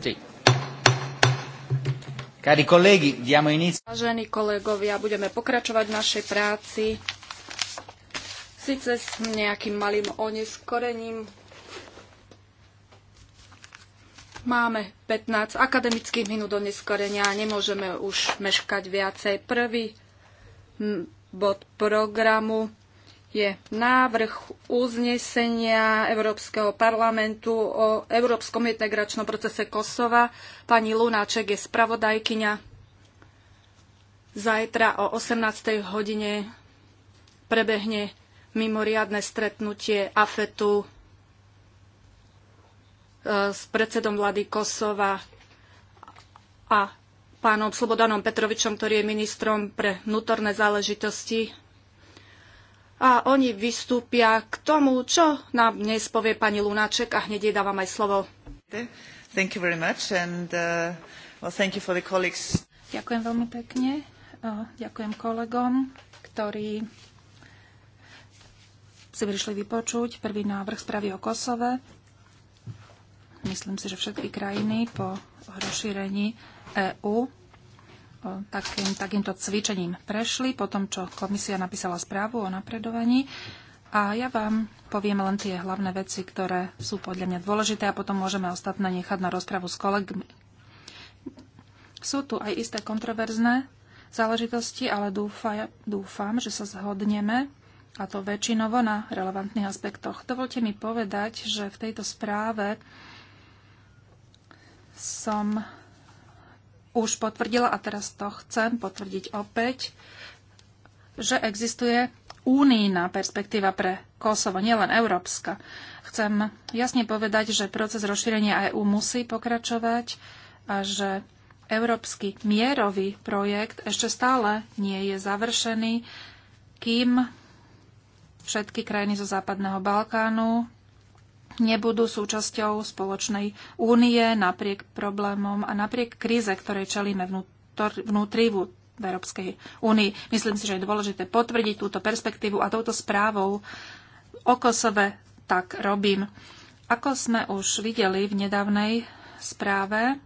Sì. Cari colleghi, diamo inizio. Vážení kolegovia, budeme pokračovať v našej práci. Sice s nejakým malým oneskorením. Máme 15 akademických minút oneskorenia a nemôžeme už meškať viacej. Prvý bod programu je návrh uznesenia Európskeho parlamentu o Európskom integračnom procese Kosova. Pani Lunáček je spravodajkyňa. Zajtra o 18. hodine prebehne mimoriadne stretnutie AFETu e, s predsedom vlády Kosova a pánom Slobodanom Petrovičom, ktorý je ministrom pre vnútorné záležitosti a oni vystúpia k tomu, čo nám dnes povie pani Lunáček a hneď jej dávam aj slovo. Thank you very much and, uh, well, thank you for the colleagues. Ďakujem veľmi pekne. Ďakujem kolegom, ktorí si prišli vypočuť prvý návrh správy o Kosove. Myslím si, že všetky krajiny po rozšírení EÚ takým, takýmto cvičením prešli, potom, čo komisia napísala správu o napredovaní. A ja vám poviem len tie hlavné veci, ktoré sú podľa mňa dôležité a potom môžeme ostatné nechať na rozpravu s kolegmi. Sú tu aj isté kontroverzné záležitosti, ale dúfaj, dúfam, že sa zhodneme a to väčšinovo na relevantných aspektoch. Dovolte mi povedať, že v tejto správe som už potvrdila, a teraz to chcem potvrdiť opäť, že existuje únijná perspektíva pre Kosovo, nielen európska. Chcem jasne povedať, že proces rozšírenia EÚ musí pokračovať a že európsky mierový projekt ešte stále nie je završený, kým všetky krajiny zo Západného Balkánu nebudú súčasťou spoločnej únie napriek problémom a napriek kríze, ktoré čelíme vnútor, vnútri v Európskej únii. Myslím si, že je dôležité potvrdiť túto perspektívu a touto správou o Kosove tak robím. Ako sme už videli v nedávnej správe,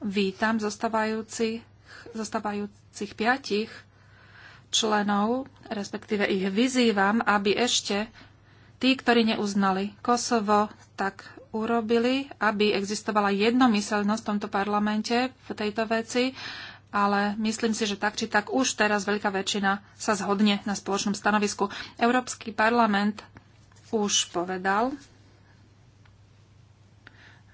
vítam zostávajúcich, zostávajúcich piatich členov, respektíve ich vyzývam, aby ešte tí, ktorí neuznali Kosovo, tak urobili, aby existovala jednomyselnosť v tomto parlamente v tejto veci, ale myslím si, že tak či tak už teraz veľká väčšina sa zhodne na spoločnom stanovisku. Európsky parlament už povedal,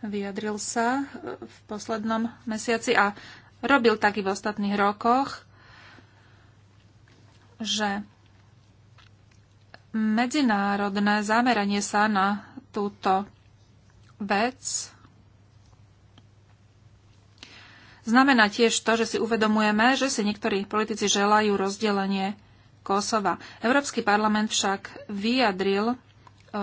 vyjadril sa v poslednom mesiaci a robil taký v ostatných rokoch, že medzinárodné zameranie sa na túto vec znamená tiež to, že si uvedomujeme, že si niektorí politici želajú rozdelenie Kosova. Európsky parlament však vyjadril e,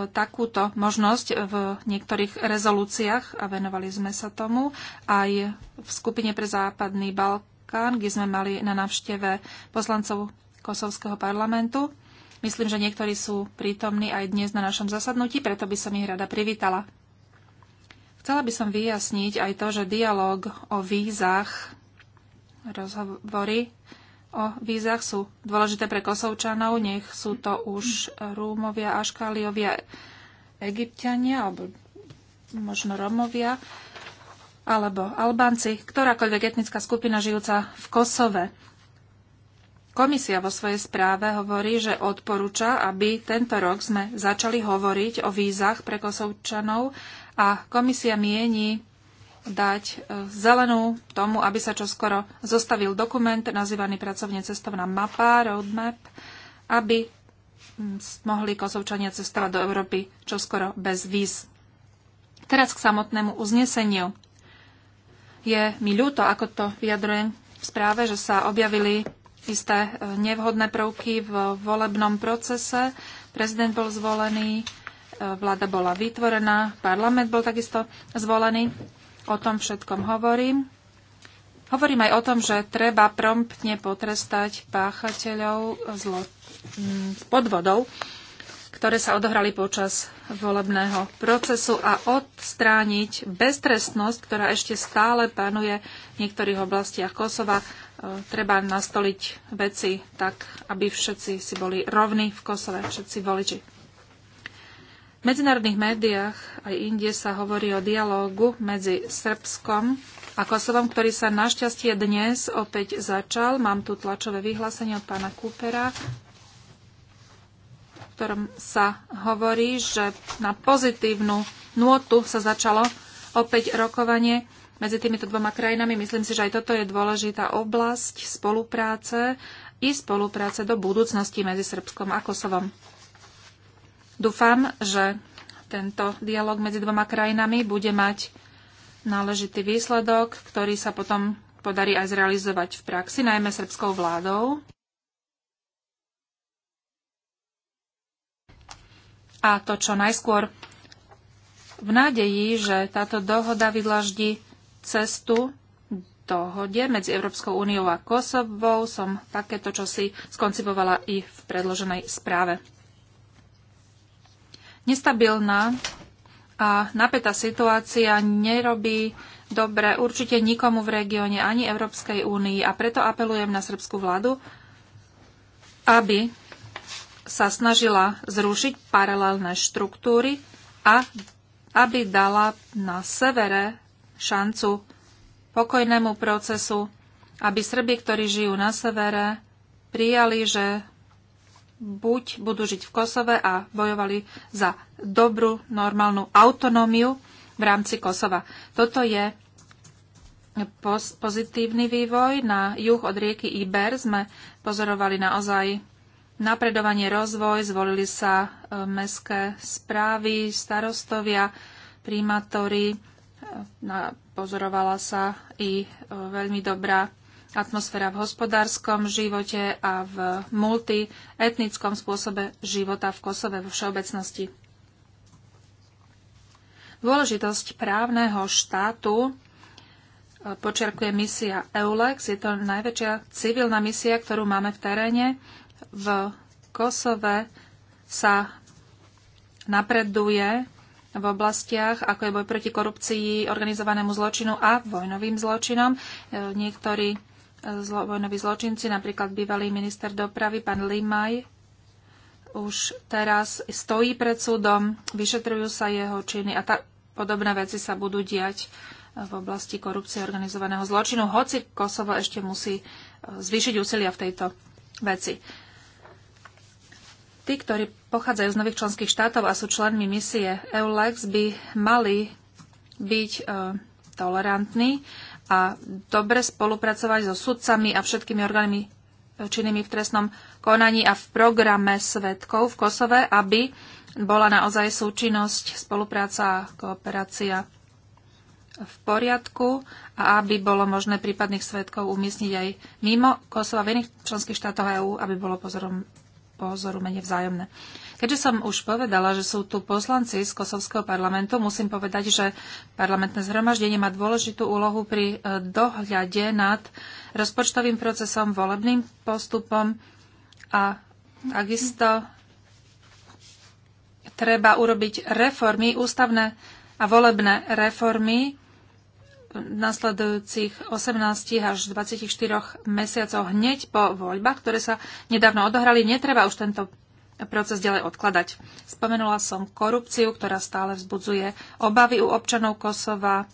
takúto možnosť v niektorých rezolúciách a venovali sme sa tomu aj v skupine pre západný Balkán, kde sme mali na návšteve poslancov kosovského parlamentu. Myslím, že niektorí sú prítomní aj dnes na našom zasadnutí, preto by som ich rada privítala. Chcela by som vyjasniť aj to, že dialog o vízach, rozhovory o vízach sú dôležité pre Kosovčanov, nech sú to už Rúmovia, Aškáliovia, Egyptiania, alebo možno Romovia, alebo Albánci, ktorákoľvek etnická skupina žijúca v Kosove. Komisia vo svojej správe hovorí, že odporúča, aby tento rok sme začali hovoriť o vízach pre Kosovčanov a komisia mieni dať e, zelenú tomu, aby sa čoskoro zostavil dokument nazývaný pracovne cestovná mapa, roadmap, aby mm, mohli Kosovčania cestovať do Európy čoskoro bez víz. Teraz k samotnému uzneseniu. Je mi ľúto, ako to vyjadrujem v správe, že sa objavili isté e, nevhodné prvky v volebnom procese. Prezident bol zvolený, e, vláda bola vytvorená, parlament bol takisto zvolený. O tom všetkom hovorím. Hovorím aj o tom, že treba promptne potrestať páchateľov zlo, podvodov, ktoré sa odohrali počas volebného procesu a odstrániť beztrestnosť, ktorá ešte stále panuje v niektorých oblastiach Kosova treba nastoliť veci tak, aby všetci si boli rovní v Kosove, všetci voliči. V medzinárodných médiách aj inde sa hovorí o dialógu medzi Srbskom a Kosovom, ktorý sa našťastie dnes opäť začal. Mám tu tlačové vyhlásenie od pána Kúpera, v ktorom sa hovorí, že na pozitívnu nôtu sa začalo opäť rokovanie medzi týmito dvoma krajinami. Myslím si, že aj toto je dôležitá oblasť spolupráce i spolupráce do budúcnosti medzi Srbskom a Kosovom. Dúfam, že tento dialog medzi dvoma krajinami bude mať náležitý výsledok, ktorý sa potom podarí aj zrealizovať v praxi, najmä srbskou vládou. A to čo najskôr v nádeji, že táto dohoda vydlaždí cestu dohode medzi Európskou úniou a Kosovou. Som takéto čosi skoncipovala i v predloženej správe. Nestabilná a napätá situácia nerobí dobre určite nikomu v regióne ani Európskej únii a preto apelujem na srbskú vládu, aby sa snažila zrušiť paralelné štruktúry a aby dala na severe šancu pokojnému procesu, aby Srbi, ktorí žijú na severe, prijali, že buď budú žiť v Kosove a bojovali za dobrú, normálnu autonómiu v rámci Kosova. Toto je pozitívny vývoj. Na juh od rieky Iber sme pozorovali naozaj napredovanie, rozvoj, zvolili sa e, mestské správy, starostovia, primátory pozorovala sa i e, veľmi dobrá atmosféra v hospodárskom živote a v multietnickom spôsobe života v Kosove vo všeobecnosti. Dôležitosť právneho štátu e, počerkuje misia EULEX. Je to najväčšia civilná misia, ktorú máme v teréne. V Kosove sa napreduje v oblastiach, ako je boj proti korupcii, organizovanému zločinu a vojnovým zločinom. E, niektorí e, zlo, vojnoví zločinci, napríklad bývalý minister dopravy, pán Limaj, už teraz stojí pred súdom, vyšetrujú sa jeho činy a tá, podobné veci sa budú diať e, v oblasti korupcie organizovaného zločinu, hoci Kosovo ešte musí zvýšiť úsilia v tejto veci. Tí, ktorí pochádzajú z nových členských štátov a sú členmi misie EULEX, by mali byť e, tolerantní a dobre spolupracovať so sudcami a všetkými orgánmi e, činnými v trestnom konaní a v programe svetkov v Kosove, aby bola naozaj súčinnosť, spolupráca a kooperácia v poriadku a aby bolo možné prípadných svetkov umiestniť aj mimo Kosova v iných členských štátoch EÚ, aby bolo pozorom, pozoru menej vzájomné. Keďže som už povedala, že sú tu poslanci z Kosovského parlamentu, musím povedať, že parlamentné zhromaždenie má dôležitú úlohu pri e, dohľade nad rozpočtovým procesom, volebným postupom a takisto treba urobiť reformy, ústavné a volebné reformy, nasledujúcich 18 až 24 mesiacov hneď po voľbách, ktoré sa nedávno odohrali. Netreba už tento proces ďalej odkladať. Spomenula som korupciu, ktorá stále vzbudzuje obavy u občanov Kosova.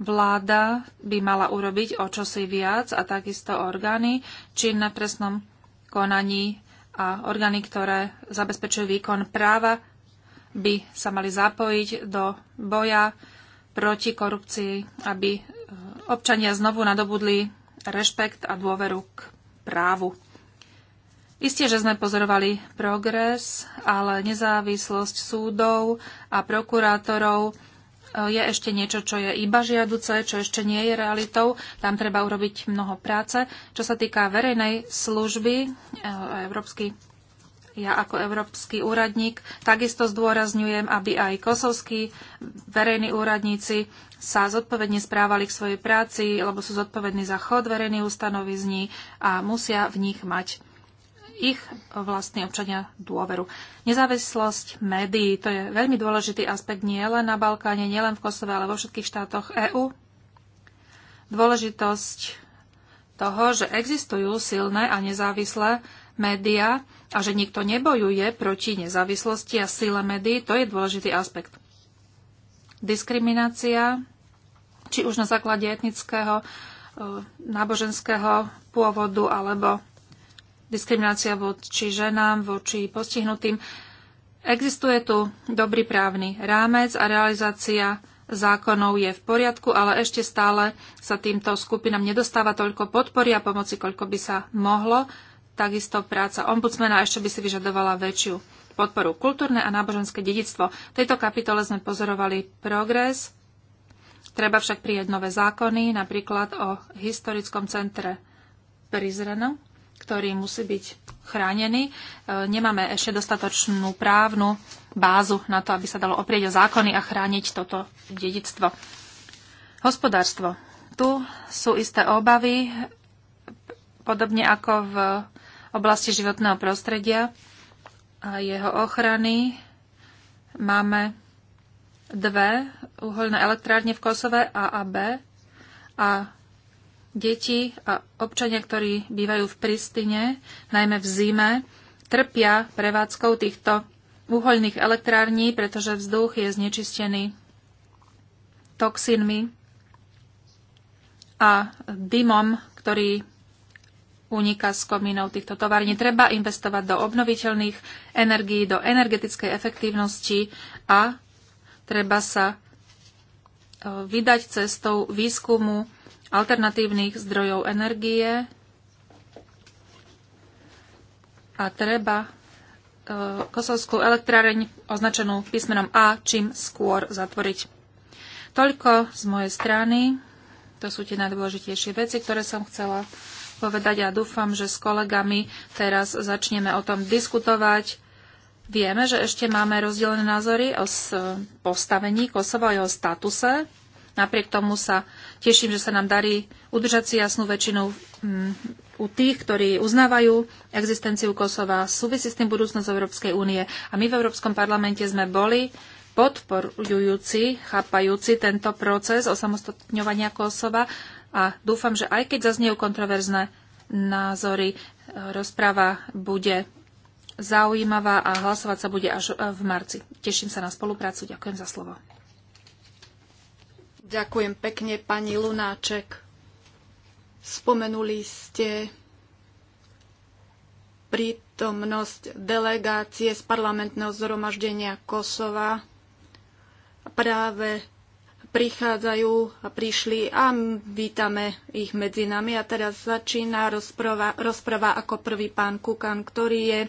Vláda by mala urobiť o čosi viac a takisto orgány či na trestnom konaní a orgány, ktoré zabezpečujú výkon práva, by sa mali zapojiť do boja proti korupcii, aby e, občania znovu nadobudli rešpekt a dôveru k právu. Isté, že sme pozorovali progres, ale nezávislosť súdov a prokurátorov e, je ešte niečo, čo je iba žiaduce, čo ešte nie je realitou. Tam treba urobiť mnoho práce. Čo sa týka verejnej služby, e, Európsky ja ako európsky úradník takisto zdôrazňujem, aby aj kosovskí verejní úradníci sa zodpovedne správali k svojej práci, lebo sú zodpovední za chod verejných ustanovizní a musia v nich mať ich vlastní občania dôveru. Nezávislosť médií, to je veľmi dôležitý aspekt nie len na Balkáne, nie len v Kosove, ale vo všetkých štátoch EÚ. Dôležitosť toho, že existujú silné a nezávislé médiá, a že nikto nebojuje proti nezávislosti a sile médií, to je dôležitý aspekt. Diskriminácia, či už na základe etnického, e, náboženského pôvodu alebo diskriminácia voči ženám, voči postihnutým. Existuje tu dobrý právny rámec a realizácia zákonov je v poriadku, ale ešte stále sa týmto skupinám nedostáva toľko podpory a pomoci, koľko by sa mohlo takisto práca ombudsmena ešte by si vyžadovala väčšiu podporu. Kultúrne a náboženské dedictvo. V tejto kapitole sme pozorovali progres. Treba však prijať nové zákony, napríklad o historickom centre Prizreno, ktorý musí byť chránený. E, nemáme ešte dostatočnú právnu bázu na to, aby sa dalo oprieť o zákony a chrániť toto dedictvo. Hospodárstvo. Tu sú isté obavy podobne ako v oblasti životného prostredia a jeho ochrany máme dve uholné elektrárne v Kosove A a B a deti a občania, ktorí bývajú v Pristine, najmä v zime, trpia prevádzkou týchto uhoľných elektrární, pretože vzduch je znečistený toxínmi a dymom, ktorý únika z komínov týchto tovární. Treba investovať do obnoviteľných energií, do energetickej efektívnosti a treba sa e, vydať cestou výskumu alternatívnych zdrojov energie a treba e, kosovskú elektráreň označenú písmenom A čím skôr zatvoriť. Toľko z mojej strany. To sú tie najdôležitejšie veci, ktoré som chcela povedať a dúfam, že s kolegami teraz začneme o tom diskutovať. Vieme, že ešte máme rozdielne názory o postavení Kosova a jeho statuse. Napriek tomu sa teším, že sa nám darí udržať si jasnú väčšinu mm, u tých, ktorí uznávajú existenciu Kosova, súvisí s tým budúcnosť Európskej únie. A my v Európskom parlamente sme boli podporujúci, chápajúci tento proces osamostatňovania Kosova a dúfam, že aj keď zaznejú kontroverzné názory, e, rozpráva bude zaujímavá a hlasovať sa bude až e, v marci. Teším sa na spoluprácu. Ďakujem za slovo. Ďakujem pekne, pani Lunáček. Spomenuli ste prítomnosť delegácie z parlamentného zhromaždenia Kosova. Práve prichádzajú a prišli a vítame ich medzi nami. A teraz začína rozprava, rozprava ako prvý pán Kukan, ktorý je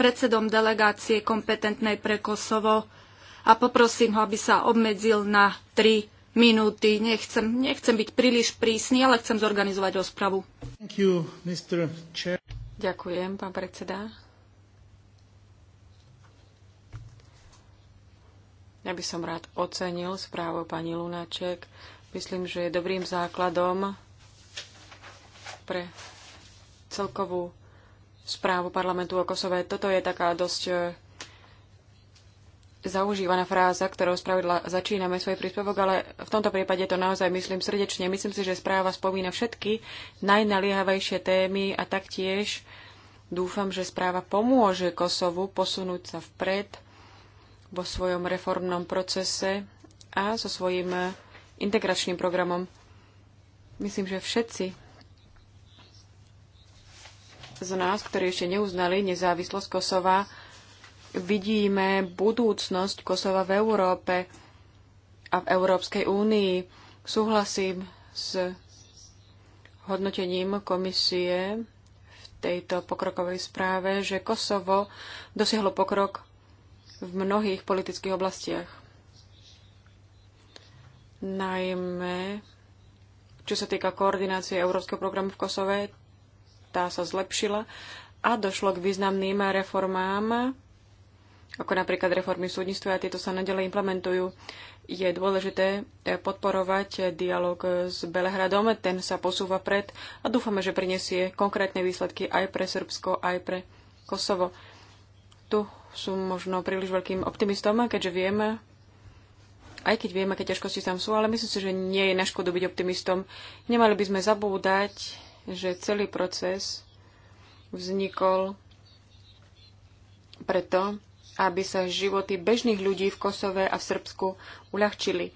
predsedom delegácie kompetentnej pre Kosovo. A poprosím ho, aby sa obmedzil na tri minúty. Nechcem, nechcem byť príliš prísny, ale chcem zorganizovať rozpravu. You, Ďakujem, pán predseda. Ja by som rád ocenil správu pani Lunaček. Myslím, že je dobrým základom pre celkovú správu parlamentu o Kosove. Toto je taká dosť e, zaužívaná fráza, ktorou spravidla začíname svoj príspevok, ale v tomto prípade to naozaj myslím srdečne. Myslím si, že správa spomína všetky najnaliehavejšie témy a taktiež dúfam, že správa pomôže Kosovu posunúť sa vpred vo svojom reformnom procese a so svojím e, integračným programom. Myslím, že všetci z nás, ktorí ešte neuznali nezávislosť Kosova, vidíme budúcnosť Kosova v Európe a v Európskej únii. Súhlasím s hodnotením komisie v tejto pokrokovej správe, že Kosovo dosiahlo pokrok v mnohých politických oblastiach. Najmä, čo sa týka koordinácie Európskeho programu v Kosove, tá sa zlepšila a došlo k významným reformám, ako napríklad reformy súdnictva a tieto sa nadalej implementujú. Je dôležité eh, podporovať dialog s Belehradom, ten sa posúva pred a dúfame, že prinesie konkrétne výsledky aj pre Srbsko, aj pre Kosovo. Tu sú možno príliš veľkým optimistom, keďže vieme, aj keď vieme, aké ťažkosti tam sú, ale myslím si, že nie je na škodu byť optimistom. Nemali by sme zabúdať, že celý proces vznikol preto, aby sa životy bežných ľudí v Kosove a v Srbsku uľahčili.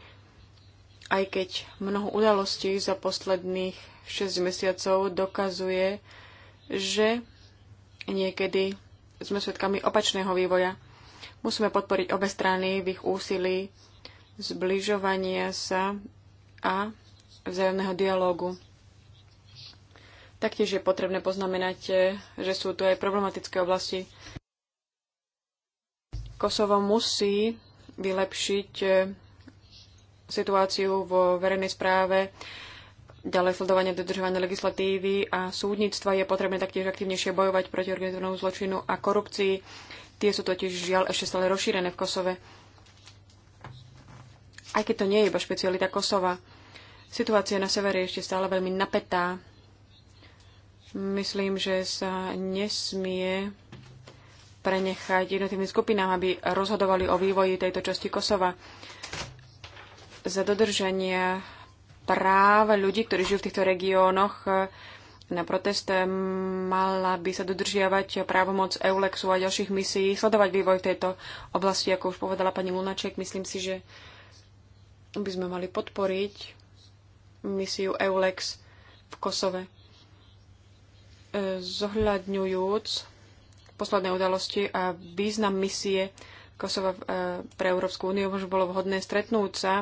Aj keď mnoho udalostí za posledných 6 mesiacov dokazuje, že niekedy sme svedkami opačného vývoja. Musíme podporiť obe strany v ich úsilí zbližovania sa a vzájomného dialógu. Taktiež je potrebné poznamenať, že sú tu aj problematické oblasti. Kosovo musí vylepšiť situáciu vo verejnej správe, Ďalej sledovanie dodržovania legislatívy a súdnictva je potrebné taktiež aktívnejšie bojovať proti organizovanému zločinu a korupcii. Tie sú totiž žiaľ ešte stále rozšírené v Kosove. Aj keď to nie je iba špecialita Kosova, situácia na severe je ešte stále veľmi napätá. Myslím, že sa nesmie prenechať jednotlivým skupinám, aby rozhodovali o vývoji tejto časti Kosova. Za dodržania práv ľudí, ktorí žijú v týchto regiónoch e, na protest, e, mala by sa dodržiavať právomoc EULEXu a ďalších misií, sledovať vývoj v tejto oblasti, ako už povedala pani Lunaček. Myslím si, že by sme mali podporiť misiu EULEX v Kosove. E, zohľadňujúc posledné udalosti a význam misie Kosova pre Európsku úniu, možno bolo vhodné stretnúť sa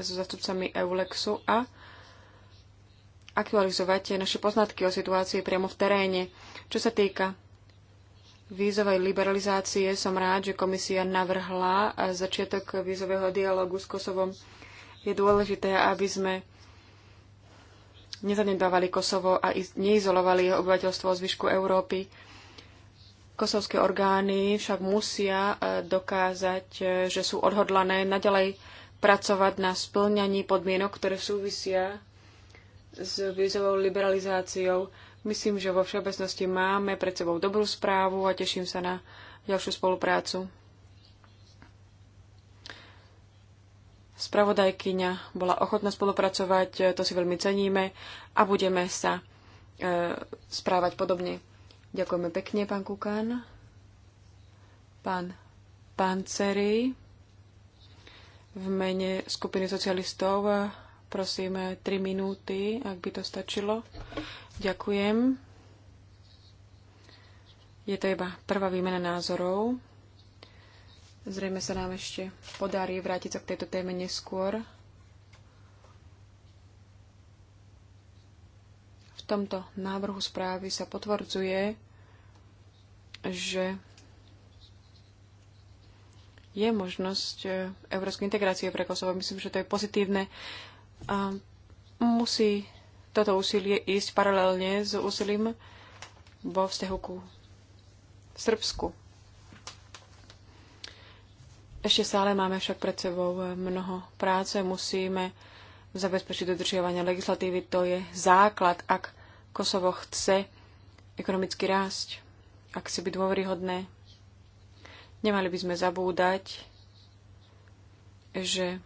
so zastupcami EULEXu a aktualizovať naše poznatky o situácii priamo v teréne. Čo sa týka vízovej liberalizácie, som rád, že komisia navrhla začiatok vízového dialogu s Kosovom. Je dôležité, aby sme nezanedbávali Kosovo a neizolovali jeho obyvateľstvo o zvyšku Európy. Kosovské orgány však musia e, dokázať, e, že sú odhodlané naďalej pracovať na splňaní podmienok, ktoré súvisia s vízovou liberalizáciou. Myslím, že vo všeobecnosti máme pred sebou dobrú správu a teším sa na ďalšiu spoluprácu. Spravodajkyňa bola ochotná spolupracovať, to si veľmi ceníme a budeme sa e, správať podobne. Ďakujeme pekne, pán Kukán. Pán Panceri v mene skupiny socialistov. Prosím, 3 minúty, ak by to stačilo. Ďakujem. Je to iba prvá výmena názorov. Zrejme sa nám ešte podarí vrátiť sa k tejto téme neskôr. V tomto návrhu správy sa potvrdzuje, že je možnosť e, európskej integrácie pre Kosovo. Myslím, že to je pozitívne. A musí toto úsilie ísť paralelne s úsilím vo vzťahu ku Srbsku. Ešte stále máme však pred sebou mnoho práce. Musíme zabezpečiť dodržiavanie legislatívy. To je základ, ak Kosovo chce ekonomicky rásť, ak chce byť dôveryhodné Nemali by sme zabúdať, že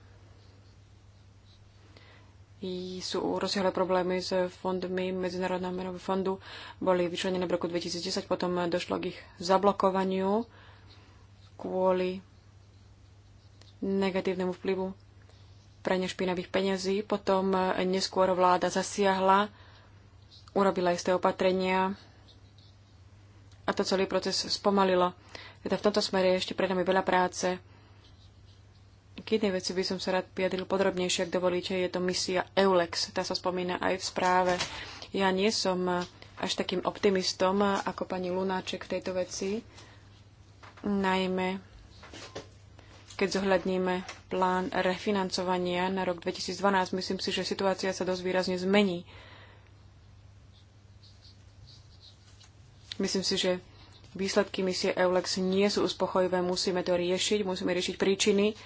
sú rozsiahle problémy s fondmi Medzinárodného menového fondu. Boli vyčlenené v roku 2010, potom došlo k ich zablokovaniu kvôli negatívnemu vplyvu prania špinavých peňazí. Potom neskôr vláda zasiahla, urobila isté opatrenia a to celý proces spomalilo. Teda v tomto smere je ešte pred nami veľa práce. K jednej veci by som sa rád vyjadril podrobnejšie, ak dovolíte. Je to misia EULEX. Tá sa spomína aj v správe. Ja nie som až takým optimistom ako pani Lunáček v tejto veci. Najmä keď zohľadníme plán refinancovania na rok 2012, myslím si, že situácia sa dosť výrazne zmení. Myslím si, že Výsledky misie EULEX nie sú uspokojivé, musíme to riešiť, musíme riešiť príčiny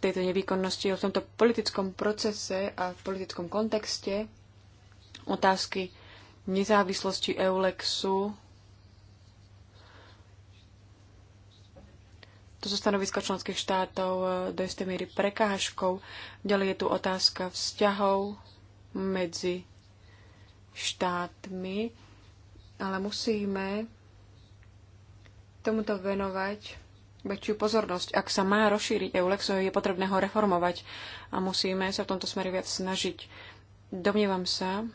tejto nevýkonnosti. V tomto politickom procese a v politickom kontexte otázky nezávislosti EULEXu to sú stanoviska členských štátov e, do istej miery prekážkou. Ďalej je tu otázka vzťahov medzi štátmi, ale musíme tomuto venovať väčšiu pozornosť. Ak sa má rozšíriť EULEX, je potrebné ho reformovať a musíme sa v tomto smere viac snažiť. Domnievam sa,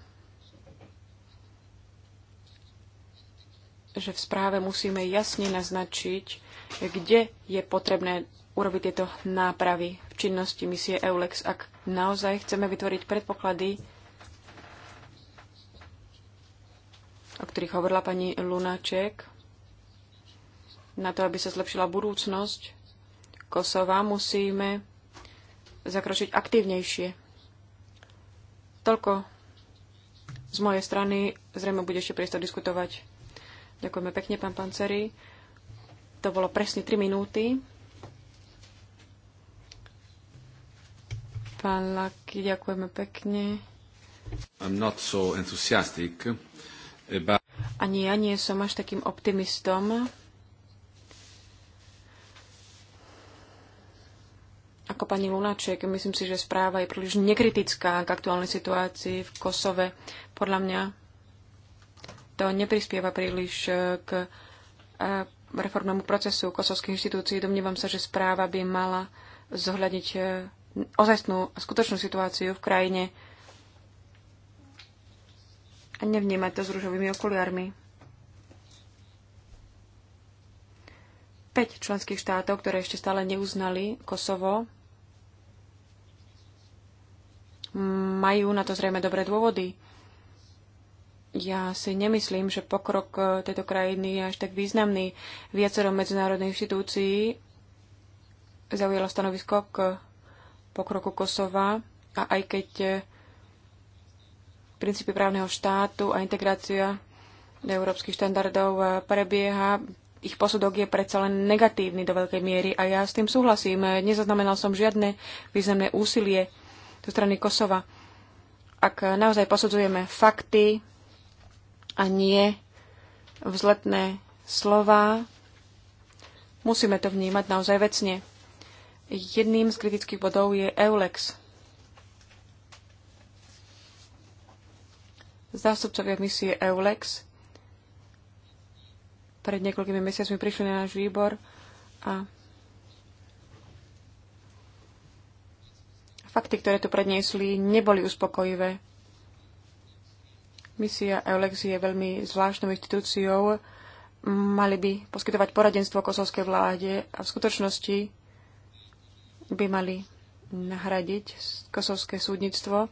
že v správe musíme jasne naznačiť, kde je potrebné urobiť tieto nápravy v činnosti misie EULEX, ak naozaj chceme vytvoriť predpoklady, o ktorých hovorila pani Lunáček, na to, aby sa zlepšila budúcnosť Kosova, musíme zakročiť aktívnejšie. Toľko z mojej strany. Zrejme bude ešte priestor diskutovať. Ďakujeme pekne, pán Panceri. To bolo presne 3 minúty. Pán Laki, ďakujeme pekne. I'm not so enthusiastic, eh, Ani ja nie som až takým optimistom ako pani Lunaček, myslím si, že správa je príliš nekritická k aktuálnej situácii v Kosove. Podľa mňa to neprispieva príliš e, k e, reformnému procesu kosovských inštitúcií. Domnívam sa, že správa by mala zohľadiť e, ozajstnú a skutočnú situáciu v krajine a nevnímať to s rúžovými okuliarmi. 5 členských štátov, ktoré ešte stále neuznali Kosovo, majú na to zrejme dobré dôvody. Ja si nemyslím, že pokrok e, tejto krajiny je až tak významný. Viacero medzinárodných inštitúcií zaujalo stanovisko k pokroku Kosova a aj keď e, princípy právneho štátu a integrácia do európskych štandardov e, prebieha, ich posudok je predsa len negatívny do veľkej miery a ja s tým súhlasím. Nezaznamenal som žiadne významné úsilie zo strany Kosova. Ak naozaj posudzujeme fakty a nie vzletné slova, musíme to vnímať naozaj vecne. Jedným z kritických bodov je EULEX. Zástupcovia misie EULEX pred niekoľkými mesiacmi prišli na náš výbor a Fakty, ktoré tu predniesli, neboli uspokojivé. Misia Eulex je veľmi zvláštnou inštitúciou. Mali by poskytovať poradenstvo kosovskej vláde a v skutočnosti by mali nahradiť kosovské súdnictvo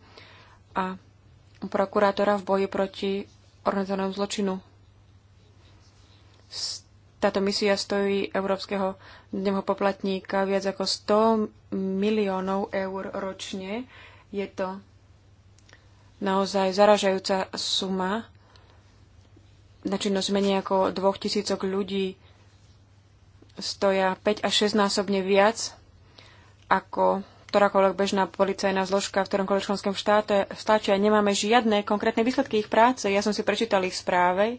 a prokurátora v boji proti organizovanému zločinu. Z táto misia stojí európskeho dneho poplatníka viac ako 100 miliónov eur ročne. Je to naozaj zaražajúca suma na činnosť menej ako dvoch tisícok ľudí stoja 5 až 6 násobne viac ako ktorákoľvek bežná policajná zložka v ktoromkoľvek členskom štáte, štáte a nemáme žiadne konkrétne výsledky ich práce. Ja som si prečítal ich správe,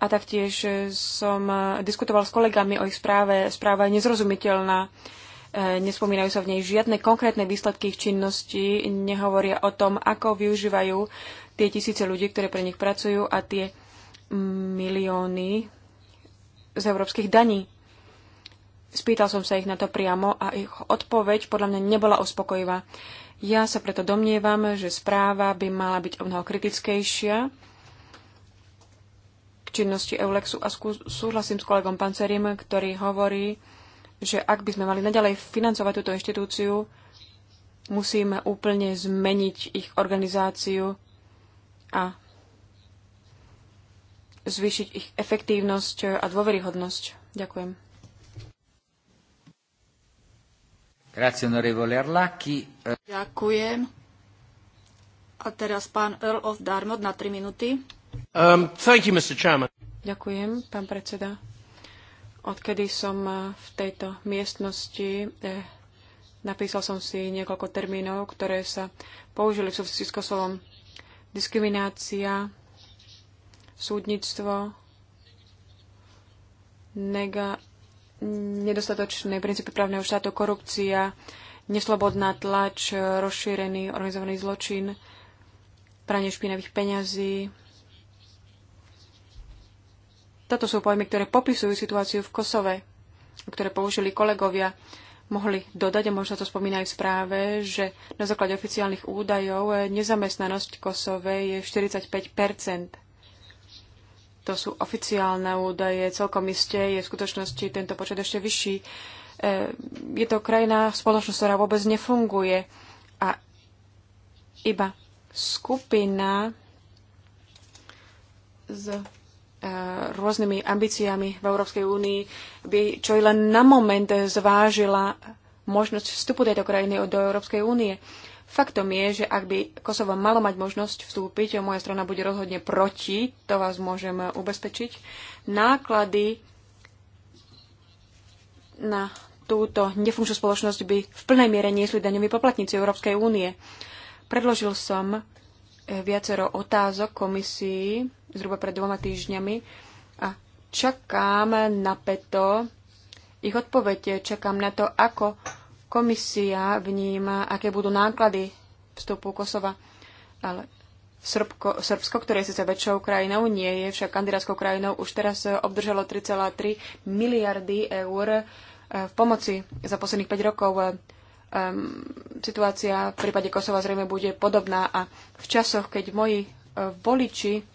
a taktiež eh, som eh, diskutoval s kolegami o ich správe. Správa je nezrozumiteľná. Eh, nespomínajú sa v nej žiadne konkrétne výsledky ich činnosti, nehovoria o tom, ako využívajú tie tisíce ľudí, ktoré pre nich pracujú a tie milióny z európskych daní. Spýtal som sa ich na to priamo a ich odpoveď podľa mňa nebola uspokojivá. Ja sa preto domnievam, že správa by mala byť o mnoho kritickejšia činnosti Eulexu a súhlasím s kolegom Pancerim, ktorý hovorí, že ak by sme mali naďalej financovať túto inštitúciu, musíme úplne zmeniť ich organizáciu a zvýšiť ich efektívnosť a dôveryhodnosť. Ďakujem. Ďakujem. A teraz pán Earl of Darmod na 3 minúty. Um, Ďakujem, pán predseda. Odkedy som uh, v tejto miestnosti, eh, napísal som si niekoľko termínov, ktoré sa použili v súvislosti s Kosovom. Diskriminácia, súdnictvo, nega, nedostatočné princípy právneho štátu, korupcia, neslobodná tlač, rozšírený organizovaný zločin, pranie špinavých peňazí, toto sú pojmy, ktoré popisujú situáciu v Kosove, ktoré použili kolegovia. Mohli dodať, a možno to spomínajú v správe, že na základe oficiálnych údajov nezamestnanosť v Kosove je 45 To sú oficiálne údaje, celkom isté je v skutočnosti tento počet ešte vyšší. E, je to krajina, spoločnosť, ktorá vôbec nefunguje a iba skupina z Eh, rôznymi ambíciami v Európskej únii by čo i len na moment zvážila možnosť vstupu tejto krajiny do Európskej únie. Faktom je, že ak by Kosovo malo mať možnosť vstúpiť, moja strana bude rozhodne proti, to vás môžem ubezpečiť, náklady na túto nefunkčnú spoločnosť by v plnej miere niesli daňoví poplatníci Európskej únie. Predložil som viacero otázok komisii zhruba pred dvoma týždňami a čakám na peto ich odpovede, čakám na to, ako komisia vníma, aké budú náklady vstupu Kosova. Ale Srbko, Srbsko, ktoré je síce väčšou krajinou, nie je však kandidátskou krajinou, už teraz obdržalo 3,3 miliardy eur eh, v pomoci za posledných 5 rokov um, situácia v prípade Kosova zrejme bude podobná a v časoch, keď moji uh, voliči um,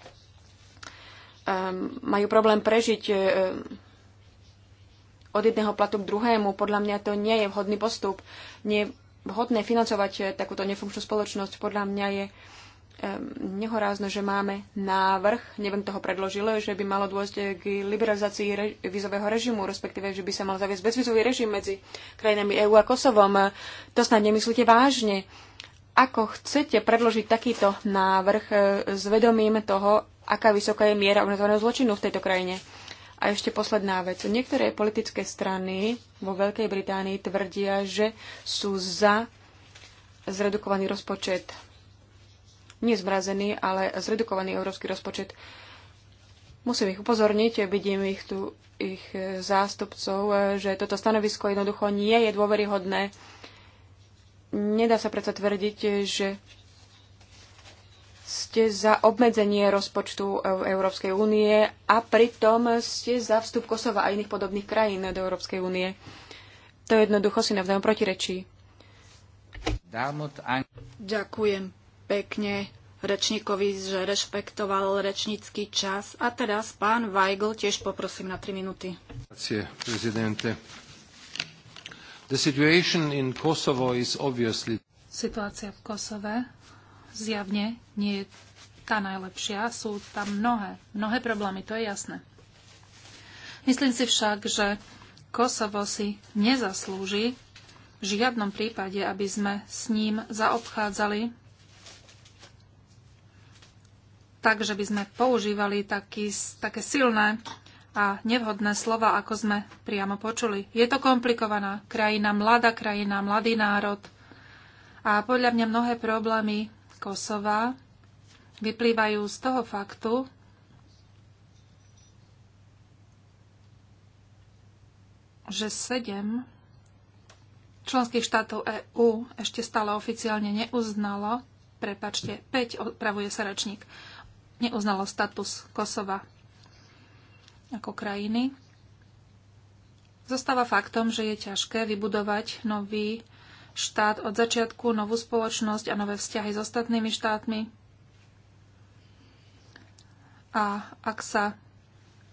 majú problém prežiť uh, od jedného platu k druhému, podľa mňa to nie je vhodný postup. Nie je vhodné financovať e, takúto nefunkčnú spoločnosť. Podľa mňa je uh, Nehorázno, že máme návrh, neviem, toho predložil, že by malo dôjsť k liberalizácii rež- vízového režimu, respektíve, že by sa mal zaviesť bezvízový režim medzi krajinami EÚ a Kosovom. To snad nemyslíte vážne. Ako chcete predložiť takýto návrh e, s vedomím toho, aká vysoká je miera organizovaného zločinu v tejto krajine? A ešte posledná vec. Niektoré politické strany vo Veľkej Británii tvrdia, že sú za zredukovaný rozpočet nie zmrazený, ale zredukovaný európsky rozpočet. Musím ich upozorniť, vidím ich tu, ich zástupcov, že toto stanovisko jednoducho nie je dôveryhodné. Nedá sa predsa tvrdiť, že ste za obmedzenie rozpočtu Európskej únie a pritom ste za vstup Kosova a iných podobných krajín do Európskej únie. To jednoducho si navzájom protirečí. Ďakujem pekne rečníkovi, že rešpektoval rečnícky čas. A teraz pán Weigl tiež poprosím na 3 minúty. Obviously... Situácia v Kosove zjavne nie je tá najlepšia. Sú tam mnohé, mnohé problémy, to je jasné. Myslím si však, že Kosovo si nezaslúži v žiadnom prípade, aby sme s ním zaobchádzali tak, že by sme používali taký, také silné a nevhodné slova, ako sme priamo počuli. Je to komplikovaná krajina, mladá krajina, mladý národ. A podľa mňa mnohé problémy Kosova vyplývajú z toho faktu, že sedem členských štátov EÚ ešte stále oficiálne neuznalo, prepačte, 5, opravuje sa rečník, neuznalo status Kosova ako krajiny. Zostáva faktom, že je ťažké vybudovať nový štát od začiatku, novú spoločnosť a nové vzťahy s ostatnými štátmi. A ak sa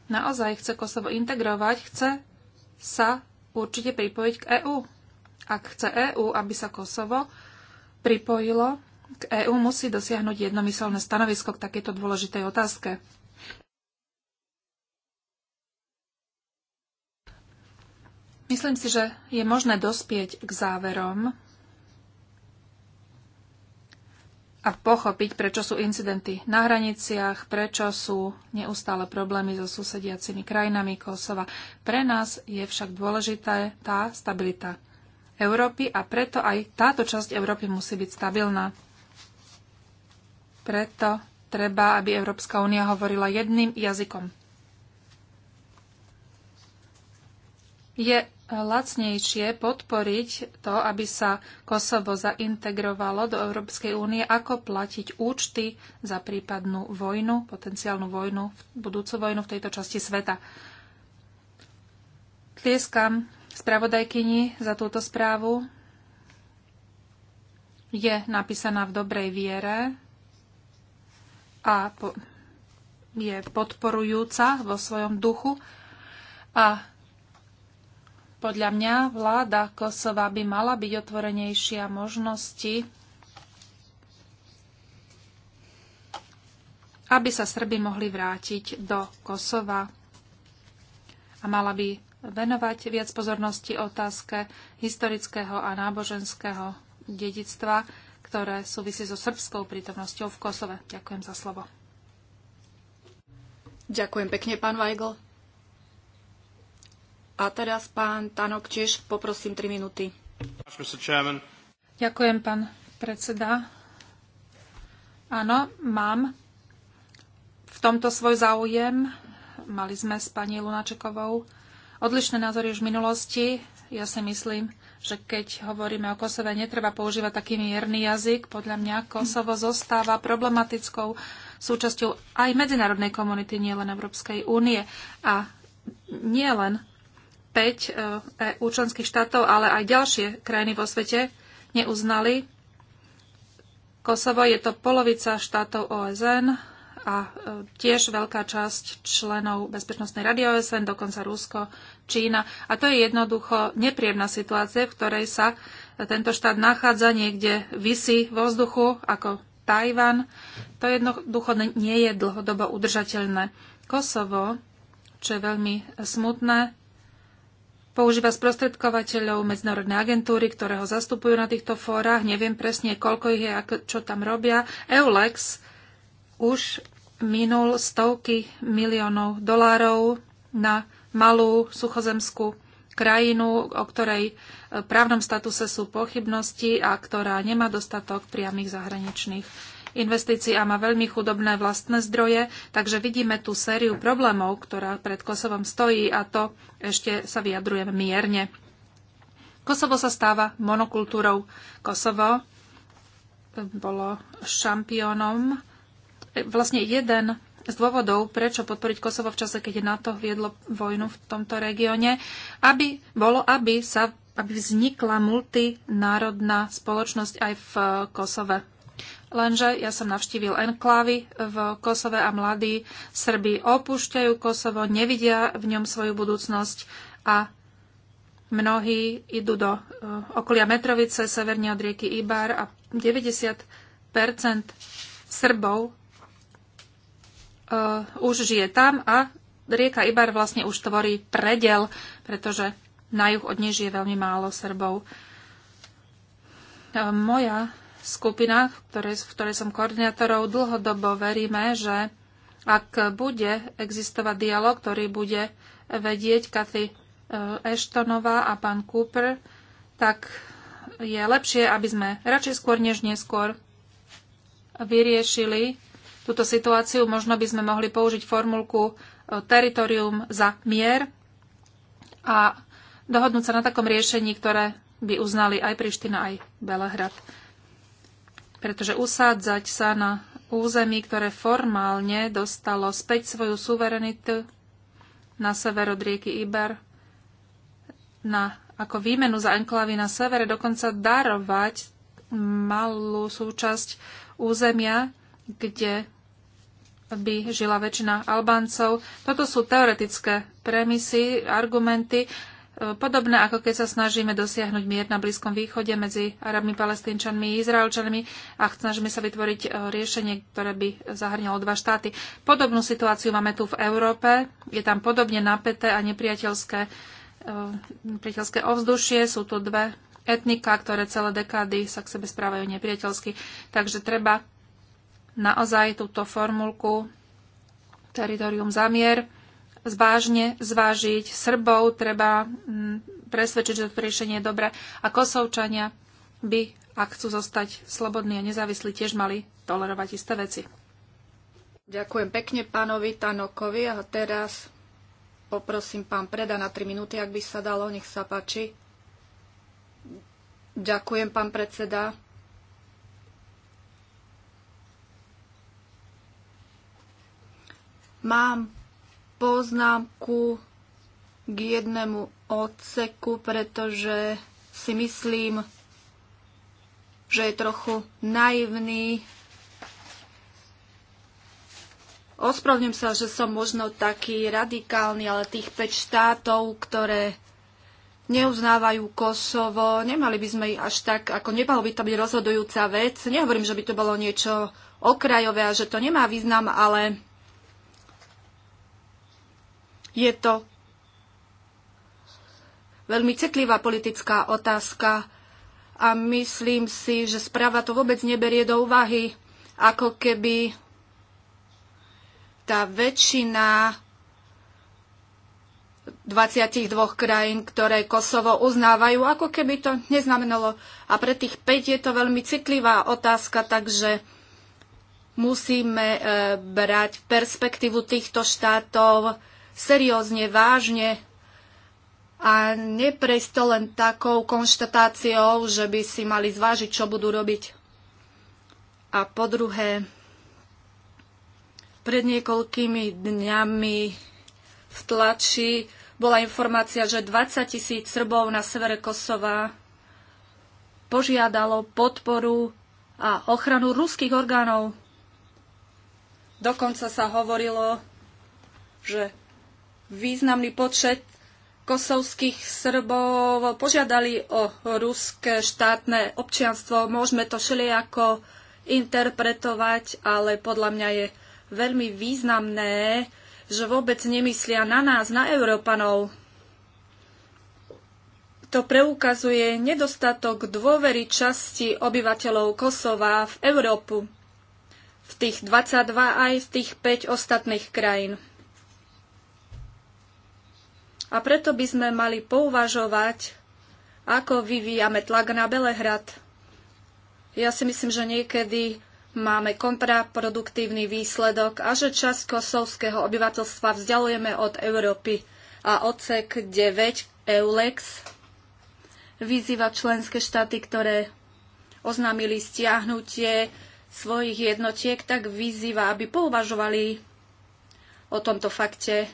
naozaj chce Kosovo integrovať, chce sa určite pripojiť k EÚ. Ak chce EÚ, aby sa Kosovo pripojilo k EÚ musí dosiahnuť jednomyselné stanovisko k takéto dôležitej otázke. Myslím si, že je možné dospieť k záverom a pochopiť, prečo sú incidenty na hraniciach, prečo sú neustále problémy so susediacimi krajinami Kosova. Pre nás je však dôležitá tá stabilita Európy a preto aj táto časť Európy musí byť stabilná. Preto treba, aby Európska únia hovorila jedným jazykom. Je lacnejšie podporiť to, aby sa Kosovo zaintegrovalo do Európskej únie, ako platiť účty za prípadnú vojnu, potenciálnu vojnu, budúcu vojnu v tejto časti sveta. Tlieskam spravodajkyni za túto správu. Je napísaná v dobrej viere, a je podporujúca vo svojom duchu. A podľa mňa vláda Kosova by mala byť otvorenejšia možnosti, aby sa Srby mohli vrátiť do Kosova a mala by venovať viac pozornosti otázke historického a náboženského dedictva ktoré súvisí so srbskou prítomnosťou v Kosove. Ďakujem za slovo. Ďakujem pekne, pán Weigl. A teraz pán Tanok tiež poprosím 3 minúty. Ďakujem, pán predseda. Áno, mám v tomto svoj záujem. Mali sme s pani Lunačekovou odlišné názory už v minulosti. Ja si myslím, že keď hovoríme o Kosove, netreba používať taký mierny jazyk. Podľa mňa Kosovo zostáva problematickou súčasťou aj medzinárodnej komunity, nielen Európskej únie. A nielen 5 EU e členských štátov, ale aj ďalšie krajiny vo svete neuznali Kosovo. Je to polovica štátov OSN, a e, tiež veľká časť členov Bezpečnostnej rady OSN, dokonca Rusko, Čína. A to je jednoducho nepríjemná situácia, v ktorej sa e, tento štát nachádza niekde vysí vo vzduchu, ako Tajvan. To jednoducho nie je dlhodobo udržateľné. Kosovo, čo je veľmi smutné, Používa sprostredkovateľov medzinárodnej agentúry, ktoré ho zastupujú na týchto fórach. Neviem presne, koľko ich je, čo tam robia. EULEX už minul stovky miliónov dolárov na malú suchozemskú krajinu, o ktorej e, právnom statuse sú pochybnosti a ktorá nemá dostatok priamých zahraničných investícií a má veľmi chudobné vlastné zdroje, takže vidíme tú sériu problémov, ktorá pred Kosovom stojí a to ešte sa vyjadrujem mierne. Kosovo sa stáva monokultúrou. Kosovo e, bolo šampiónom vlastne jeden z dôvodov, prečo podporiť Kosovo v čase, keď NATO viedlo vojnu v tomto regióne, aby, bolo, aby, sa, aby vznikla multinárodná spoločnosť aj v Kosove. Lenže ja som navštívil enklávy v Kosove a mladí Srbi opúšťajú Kosovo, nevidia v ňom svoju budúcnosť a mnohí idú do eh, okolia Metrovice, severne od rieky Ibar a 90 Srbov uh, už žije tam a rieka Ibar vlastne už tvorí predel, pretože na juh od nej žije veľmi málo Srbov. Uh, moja skupina, ktoré, v ktorej som koordinátorov, dlhodobo veríme, že ak bude existovať dialog, ktorý bude vedieť Kathy Ashtonová uh, a pán Cooper, tak je lepšie, aby sme radšej skôr než neskôr vyriešili túto situáciu. Možno by sme mohli použiť formulku e, teritorium za mier a dohodnúť sa na takom riešení, ktoré by uznali aj Priština, aj Belehrad. Pretože usádzať sa na území, ktoré formálne dostalo späť svoju suverenitu na sever od rieky Iber, na, ako výmenu za enklavy na severe, dokonca darovať malú súčasť územia, kde by žila väčšina Albáncov. Toto sú teoretické premisy, argumenty, e, podobné ako keď sa snažíme dosiahnuť mier na Blízkom východe medzi Arabmi, Palestínčanmi, Izraelčanmi a snažíme sa vytvoriť e, riešenie, ktoré by zahrňalo dva štáty. Podobnú situáciu máme tu v Európe. Je tam podobne napäté a nepriateľské, e, nepriateľské ovzdušie. Sú tu dve etnika, ktoré celé dekády sa k sebe správajú nepriateľsky. Takže treba naozaj túto formulku teritorium zamier zvážne zvážiť. Srbov treba mm, presvedčiť, že to riešenie je dobré. A Kosovčania by, ak chcú zostať slobodní a nezávislí, tiež mali tolerovať isté veci. Ďakujem pekne pánovi Tanokovi a teraz poprosím pán Preda na 3 minúty, ak by sa dalo, nech sa páči. Ďakujem, pán predseda. Mám poznámku k jednému odseku, pretože si myslím, že je trochu naivný. Ospravňujem sa, že som možno taký radikálny, ale tých 5 štátov, ktoré neuznávajú Kosovo, nemali by sme ich až tak, ako nebalo by to byť rozhodujúca vec. Nehovorím, že by to bolo niečo okrajové a že to nemá význam, ale je to veľmi citlivá politická otázka a myslím si, že správa to vôbec neberie do úvahy, ako keby tá väčšina 22 krajín, ktoré Kosovo uznávajú, ako keby to neznamenalo. A pre tých 5 je to veľmi citlivá otázka, takže musíme eh, brať perspektívu týchto štátov, seriózne, vážne a neprejsť to len takou konštatáciou, že by si mali zvážiť, čo budú robiť. A po druhé, pred niekoľkými dňami v tlači bola informácia, že 20 tisíc Srbov na severe Kosova požiadalo podporu a ochranu ruských orgánov. Dokonca sa hovorilo, že významný počet kosovských Srbov požiadali o ruské štátne občianstvo. Môžeme to všelijako interpretovať, ale podľa mňa je veľmi významné, že vôbec nemyslia na nás, na Európanov. To preukazuje nedostatok dôvery časti obyvateľov Kosova v Európu, v tých 22 aj v tých 5 ostatných krajín. A preto by sme mali pouvažovať, ako vyvíjame tlak na Belehrad. Ja si myslím, že niekedy máme kontraproduktívny výsledok a že časť kosovského obyvateľstva vzdialujeme od Európy. A odsek 9 EULEX vyzýva členské štáty, ktoré oznámili stiahnutie svojich jednotiek, tak vyzýva, aby pouvažovali o tomto fakte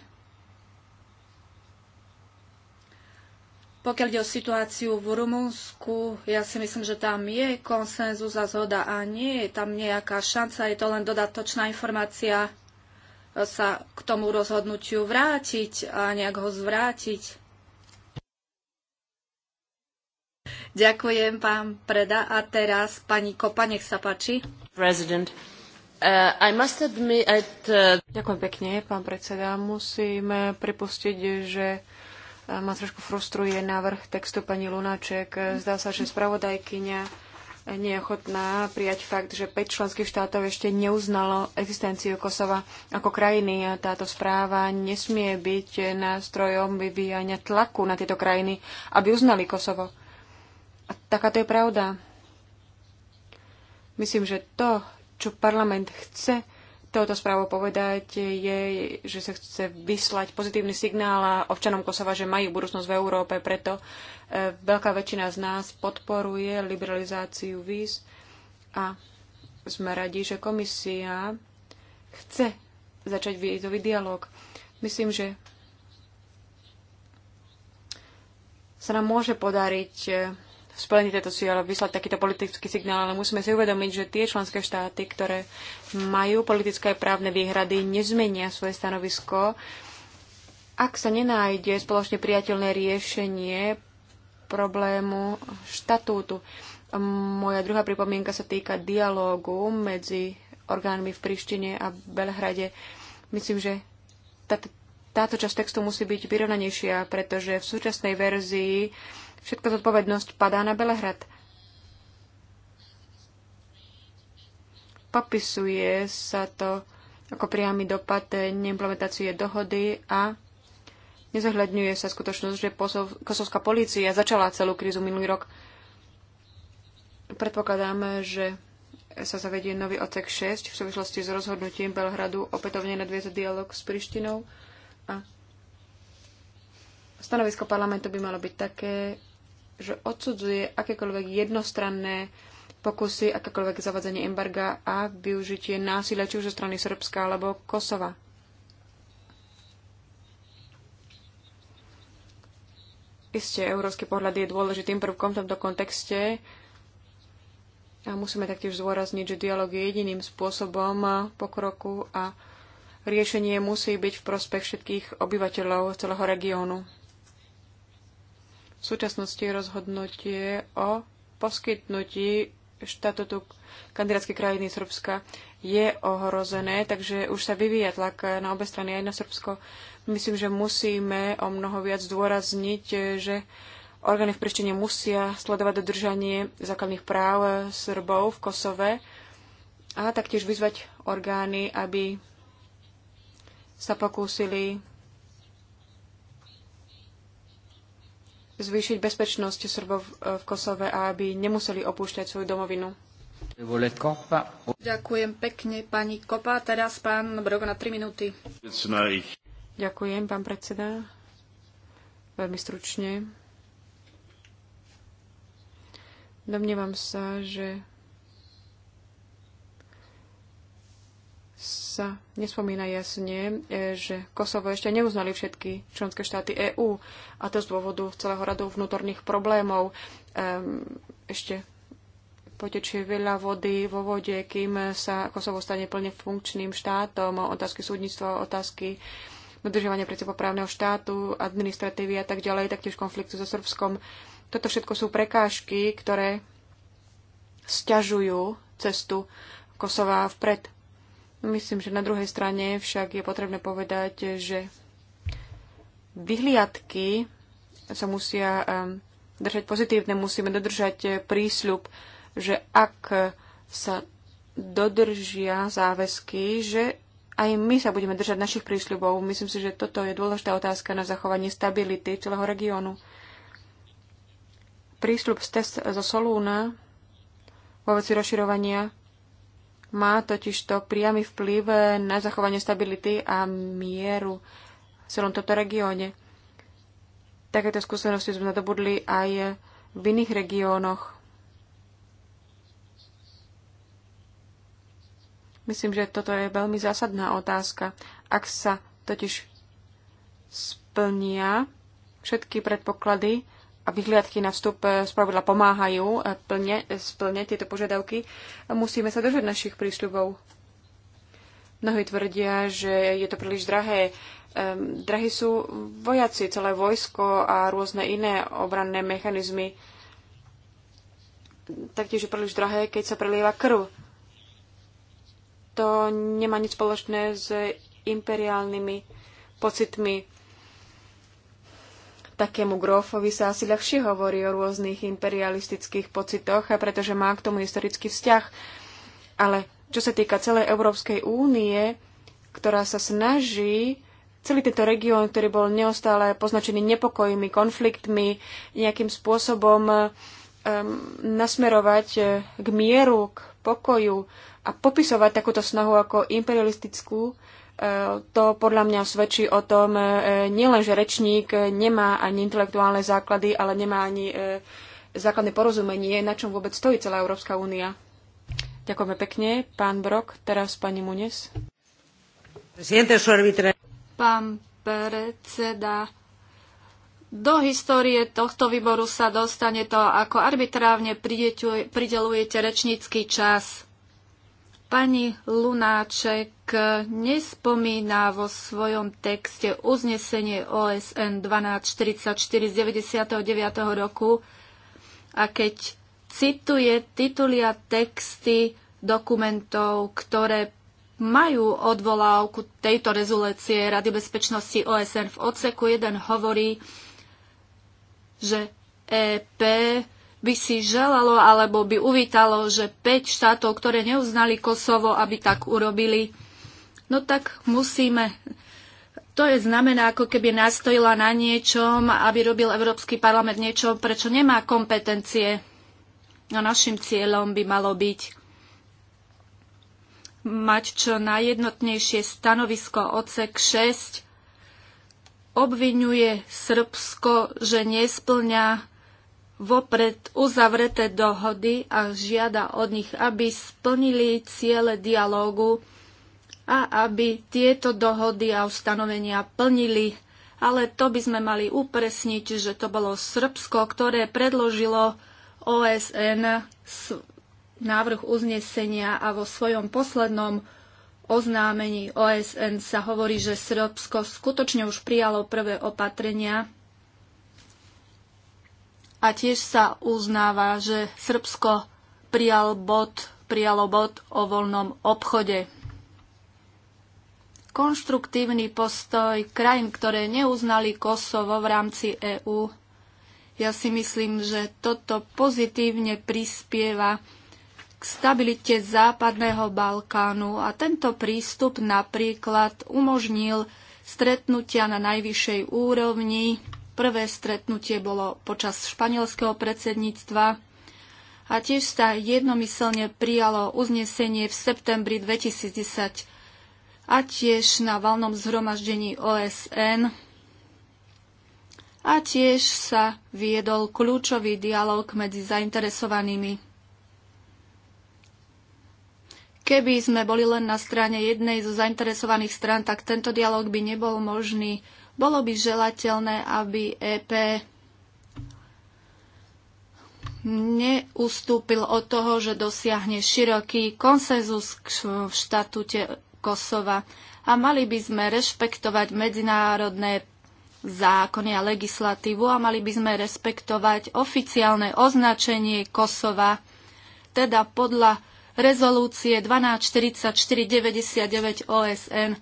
Pokiaľ ide o situáciu v Rumunsku, ja si myslím, že tam je konsenzus a zhoda a nie je tam nejaká šanca, je to len dodatočná informácia e, sa k tomu rozhodnutiu vrátiť a nejak ho zvrátiť. Ďakujem, pán Preda. A teraz pani Kopa, nech sa páči. President. Uh, I must admit, uh... Ďakujem pekne, pán predseda. Musím pripustiť, že ma trošku frustruje návrh textu pani Lunáček. Zdá sa, že spravodajkyňa nie je ochotná prijať fakt, že 5 členských štátov ešte neuznalo existenciu Kosova ako krajiny a táto správa nesmie byť nástrojom vyvíjania tlaku na tieto krajiny, aby uznali Kosovo. A takáto je pravda. Myslím, že to, čo parlament chce, touto správou povedať, je, že sa chce vyslať pozitívny signál a občanom Kosova, že majú budúcnosť v Európe. Preto e, veľká väčšina z nás podporuje liberalizáciu víz a sme radi, že komisia chce začať vízový dialog. Myslím, že sa nám môže podariť e, splniť tieto cieľe, vyslať takýto politický signál, ale musíme si uvedomiť, že tie členské štáty, ktoré majú politické a právne výhrady, nezmenia svoje stanovisko, ak sa nenájde spoločne priateľné riešenie problému štatútu. Moja druhá pripomienka sa týka dialógu medzi orgánmi v Prištine a Belhrade. Myslím, že táto, táto časť textu musí byť vyrovnanejšia, pretože v súčasnej verzii Všetka zodpovednosť padá na Belehrad. Popisuje sa to ako priamy dopad neimplementácie dohody a nezohľadňuje sa skutočnosť, že kosovská polícia začala celú krízu minulý rok. Predpokladáme, že sa zavedie nový ocek 6 v súvislosti s rozhodnutím Belhradu opätovne nadviezať dialog s Prištinou a stanovisko parlamentu by malo byť také, že odsudzuje akékoľvek jednostranné pokusy, akékoľvek zavadzenie embarga a využitie násilia či už zo strany Srbska alebo Kosova. Isté, európsky pohľad je dôležitým prvkom v tomto kontexte a musíme taktiež zdôrazniť, že dialog je jediným spôsobom pokroku a riešenie musí byť v prospech všetkých obyvateľov celého regiónu v súčasnosti rozhodnutie o poskytnutí štatutu kandidátskej krajiny Srbska je ohrozené, takže už sa vyvíja tlak na obe strany, aj na Srbsko. Myslím, že musíme o mnoho viac zdôrazniť, že orgány v Prištine musia sledovať dodržanie základných práv Srbov v Kosove a taktiež vyzvať orgány, aby sa pokúsili zvýšiť bezpečnosť Srbov eh, v Kosove a aby nemuseli opúšťať svoju domovinu. Ďakujem pekne, pani Kopa. Teraz pán Brogo na 3 minúty. Ďakujem, pán predseda. Veľmi stručne. Domnievam sa, že sa nespomína jasne, e, že Kosovo ešte neuznali všetky členské štáty EÚ a to z dôvodu celého radu vnútorných problémov. Ehm, ešte potečie veľa vody vo vode, kým sa Kosovo stane plne funkčným štátom, otázky súdnictva, otázky dodržovania právneho štátu, administratívy a tak ďalej, taktiež konfliktu so Srbskom. Toto všetko sú prekážky, ktoré sťažujú cestu Kosova vpred. Myslím, že na druhej strane však je potrebné povedať, že vyhliadky sa musia ehm, držať pozitívne, musíme dodržať prísľub, že ak sa dodržia záväzky, že aj my sa budeme držať našich prísľubov. Myslím si, že toto je dôležitá otázka na zachovanie stability celého regiónu. Prísľub z test zo Solúna vo veci rozširovania má totiž to priamy vplyv na zachovanie stability a mieru v celom tomto regióne. Takéto skúsenosti sme nadobudli aj v iných regiónoch. Myslím, že toto je veľmi zásadná otázka. Ak sa totiž splnia všetky predpoklady, a vyhliadky na vstup pravidla pomáhajú e, plne, e, splne tieto požiadavky, musíme sa držať našich prísľubov. Mnohí tvrdia, že je to príliš drahé. drahí sú vojaci, celé vojsko a rôzne iné obranné mechanizmy. Taktiež je príliš drahé, keď sa prelieva krv. To nemá nič spoločné s imperiálnymi pocitmi takému grófovi sa asi ľahšie hovorí o rôznych imperialistických pocitoch, pretože má k tomu historický vzťah. Ale čo sa týka celej Európskej únie, ktorá sa snaží celý tento región, ktorý bol neustále poznačený nepokojmi, konfliktmi, nejakým spôsobom um, nasmerovať eh, k mieru, k pokoju a popisovať takúto snahu ako imperialistickú, to podľa mňa svedčí o tom e, nielen, že rečník nemá ani intelektuálne základy, ale nemá ani e, základné porozumenie, na čom vôbec stojí celá Európska únia. Ďakujeme pekne. Pán Brok, teraz pani Munes. Pán predseda, do histórie tohto výboru sa dostane to, ako arbitrávne pridelujete rečnícky čas Pani Lunáček nespomína vo svojom texte uznesenie OSN 1244 z 99. roku a keď cituje titulia texty dokumentov, ktoré majú odvolávku tejto rezolúcie Rady bezpečnosti OSN v odseku 1 hovorí, že EP by si želalo alebo by uvítalo, že 5 štátov, ktoré neuznali Kosovo, aby tak urobili. No tak musíme. To je znamená, ako keby nastojila na niečom, aby robil Európsky parlament niečo, prečo nemá kompetencie. No našim cieľom by malo byť mať čo najjednotnejšie stanovisko Ocek 6 obvinuje Srbsko, že nesplňa vopred uzavreté dohody a žiada od nich, aby splnili ciele dialógu a aby tieto dohody a ustanovenia plnili. Ale to by sme mali upresniť, že to bolo Srbsko, ktoré predložilo OSN návrh uznesenia a vo svojom poslednom oznámení OSN sa hovorí, že Srbsko skutočne už prijalo prvé opatrenia a tiež sa uznáva, že Srbsko prijal bod, prijalo bod o voľnom obchode. Konštruktívny postoj krajín, ktoré neuznali Kosovo v rámci EÚ, ja si myslím, že toto pozitívne prispieva k stabilite Západného Balkánu a tento prístup napríklad umožnil stretnutia na najvyššej úrovni Prvé stretnutie bolo počas španielského predsedníctva a tiež sa jednomyselne prijalo uznesenie v septembri 2010 a tiež na valnom zhromaždení OSN a tiež sa viedol kľúčový dialog medzi zainteresovanými. Keby sme boli len na strane jednej zo zainteresovaných strán, tak tento dialog by nebol možný. Bolo by želateľné, aby EP neustúpil od toho, že dosiahne široký konsenzus v štatúte Kosova a mali by sme rešpektovať medzinárodné zákony a legislatívu a mali by sme rešpektovať oficiálne označenie Kosova, teda podľa rezolúcie 1244-99 OSN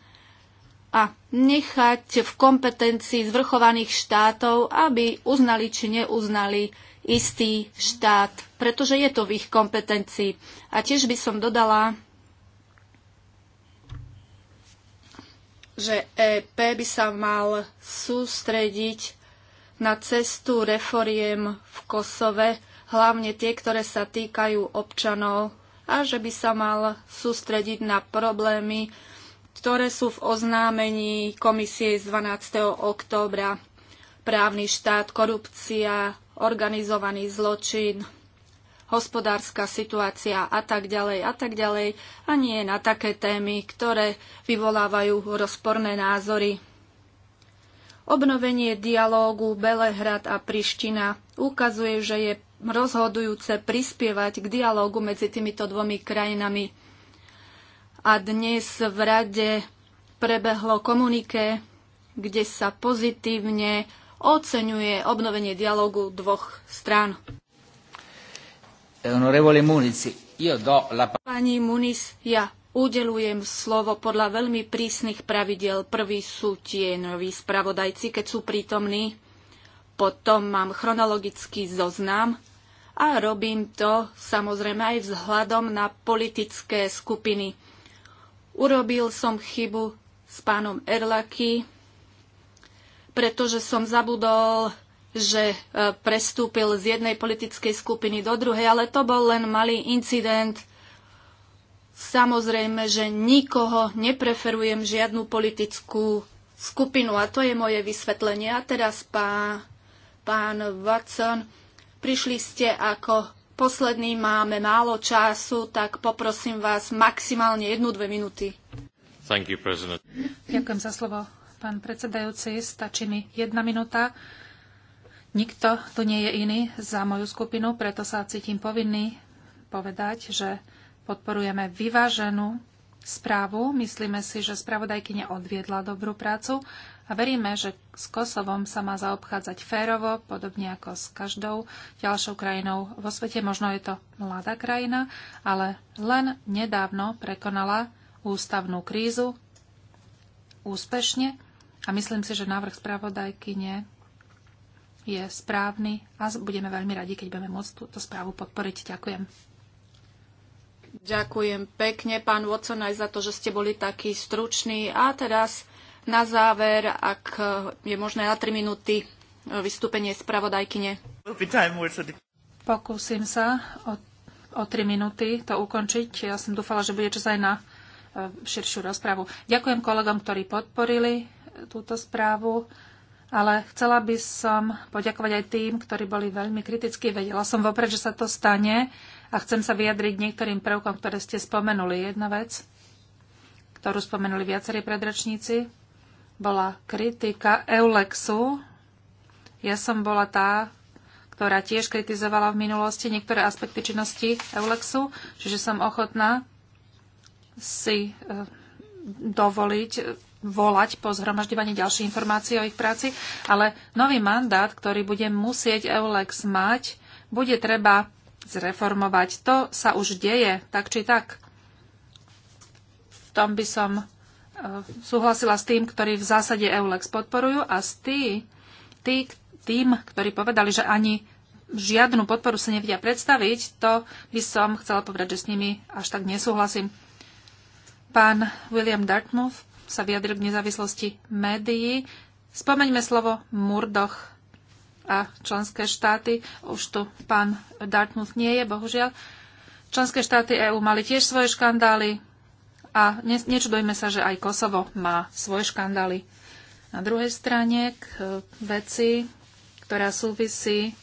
a nechať v kompetencii zvrchovaných štátov, aby uznali či neuznali istý štát, pretože je to v ich kompetencii. A tiež by som dodala, že EP by sa mal sústrediť na cestu reforiem v Kosove, hlavne tie, ktoré sa týkajú občanov, a že by sa mal sústrediť na problémy, ktoré sú v oznámení komisie z 12. októbra. Právny štát, korupcia, organizovaný zločin, hospodárska situácia a tak ďalej a tak ďalej a nie na také témy, ktoré vyvolávajú rozporné názory. Obnovenie dialógu Belehrad a Priština ukazuje, že je rozhodujúce prispievať k dialógu medzi týmito dvomi krajinami a dnes v rade prebehlo komunike, kde sa pozitívne oceňuje obnovenie dialogu dvoch strán. Pani Muniz, ja udelujem slovo podľa veľmi prísnych pravidel. Prví sú noví spravodajci, keď sú prítomní. Potom mám chronologický zoznam a robím to samozrejme aj vzhľadom na politické skupiny. Urobil som chybu s pánom Erlaky, pretože som zabudol, že e, prestúpil z jednej politickej skupiny do druhej, ale to bol len malý incident. Samozrejme, že nikoho nepreferujem žiadnu politickú skupinu a to je moje vysvetlenie. A teraz pán, pán Watson, prišli ste ako posledný máme málo času, tak poprosím vás maximálne jednu, dve minúty. Thank you, president. Ďakujem za slovo, pán predsedajúci. Stačí mi jedna minúta. Nikto tu nie je iný za moju skupinu, preto sa cítim povinný povedať, že podporujeme vyváženú správu. Myslíme si, že spravodajkyňa odviedla dobrú prácu a veríme, že s Kosovom sa má zaobchádzať férovo, podobne ako s každou ďalšou krajinou vo svete. Možno je to mladá krajina, ale len nedávno prekonala ústavnú krízu úspešne a myslím si, že návrh nie je správny a budeme veľmi radi, keď budeme môcť túto správu podporiť. Ďakujem. Ďakujem pekne, pán Watson, aj za to, že ste boli taký stručný. A teraz na záver, ak je možné na 3 minúty e, vystúpenie spravodajkyne. Pokúsim sa o, o 3 minúty to ukončiť. Ja som dúfala, že bude čas aj na e, širšiu rozprávu. Ďakujem kolegom, ktorí podporili e, túto správu, ale chcela by som poďakovať aj tým, ktorí boli veľmi kritickí. Vedela som vopred, že sa to stane a chcem sa vyjadriť niektorým prvkom, ktoré ste spomenuli. Jedna vec, ktorú spomenuli viacerí predračníci bola kritika Eulexu. Ja som bola tá, ktorá tiež kritizovala v minulosti niektoré aspekty činnosti Eulexu, čiže som ochotná si e, dovoliť e, volať po zhromažďovaní ďalších informácií o ich práci, ale nový mandát, ktorý bude musieť Eulex mať, bude treba zreformovať. To sa už deje, tak či tak. V tom by som Eh, súhlasila s tým, ktorí v zásade EULEX podporujú a s tý, tý, tým, ktorí povedali, že ani žiadnu podporu sa nevedia predstaviť, to by som chcela povedať, že s nimi až tak nesúhlasím. Pán William Dartmouth sa vyjadril k nezávislosti médií. Spomeňme slovo Murdoch a členské štáty. Už tu pán Dartmouth nie je, bohužiaľ. Členské štáty EÚ mali tiež svoje škandály, a ne, nečudujme sa, že aj Kosovo má svoje škandály. Na druhej strane k e, veci, ktorá súvisí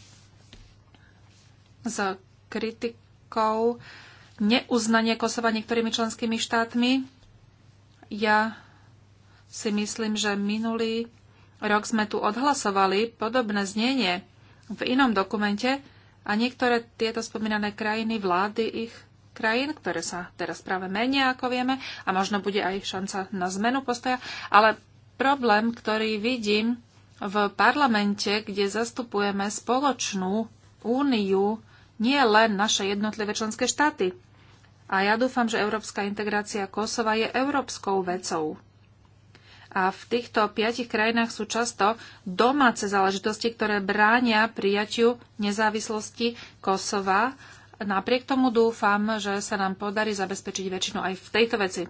s kritikou neuznanie Kosova niektorými členskými štátmi. Ja si myslím, že minulý rok sme tu odhlasovali podobné znenie v inom dokumente a niektoré tieto spomínané krajiny, vlády ich krajín, ktoré sa teraz práve menia, ako vieme, a možno bude aj šanca na zmenu postoja. Ale problém, ktorý vidím v parlamente, kde zastupujeme spoločnú úniu, nie len naše jednotlivé členské štáty. A ja dúfam, že európska integrácia Kosova je európskou vecou. A v týchto piatich krajinách sú často domáce záležitosti, ktoré bránia prijaťu nezávislosti Kosova Napriek tomu dúfam, že sa nám podarí zabezpečiť väčšinu aj v tejto veci.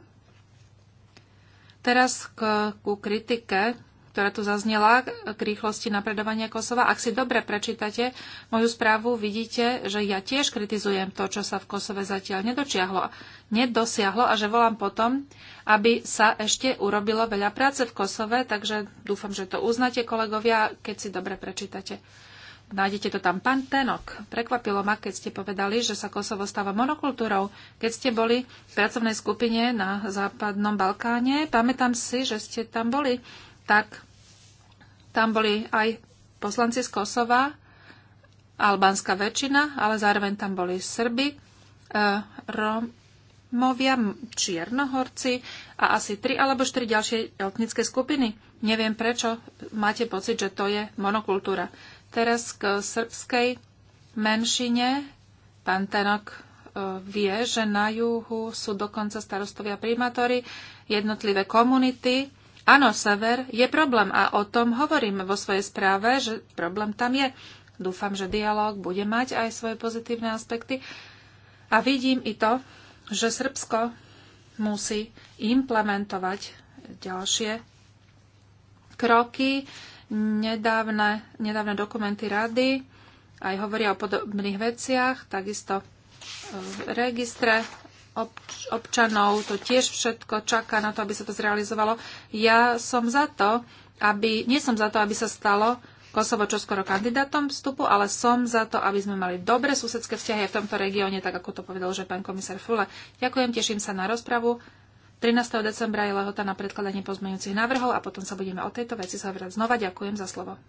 Teraz k, ku kritike, ktorá tu zaznela k rýchlosti napredovania Kosova. Ak si dobre prečítate moju správu, vidíte, že ja tiež kritizujem to, čo sa v Kosove zatiaľ nedočiahlo, nedosiahlo a že volám potom, aby sa ešte urobilo veľa práce v Kosove, takže dúfam, že to uznáte, kolegovia, keď si dobre prečítate Nájdete to tam. Pán Tenok, prekvapilo ma, keď ste povedali, že sa Kosovo stáva monokultúrou. Keď ste boli v pracovnej skupine na Západnom Balkáne, pamätám si, že ste tam boli, tak tam boli aj poslanci z Kosova, albánska väčšina, ale zároveň tam boli Srby, e, Romovia, Čiernohorci a asi tri alebo štyri ďalšie etnické skupiny. Neviem, prečo máte pocit, že to je monokultúra. Teraz k srbskej menšine. Pán Tenok e, vie, že na juhu sú dokonca starostovia primátory, jednotlivé komunity. Áno, sever je problém a o tom hovorím vo svojej správe, že problém tam je. Dúfam, že dialog bude mať aj svoje pozitívne aspekty. A vidím i to, že Srbsko musí implementovať ďalšie kroky, nedávne, nedávne dokumenty rady aj hovoria o podobných veciach, takisto v e, registre obč- občanov, to tiež všetko čaká na to, aby sa to zrealizovalo. Ja som za to, aby, nie som za to, aby sa stalo Kosovo čoskoro kandidátom vstupu, ale som za to, aby sme mali dobre susedské vzťahy v tomto regióne, tak ako to povedal že pán komisár Fule. Ďakujem, teším sa na rozpravu 13. decembra je lehota na predkladanie pozmeňujúcich návrhov a potom sa budeme o tejto veci zavrať znova. Ďakujem za slovo.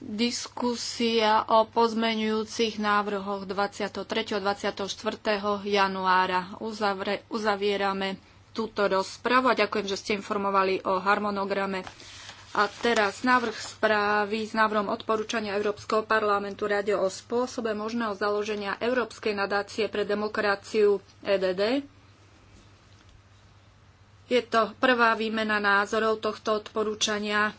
Diskusia o pozmeňujúcich návrhoch 23. a 24. januára. Uzavre, uzavierame túto rozpravu a ďakujem, že ste informovali o harmonograme. A teraz návrh správy s návrhom odporúčania Európskeho parlamentu Rade o spôsobe možného založenia Európskej nadácie pre demokraciu EDD. Je to prvá výmena názorov tohto odporúčania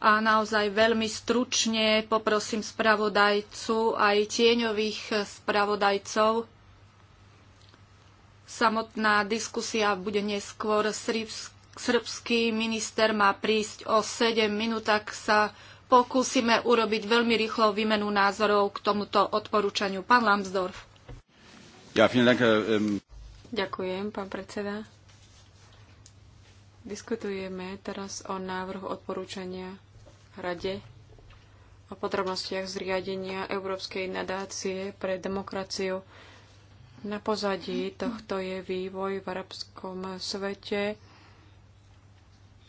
a naozaj veľmi stručne poprosím spravodajcu aj tieňových spravodajcov. Samotná diskusia bude neskôr. Srbský minister má prísť o 7 minút, tak sa pokúsime urobiť veľmi rýchlo výmenu názorov k tomuto odporúčaniu. Pán Lambsdorff. Ja, Dank, ähm, Ďakujem, pán predseda. Diskutujeme teraz o návrhu odporúčania Rade o podrobnostiach zriadenia Európskej nadácie pre demokraciu. Na pozadí tohto je vývoj v arabskom svete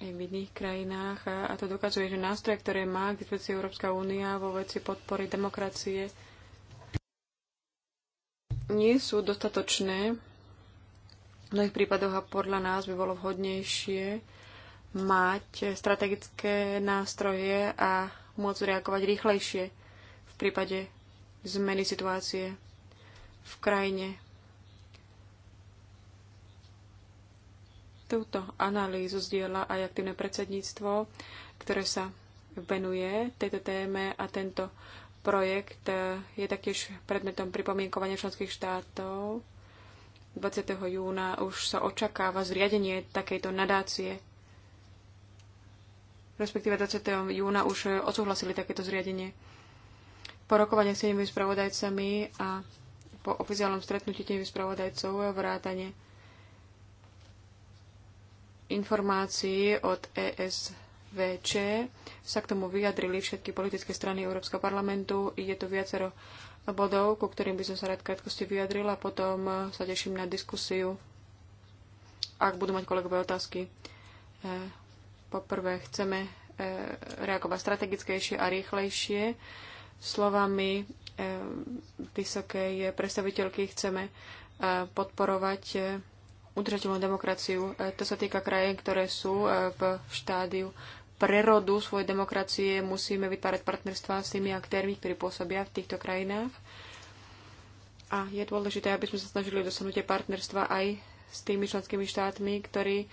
aj v iných krajinách a to dokazuje, že nástroje, ktoré má k dispozícii Európska únia vo veci podpory demokracie, nie sú dostatočné v mnohých prípadoch a podľa nás by bolo vhodnejšie mať strategické nástroje a môcť reagovať rýchlejšie v prípade zmeny situácie v krajine. Túto analýzu zdieľa aj aktívne predsedníctvo, ktoré sa venuje tejto téme a tento projekt je taktiež predmetom pripomienkovania členských štátov 20. júna už sa očakáva zriadenie takejto nadácie. Respektíve 20. júna už odsúhlasili takéto zriadenie. Po rokovaniach s tými spravodajcami a po oficiálnom stretnutí tými spravodajcov vrátane informácií od ESVČ sa k tomu vyjadrili všetky politické strany Európskeho parlamentu. Je tu viacero bodov, ku ktorým by som sa rád krátkosti vyjadrila. Potom eh, sa teším na diskusiu, ak budú mať kolegové otázky. Eh, poprvé, chceme eh, reagovať strategickejšie a rýchlejšie. Slovami vysokej predstaviteľky chceme podporovať udržateľnú demokraciu. To sa týka krajín, ktoré sú v štádiu prerodu svojej demokracie musíme vytvárať partnerstva s tými aktérmi, ktorí pôsobia v týchto krajinách. A je dôležité, aby sme sa snažili dosiahnuť partnerstva aj s tými členskými štátmi, ktorí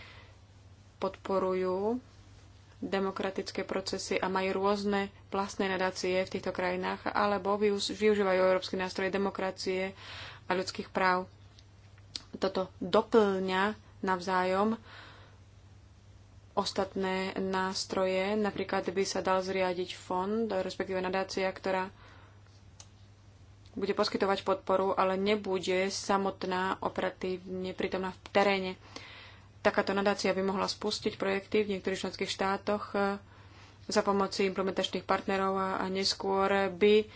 podporujú demokratické procesy a majú rôzne vlastné nadácie v týchto krajinách alebo využívajú európsky nástroje demokracie a ľudských práv. Toto doplňa navzájom ostatné nástroje. Napríklad by sa dal zriadiť fond, respektíve nadácia, ktorá bude poskytovať podporu, ale nebude samotná operatívne prítomná v teréne. Takáto nadácia by mohla spustiť projekty v niektorých členských štátoch e, za pomoci implementačných partnerov a neskôr by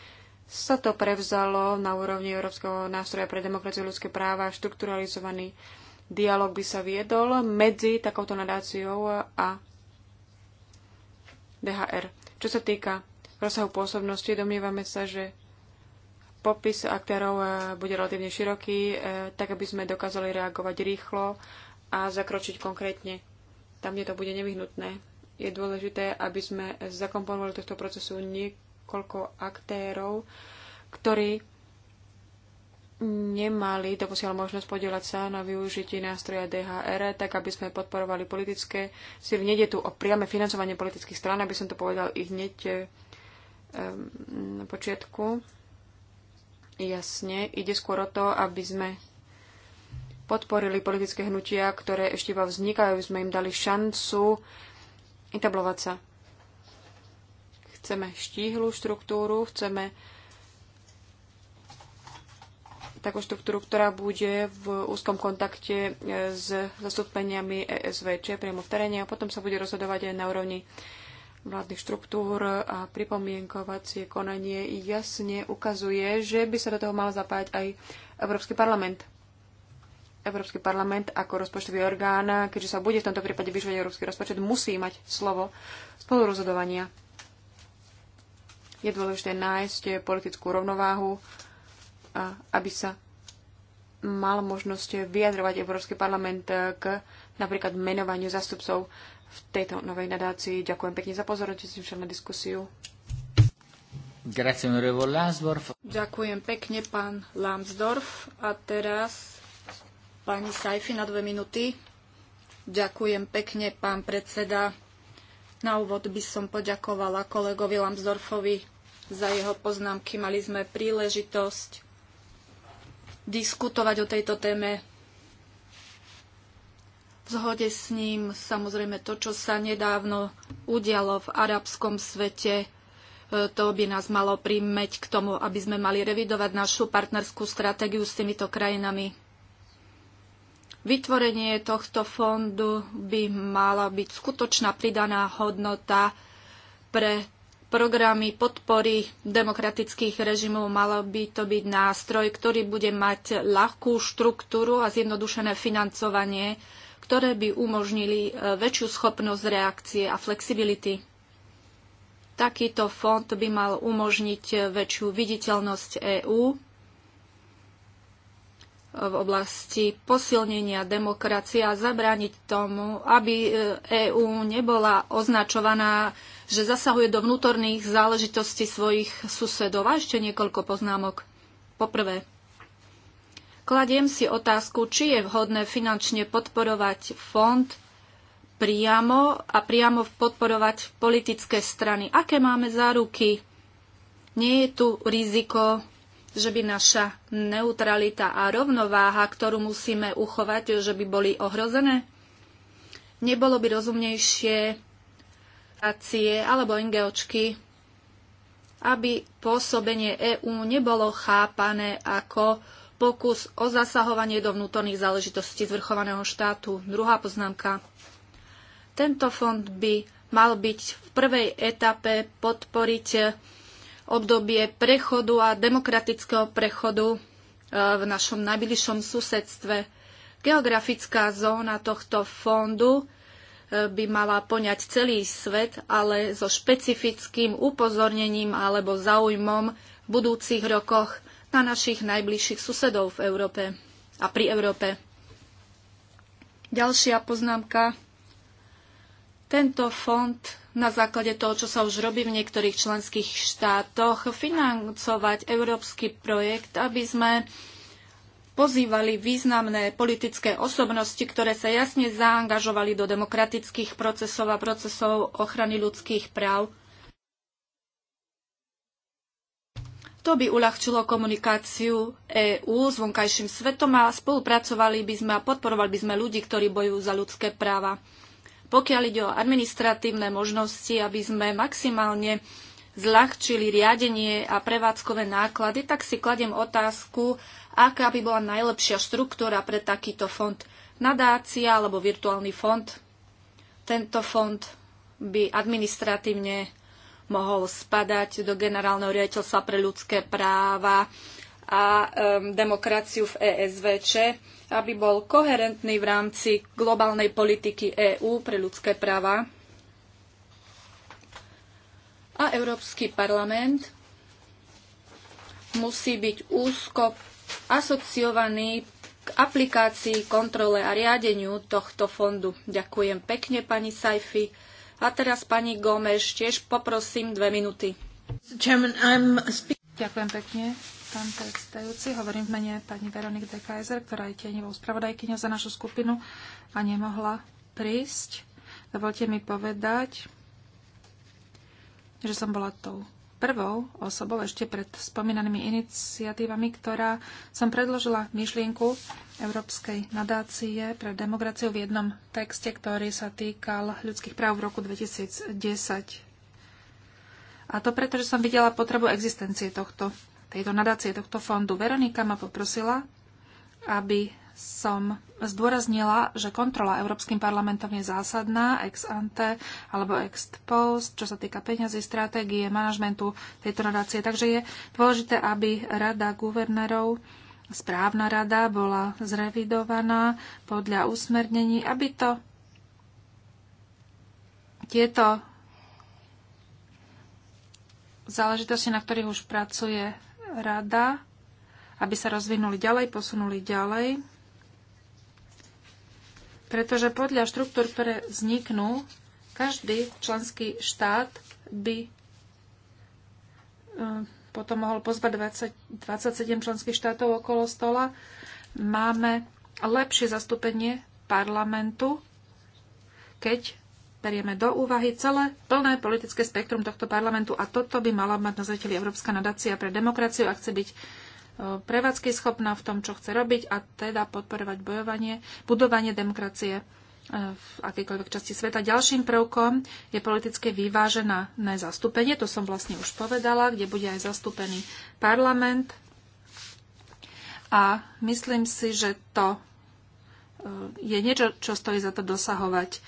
sa to prevzalo na úrovni Európskeho nástroja pre demokraciu a ľudské práva, štrukturalizovaný dialog by sa viedol medzi takouto nadáciou a DHR. Čo sa týka rozsahu pôsobnosti, domnievame sa, že popis aktérov eh, bude relatívne široký, eh, tak aby sme dokázali reagovať rýchlo a zakročiť konkrétne tam, kde to bude nevyhnutné. Je dôležité, aby sme zakomponovali tohto procesu niekoľko aktérov, ktorí nemali doposiaľ možnosť podielať sa na využití nástroja DHR, tak aby sme podporovali politické síly. Nede tu o priame financovanie politických strán, aby som to povedal i hneď eh, na počiatku. Jasne, ide skôr o to, aby sme podporili politické hnutia, ktoré ešte iba vznikajú, aby sme im dali šancu etablovať sa. Chceme štíhlu štruktúru, chceme takú štruktúru, ktorá bude v úzkom kontakte e, s zastúpeniami ESVČ priamo v teréne a potom sa bude rozhodovať aj na úrovni vládnych štruktúr a pripomienkovacie konanie jasne ukazuje, že by sa do toho mal zapájať aj Európsky parlament. Európsky parlament ako rozpočtový orgán, keďže sa bude v tomto prípade vyžovať európsky rozpočet, musí mať slovo spolurozhodovania. Je dôležité nájsť politickú rovnováhu a aby sa mal možnosť vyjadrovať Európsky parlament k napríklad menovaniu zastupcov v tejto novej nadácii. Ďakujem pekne za pozornosť, si všem na diskusiu. Grazie, Ďakujem pekne, pán Lambsdorff. A teraz pani Sajfi na dve minúty. Ďakujem pekne, pán predseda. Na úvod by som poďakovala kolegovi Lamsdorfovi za jeho poznámky. Mali sme príležitosť diskutovať o tejto téme. V zhode s ním samozrejme to, čo sa nedávno udialo v arabskom svete, e, to by nás malo primeť k tomu, aby sme mali revidovať našu partnerskú stratégiu s týmito krajinami. Vytvorenie tohto fondu by mala byť skutočná pridaná hodnota pre programy podpory demokratických režimov malo by to byť nástroj, ktorý bude mať ľahkú štruktúru a zjednodušené financovanie, ktoré by umožnili e, väčšiu schopnosť reakcie a flexibility. Takýto fond by mal umožniť e, väčšiu viditeľnosť EÚ v oblasti posilnenia demokracie a zabrániť tomu, aby EÚ e nebola označovaná že zasahuje do vnútorných záležitostí svojich susedov. A ešte niekoľko poznámok. Poprvé, kladiem si otázku, či je vhodné finančne podporovať fond priamo a priamo podporovať politické strany. Aké máme záruky? Nie je tu riziko, že by naša neutralita a rovnováha, ktorú musíme uchovať, že by boli ohrozené? Nebolo by rozumnejšie organizácie alebo NGOčky, aby pôsobenie EÚ nebolo chápané ako pokus o zasahovanie do vnútorných záležitostí zvrchovaného štátu. Druhá poznámka. Tento fond by mal byť v prvej etape podporiť obdobie prechodu a demokratického prechodu e, v našom najbližšom susedstve. Geografická zóna tohto fondu by mala poňať celý svet, ale so špecifickým upozornením alebo záujmom v budúcich rokoch na našich najbližších susedov v Európe a pri Európe. Ďalšia poznámka. Tento fond na základe toho, čo sa už robí v niektorých členských štátoch, financovať európsky projekt, aby sme pozývali významné politické osobnosti, ktoré sa jasne zaangažovali do demokratických procesov a procesov ochrany ľudských práv. To by uľahčilo komunikáciu EÚ s vonkajším svetom a spolupracovali by sme a podporovali by sme ľudí, ktorí bojujú za ľudské práva. Pokiaľ ide o administratívne možnosti, aby sme maximálne zľahčili riadenie a prevádzkové náklady, tak si kladiem otázku, aká by bola najlepšia štruktúra pre takýto fond. Nadácia alebo virtuálny fond. Tento fond by administratívne mohol spadať do generálneho riaditeľstva pre ľudské práva a um, demokraciu v ESVČ, aby bol koherentný v rámci globálnej politiky EÚ pre ľudské práva. A Európsky parlament musí byť úzko asociovaný k aplikácii, kontrole a riadeniu tohto fondu. Ďakujem pekne, pani Saifi. A teraz pani Gomeš, tiež poprosím dve minúty. Ďakujem pekne, pán predstavujúci. Hovorím v mene pani Veronik de Kaiser, ktorá je tieňovou spravodajkyňou za našu skupinu a nemohla prísť. Dovolte mi povedať, že som bola tou prvou osobou ešte pred spomínanými iniciatívami, ktorá som predložila myšlienku Európskej nadácie pre demokraciu v jednom texte, ktorý sa týkal ľudských práv v roku 2010. A to preto, že som videla potrebu existencie tohto, tejto nadácie, tohto fondu. Veronika ma poprosila, aby som zdôraznila, že kontrola Európskym parlamentom je zásadná ex ante alebo ex post, čo sa týka peňazí, stratégie, manažmentu tejto nadácie. Takže je dôležité, aby rada guvernérov, správna rada bola zrevidovaná podľa usmernení, aby to tieto záležitosti, na ktorých už pracuje rada, aby sa rozvinuli ďalej, posunuli ďalej pretože podľa štruktúr, ktoré vzniknú, každý členský štát by e, potom mohol pozvať 20, 27 členských štátov okolo stola. Máme lepšie zastúpenie parlamentu, keď berieme do úvahy celé plné politické spektrum tohto parlamentu a toto by mala mať na zreteli Európska nadácia pre demokraciu a chce byť E, prevádzky schopná v tom, čo chce robiť a teda podporovať bojovanie, budovanie demokracie e, v akejkoľvek časti sveta. Ďalším prvkom je politické vyvážené zastúpenie, to som vlastne už povedala, kde bude aj zastúpený parlament. A myslím si, že to e, je niečo, čo stojí za to dosahovať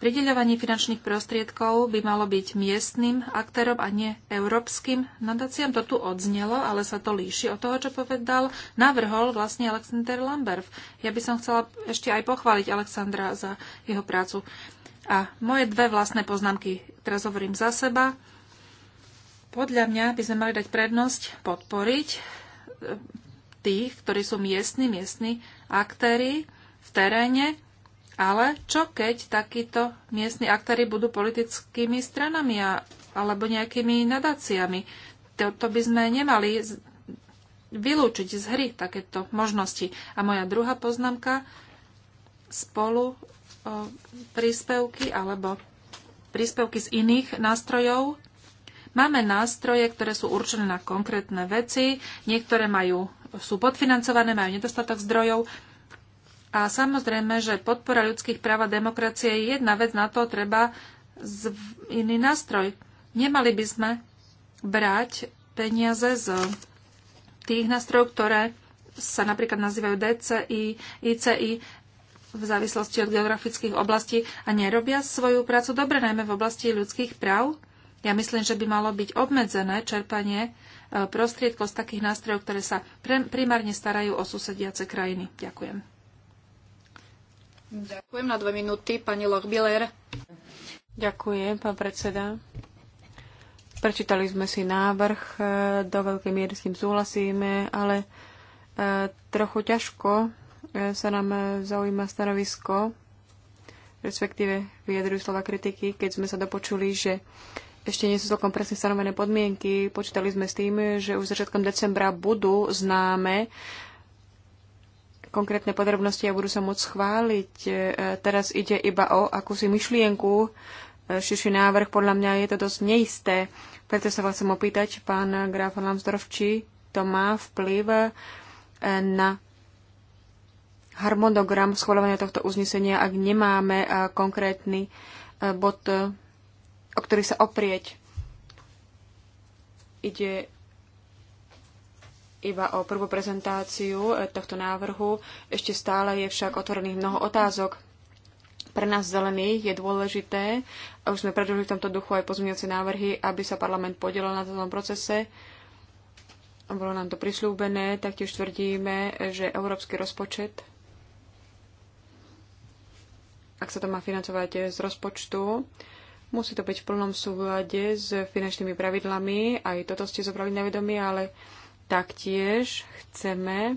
Prideľovanie finančných prostriedkov by malo byť miestnym aktérom a nie európskym nadáciám. To tu odznelo, ale sa to líši od toho, čo povedal. Navrhol vlastne Alexander Lamberv. Ja by som chcela ešte aj pochváliť Alexandra za jeho prácu. A moje dve vlastné poznámky, teraz hovorím za seba. Podľa mňa by sme mali dať prednosť podporiť e, tých, ktorí sú miestni, miestni aktéry v teréne, ale čo keď takíto miestni aktéry budú politickými stranami a, alebo nejakými nadáciami? To, to by sme nemali z, vylúčiť z hry takéto možnosti. A moja druhá poznámka spolu o, príspevky alebo príspevky z iných nástrojov Máme nástroje, ktoré sú určené na konkrétne veci, niektoré majú, sú podfinancované, majú nedostatok zdrojov a samozrejme, že podpora ľudských práv a demokracie je jedna vec, na to treba iný nástroj. Nemali by sme brať peniaze z tých nástrojov, ktoré sa napríklad nazývajú DCI, ICI, v závislosti od geografických oblastí a nerobia svoju prácu dobre, najmä v oblasti ľudských práv. Ja myslím, že by malo byť obmedzené čerpanie e, prostriedkov z takých nástrojov, ktoré sa primárne starajú o susediace krajiny. Ďakujem. Ďakujem na dve minúty, pani Lochbiller. Ďakujem, pán predseda. Prečítali sme si návrh, e, do veľkej miery s tým súhlasíme, ale e, trochu ťažko e, sa nám zaujíma stanovisko, respektíve vyjadrujú slova kritiky, keď sme sa dopočuli, že ešte nie sú celkom presne stanovené podmienky. Počítali sme s tým, že už začiatkom decembra budú známe konkrétne podrobnosti a budú sa môcť schváliť. E, teraz ide iba o akúsi myšlienku, e, širší návrh. Podľa mňa je to dosť neisté. Preto sa vás chcem opýtať, pán Graf Lambsdorff, či to má vplyv e, na harmonogram schváľovania tohto uznesenia, ak nemáme konkrétny bod, o ktorý sa oprieť. Ide iba o prvú prezentáciu e, tohto návrhu. Ešte stále je však otvorených mnoho otázok. Pre nás zelených je dôležité, a už sme predložili v tomto duchu aj pozmeňujúce návrhy, aby sa parlament podielal na tomto procese. Bolo nám to prislúbené, taktiež tvrdíme, že európsky rozpočet, ak sa to má financovať z rozpočtu, musí to byť v plnom súhľade s finančnými pravidlami. Aj toto ste zobrali na vedomie, ale Taktiež chceme,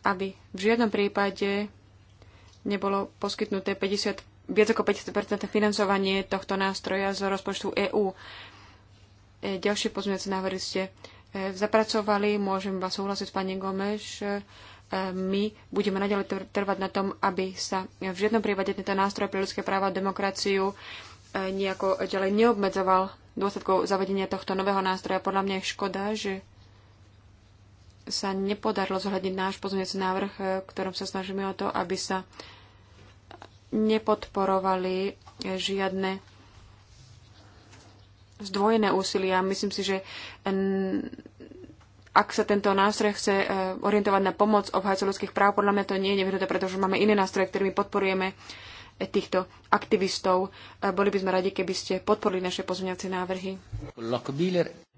aby v žiadnom prípade nebolo poskytnuté 50, viac ako 50% financovanie tohto nástroja z rozpočtu EÚ. E, ďalšie pozmeňujúce návrhy ste e, zapracovali, môžem vás súhlasiť s pani Gomeš, e, my budeme naďalej trvať na tom, aby sa v žiadnom prípade tento nástroj pre ľudské práva a demokraciu nejako ďalej neobmedzoval dôsledkov zavedenia tohto nového nástroja. Podľa mňa je škoda, že sa nepodarilo zohľadniť náš pozmeňujúci návrh, v e, ktorom sa snažíme o to, aby sa nepodporovali žiadne zdvojené úsilia. Myslím si, že ak sa tento nástroj chce e, orientovať na pomoc obhajcov ľudských práv, podľa mňa to nie je nevyhnuté, pretože máme iné nástroje, ktorými podporujeme uh, týchto aktivistov. Boli by sme radi, keby ste podporili naše pozmeňovacie návrhy.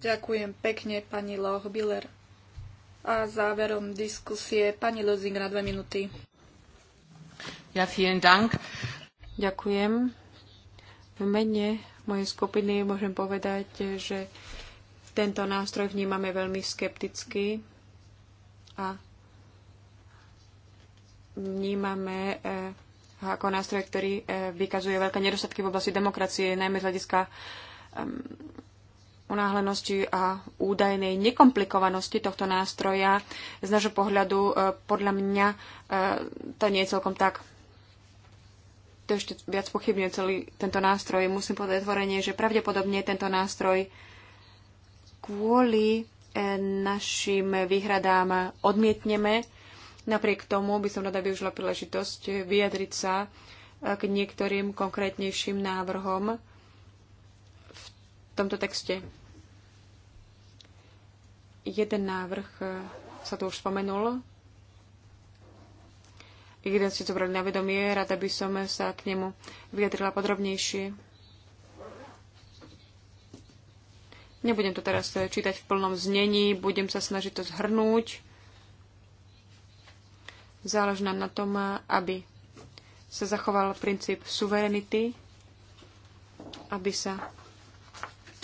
Ďakujem pekne, pani Lochbiller. A záverom diskusie pani Lozing na dve minúty. Ja, vielen Dank. Ďakujem. V mene mojej skupiny môžem povedať, že tento nástroj vnímame veľmi skepticky a vnímame eh, ako nástroj, ktorý e, vykazuje veľké nedostatky v oblasti demokracie, najmä z hľadiska unáhlenosti a údajnej nekomplikovanosti tohto nástroja. Z nášho pohľadu, e, podľa mňa, e, to nie je celkom tak. To ešte viac pochybňuje celý tento nástroj. Musím povedať otvorenie, že pravdepodobne tento nástroj kvôli našim výhradám odmietneme Napriek tomu by som rada využila príležitosť vyjadriť sa e, k niektorým konkrétnejším návrhom v tomto texte. Jeden návrh e, sa tu už spomenul. Jeden ste zobrali na vedomie, rada by som sa k nemu vyjadrila podrobnejšie. Nebudem to teraz e, čítať v plnom znení, budem sa snažiť to zhrnúť záležná nám na tom, aby sa zachoval princíp suverenity, aby sa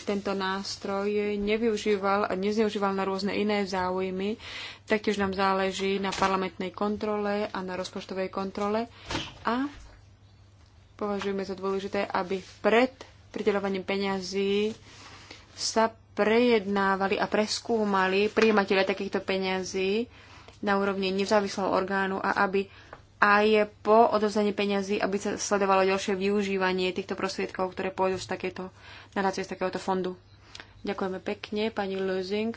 tento nástroj nevyužíval a nezneužíval na rôzne iné záujmy. Taktiež nám záleží na parlamentnej kontrole a na rozpočtovej kontrole a považujeme za dôležité, aby pred prideľovaním peňazí sa prejednávali a preskúmali príjimateľe takýchto peňazí na úrovni nezávislého orgánu a aby aj po odovzdaní peňazí, aby sa sledovalo ďalšie využívanie týchto prostriedkov, ktoré pôjdu z takéto nadácie z takéhoto fondu. Ďakujeme pekne, pani Lusing.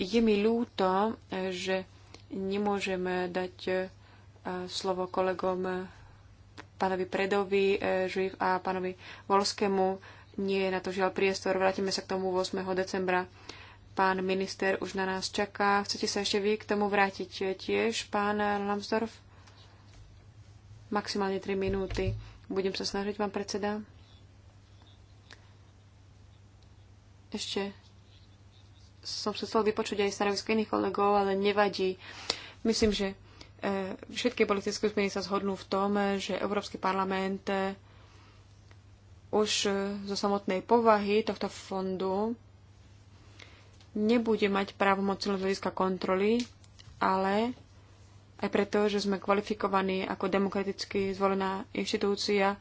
Je mi ľúto, že nemôžeme dať e, slovo kolegom e, pánovi Predovi, e, Živ a pánovi Volskému. Nie je na to žiaľ priestor. Vrátime sa k tomu 8. decembra. Pán minister už na nás čaká. Chcete sa ešte vy k tomu vrátiť tiež, pán Lambsdorff? Maximálne 3 minúty. Budem sa snažiť, pán predseda. Ešte som sa chcel vypočuť aj stanovisko iných kolegov, ale nevadí. Myslím, že e, všetky politické skupiny sa zhodnú v tom, že Európsky parlament e, už zo samotnej povahy tohto fondu nebude mať právomoc z hľadiska kontroly, ale aj preto, že sme kvalifikovaní ako demokraticky zvolená inštitúcia,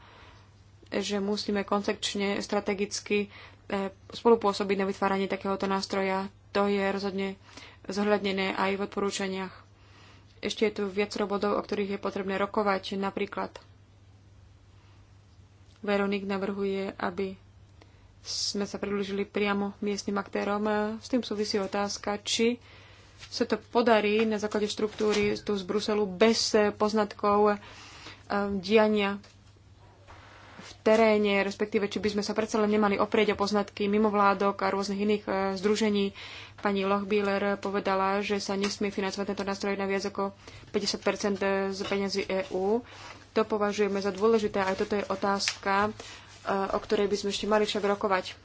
že musíme koncepčne, strategicky eh, spolupôsobiť na vytváranie takéhoto nástroja. To je rozhodne zohľadnené aj v odporúčaniach. Ešte je tu viacero bodov, o ktorých je potrebné rokovať. Napríklad Veronik navrhuje, aby sme sa predlžili priamo miestnym aktérom. S tým súvisí otázka, či sa to podarí na základe štruktúry tu z Bruselu bez poznatkov eh, diania v teréne, respektíve či by sme sa predsa len nemali oprieť o poznatky mimovládok a rôznych iných eh, združení. Pani Lochbíler povedala, že sa nesmie financovať tento nástroj na viac ako 50 z peňazí EÚ. To považujeme za dôležité, aj toto je otázka, o ktorej by sme ešte mali však rokovať.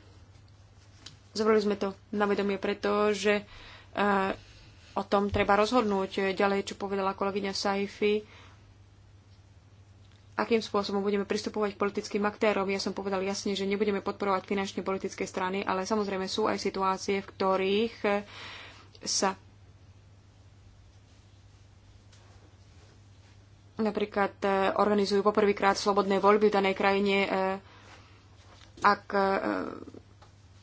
Zobrali sme to na vedomie preto, že e, o tom treba rozhodnúť ďalej, čo povedala kolegyňa Saifi, akým spôsobom budeme pristupovať k politickým aktérom. Ja som povedal jasne, že nebudeme podporovať finančne politické strany, ale samozrejme sú aj situácie, v ktorých e, sa napríklad e, organizujú poprvýkrát slobodné voľby v danej krajine ak e,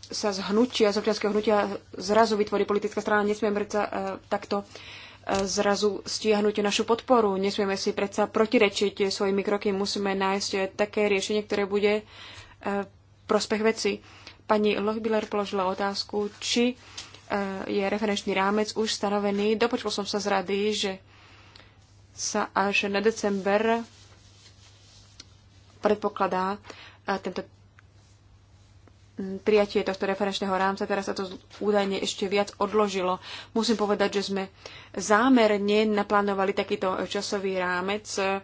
sa z hnutia, z občianského hnutia zrazu vytvorí politická strana, nesmieme predsa e, takto e, zrazu stiahnuť našu podporu. Nesmieme si predsa protirečiť svojimi kroky. Musíme nájsť také riešenie, ktoré bude prospech veci. Pani Lochbiller položila otázku, či je referenčný rámec už stanovený. Dopočul som sa z rady, že sa až na december predpokladá tento prijatie tohto referenčného rámca, teraz sa to údajne ešte viac odložilo. Musím povedať, že sme zámerne naplánovali takýto časový rámec, eh,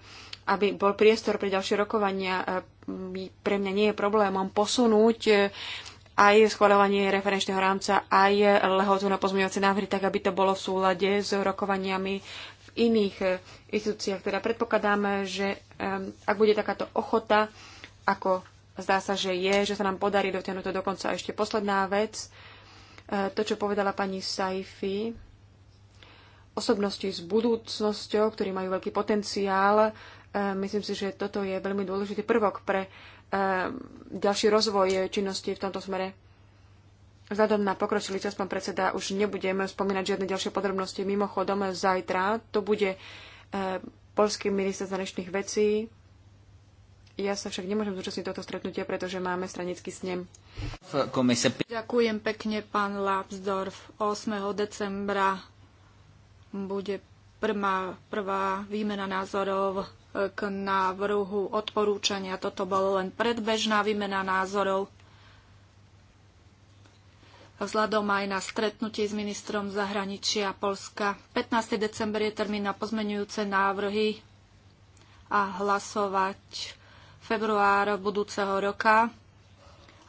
aby bol priestor pre ďalšie rokovania. Eh, pre mňa nie je problémom posunúť eh, aj schváľovanie referenčného rámca, aj lehotu na pozmeňovacie návrhy, tak aby to bolo v súlade s rokovaniami v iných institúciách. Teda predpokladáme, že ak bude takáto ochota, ako zdá sa, že je, že sa nám podarí dotiahnuť to dokonca. A ešte posledná vec, e, to, čo povedala pani Saifi, osobnosti s budúcnosťou, ktorí majú veľký potenciál. E, myslím si, že toto je veľmi dôležitý prvok pre e, ďalší rozvoj činnosti v tomto smere. Vzhľadom na pokročilý čas, pán predseda, už nebudem spomínať žiadne ďalšie podrobnosti. Mimochodom, zajtra to bude polský minister zahraničných vecí ja sa však nemôžem zúčastniť tohto stretnutia, pretože máme stranický snem. Ďakujem pekne, pán Lapsdorf. 8. decembra bude prvá, prvá výmena názorov k návrhu odporúčania. Toto bolo len predbežná výmena názorov. Vzhľadom aj na stretnutie s ministrom zahraničia Polska. 15. december je termín na pozmenujúce návrhy a hlasovať februára budúceho roka.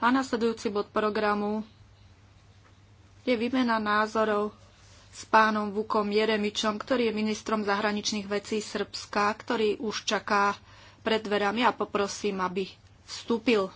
A nasledujúci bod programu je výmena názorov s pánom Vukom Jeremičom, ktorý je ministrom zahraničných vecí Srbska, ktorý už čaká pred dverami a poprosím, aby vstúpil.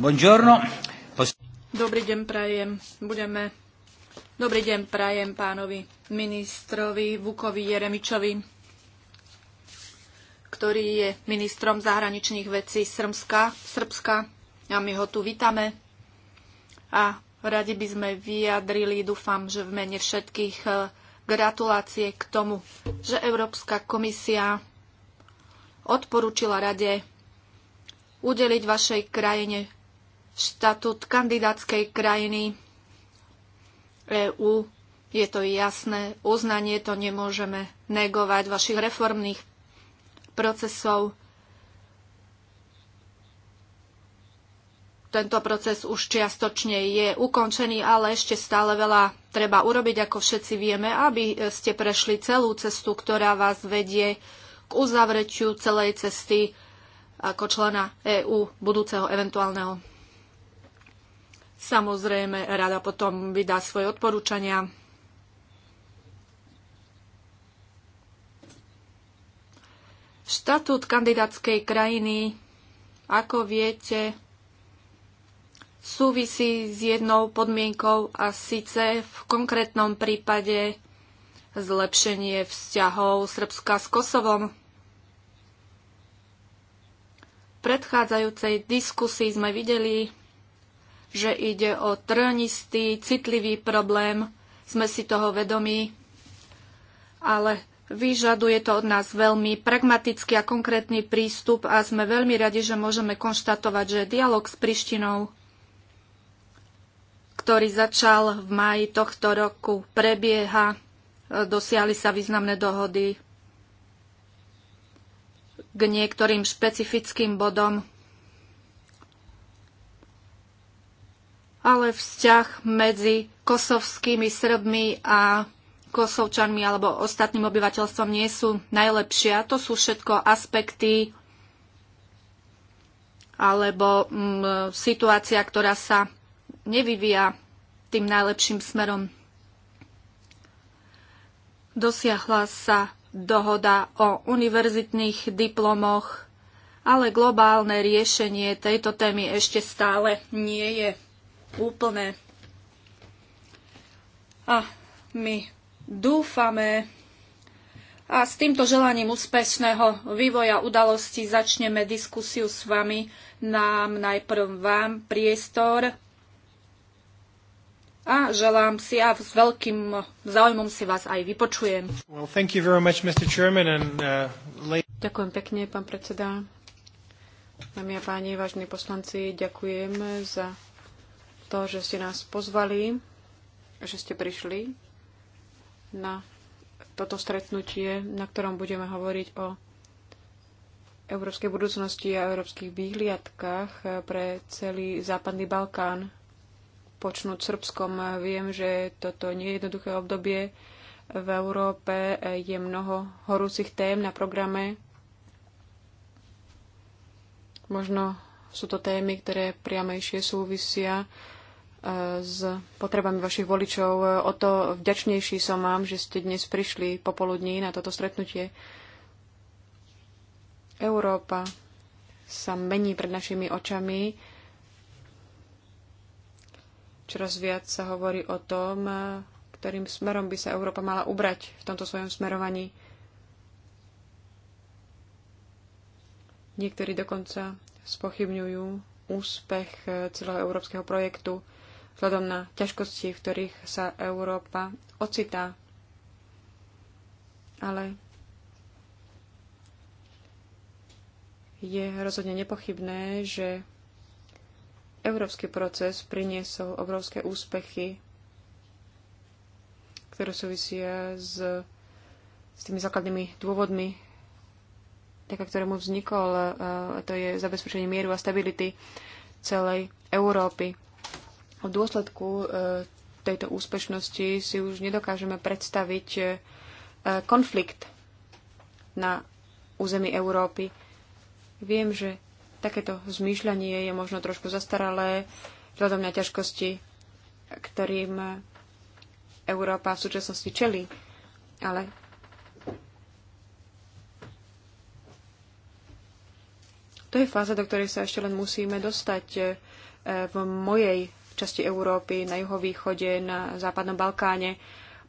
Buongiorno. Dobrý deň prajem. Budeme... Dobrý deň prajem pánovi ministrovi Vukovi Jeremičovi, ktorý je ministrom zahraničných vecí Srbska. Srbska. A my ho tu vítame. A radi by sme vyjadrili, dúfam, že v mene všetkých e, gratulácie k tomu, že Európska komisia odporúčila rade udeliť vašej krajine štatút kandidátskej krajiny EÚ. Je to jasné uznanie, to nemôžeme negovať vašich reformných procesov. Tento proces už čiastočne je ukončený, ale ešte stále veľa treba urobiť, ako všetci vieme, aby ste prešli celú cestu, ktorá vás vedie k uzavretiu celej cesty ako člena EÚ budúceho eventuálneho Samozrejme, rada potom vydá svoje odporúčania. Štatút kandidátskej krajiny, ako viete, súvisí s jednou podmienkou a síce v konkrétnom prípade zlepšenie vzťahov Srbska s Kosovom. V predchádzajúcej diskusii sme videli, že ide o trnistý, citlivý problém. Sme si toho vedomí, ale vyžaduje to od nás veľmi pragmatický a konkrétny prístup a sme veľmi radi, že môžeme konštatovať, že dialog s Prištinou ktorý začal v maji tohto roku, prebieha. dosiali sa významné dohody k niektorým špecifickým bodom. ale vzťah medzi kosovskými Srbmi a kosovčanmi alebo ostatným obyvateľstvom nie sú najlepšie. A to sú všetko aspekty alebo m, mm, situácia, ktorá sa nevyvíja tým najlepším smerom. Dosiahla sa dohoda o univerzitných diplomoch, ale globálne riešenie tejto témy ešte stále nie je úplné. A my dúfame a s týmto želaním úspešného vývoja udalostí začneme diskusiu s vami. Nám najprv vám priestor a želám si a s veľkým záujmom si vás aj vypočujem. Well, much, Chairman, and, uh, ďakujem pekne, pán predseda. Dámy a páni, vážení poslanci, ďakujem za to, že ste nás pozvali, že ste prišli na toto stretnutie, na ktorom budeme hovoriť o európskej budúcnosti a európskych výhliadkách pre celý západný Balkán. Počnúť Srbskom, viem, že toto nie je jednoduché obdobie. V Európe je mnoho horúcich tém na programe. Možno sú to témy, ktoré priamejšie súvisia s potrebami vašich voličov. O to vďačnejší som vám, že ste dnes prišli popoludní na toto stretnutie. Európa sa mení pred našimi očami. Čoraz viac sa hovorí o tom, ktorým smerom by sa Európa mala ubrať v tomto svojom smerovaní. Niektorí dokonca spochybňujú úspech celého európskeho projektu vzhľadom na ťažkosti, v ktorých sa Európa ocitá. Ale je rozhodne nepochybné, že európsky proces priniesol obrovské úspechy, ktoré súvisia s, s tými základnými dôvodmi, taká ktorému vznikol, a to je zabezpečenie mieru a stability celej Európy. V dôsledku e, tejto úspešnosti si už nedokážeme predstaviť e, konflikt na území Európy. Viem, že takéto zmýšľanie je možno trošku zastaralé vzhľadom na ťažkosti, ktorým Európa v súčasnosti čelí. Ale to je fáza, do ktorej sa ešte len musíme dostať. E, v mojej v časti Európy, na juhovýchode, na západnom Balkáne.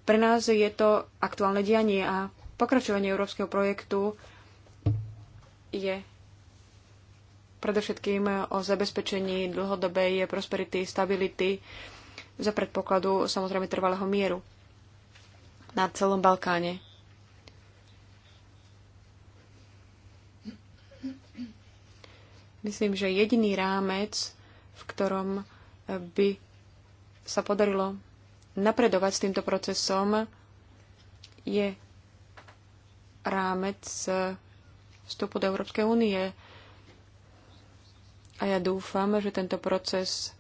Pre nás je to aktuálne dianie a pokračovanie európskeho projektu je predovšetkým o zabezpečení dlhodobej prosperity, stability za predpokladu samozrejme trvalého mieru na celom Balkáne. Myslím, že jediný rámec, v ktorom by sa podarilo napredovať s týmto procesom, je rámec vstupu do Európskej únie. A ja dúfam, že tento proces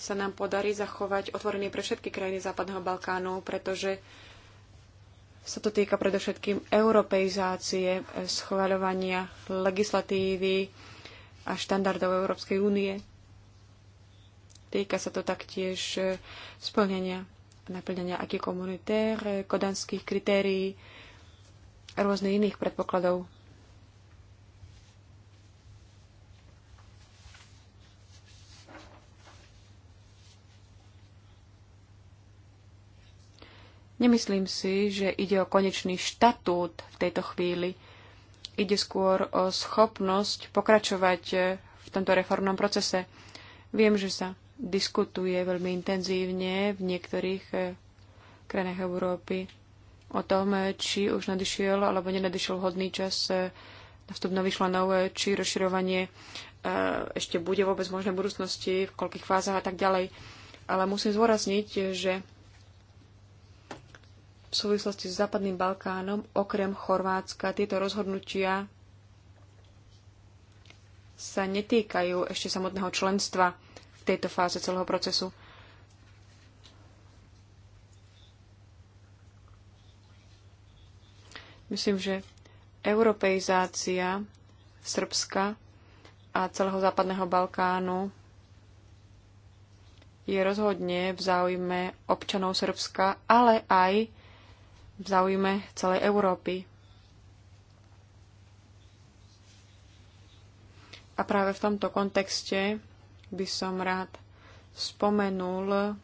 sa nám podarí zachovať otvorený pre všetky krajiny Západného Balkánu, pretože sa to týka predovšetkým europeizácie, eh, schváľovania legislatívy a štandardov Európskej únie. Týka sa to taktiež e, splnenia, naplnenia aký komunitér, e, kodanských kritérií a rôznych iných predpokladov. Nemyslím si, že ide o konečný štatút v tejto chvíli. Ide skôr o schopnosť pokračovať e, v tomto reformnom procese. Viem, že sa diskutuje veľmi intenzívne v niektorých eh, krajinách Európy o tom, eh, či už nadišiel alebo nenadišiel hodný čas eh, na vstup nových členov, či rozširovanie ešte bude vôbec možné v budúcnosti, v koľkých fázach a tak ďalej. Ale musím zvorazniť, že v súvislosti s Západným Balkánom, okrem Chorvátska, tieto rozhodnutia sa netýkajú ešte samotného členstva v tejto fáze celého procesu. Myslím, že europeizácia Srbska a celého západného Balkánu je rozhodne v záujme občanov Srbska, ale aj v záujme celej Európy. A práve v tomto kontexte by som rád spomenul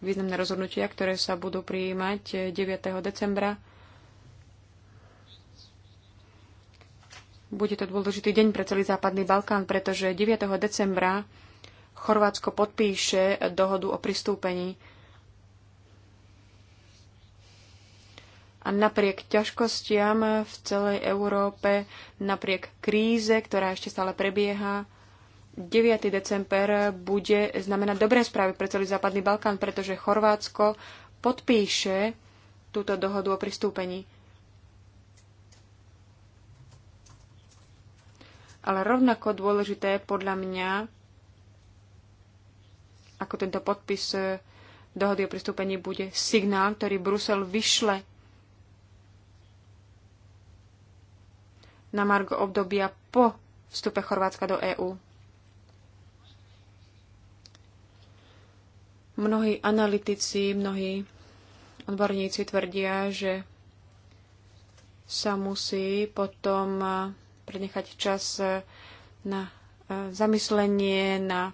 významné rozhodnutia, ktoré sa budú prijímať 9. decembra. Bude to dôležitý deň pre celý Západný Balkán, pretože 9. decembra Chorvátsko podpíše dohodu o pristúpení. A napriek ťažkostiam v celej Európe, napriek kríze, ktorá ešte stále prebieha, 9. december bude znamenať dobré správy pre celý Západný Balkán, pretože Chorvátsko podpíše túto dohodu o pristúpení. Ale rovnako dôležité podľa mňa, ako tento podpis e, dohody o pristúpení bude signál, ktorý Brusel vyšle na margo obdobia po vstupe Chorvátska do EÚ. Mnohí analytici, mnohí odborníci tvrdia, že sa musí potom eh, prenechať čas eh, na eh, zamyslenie, na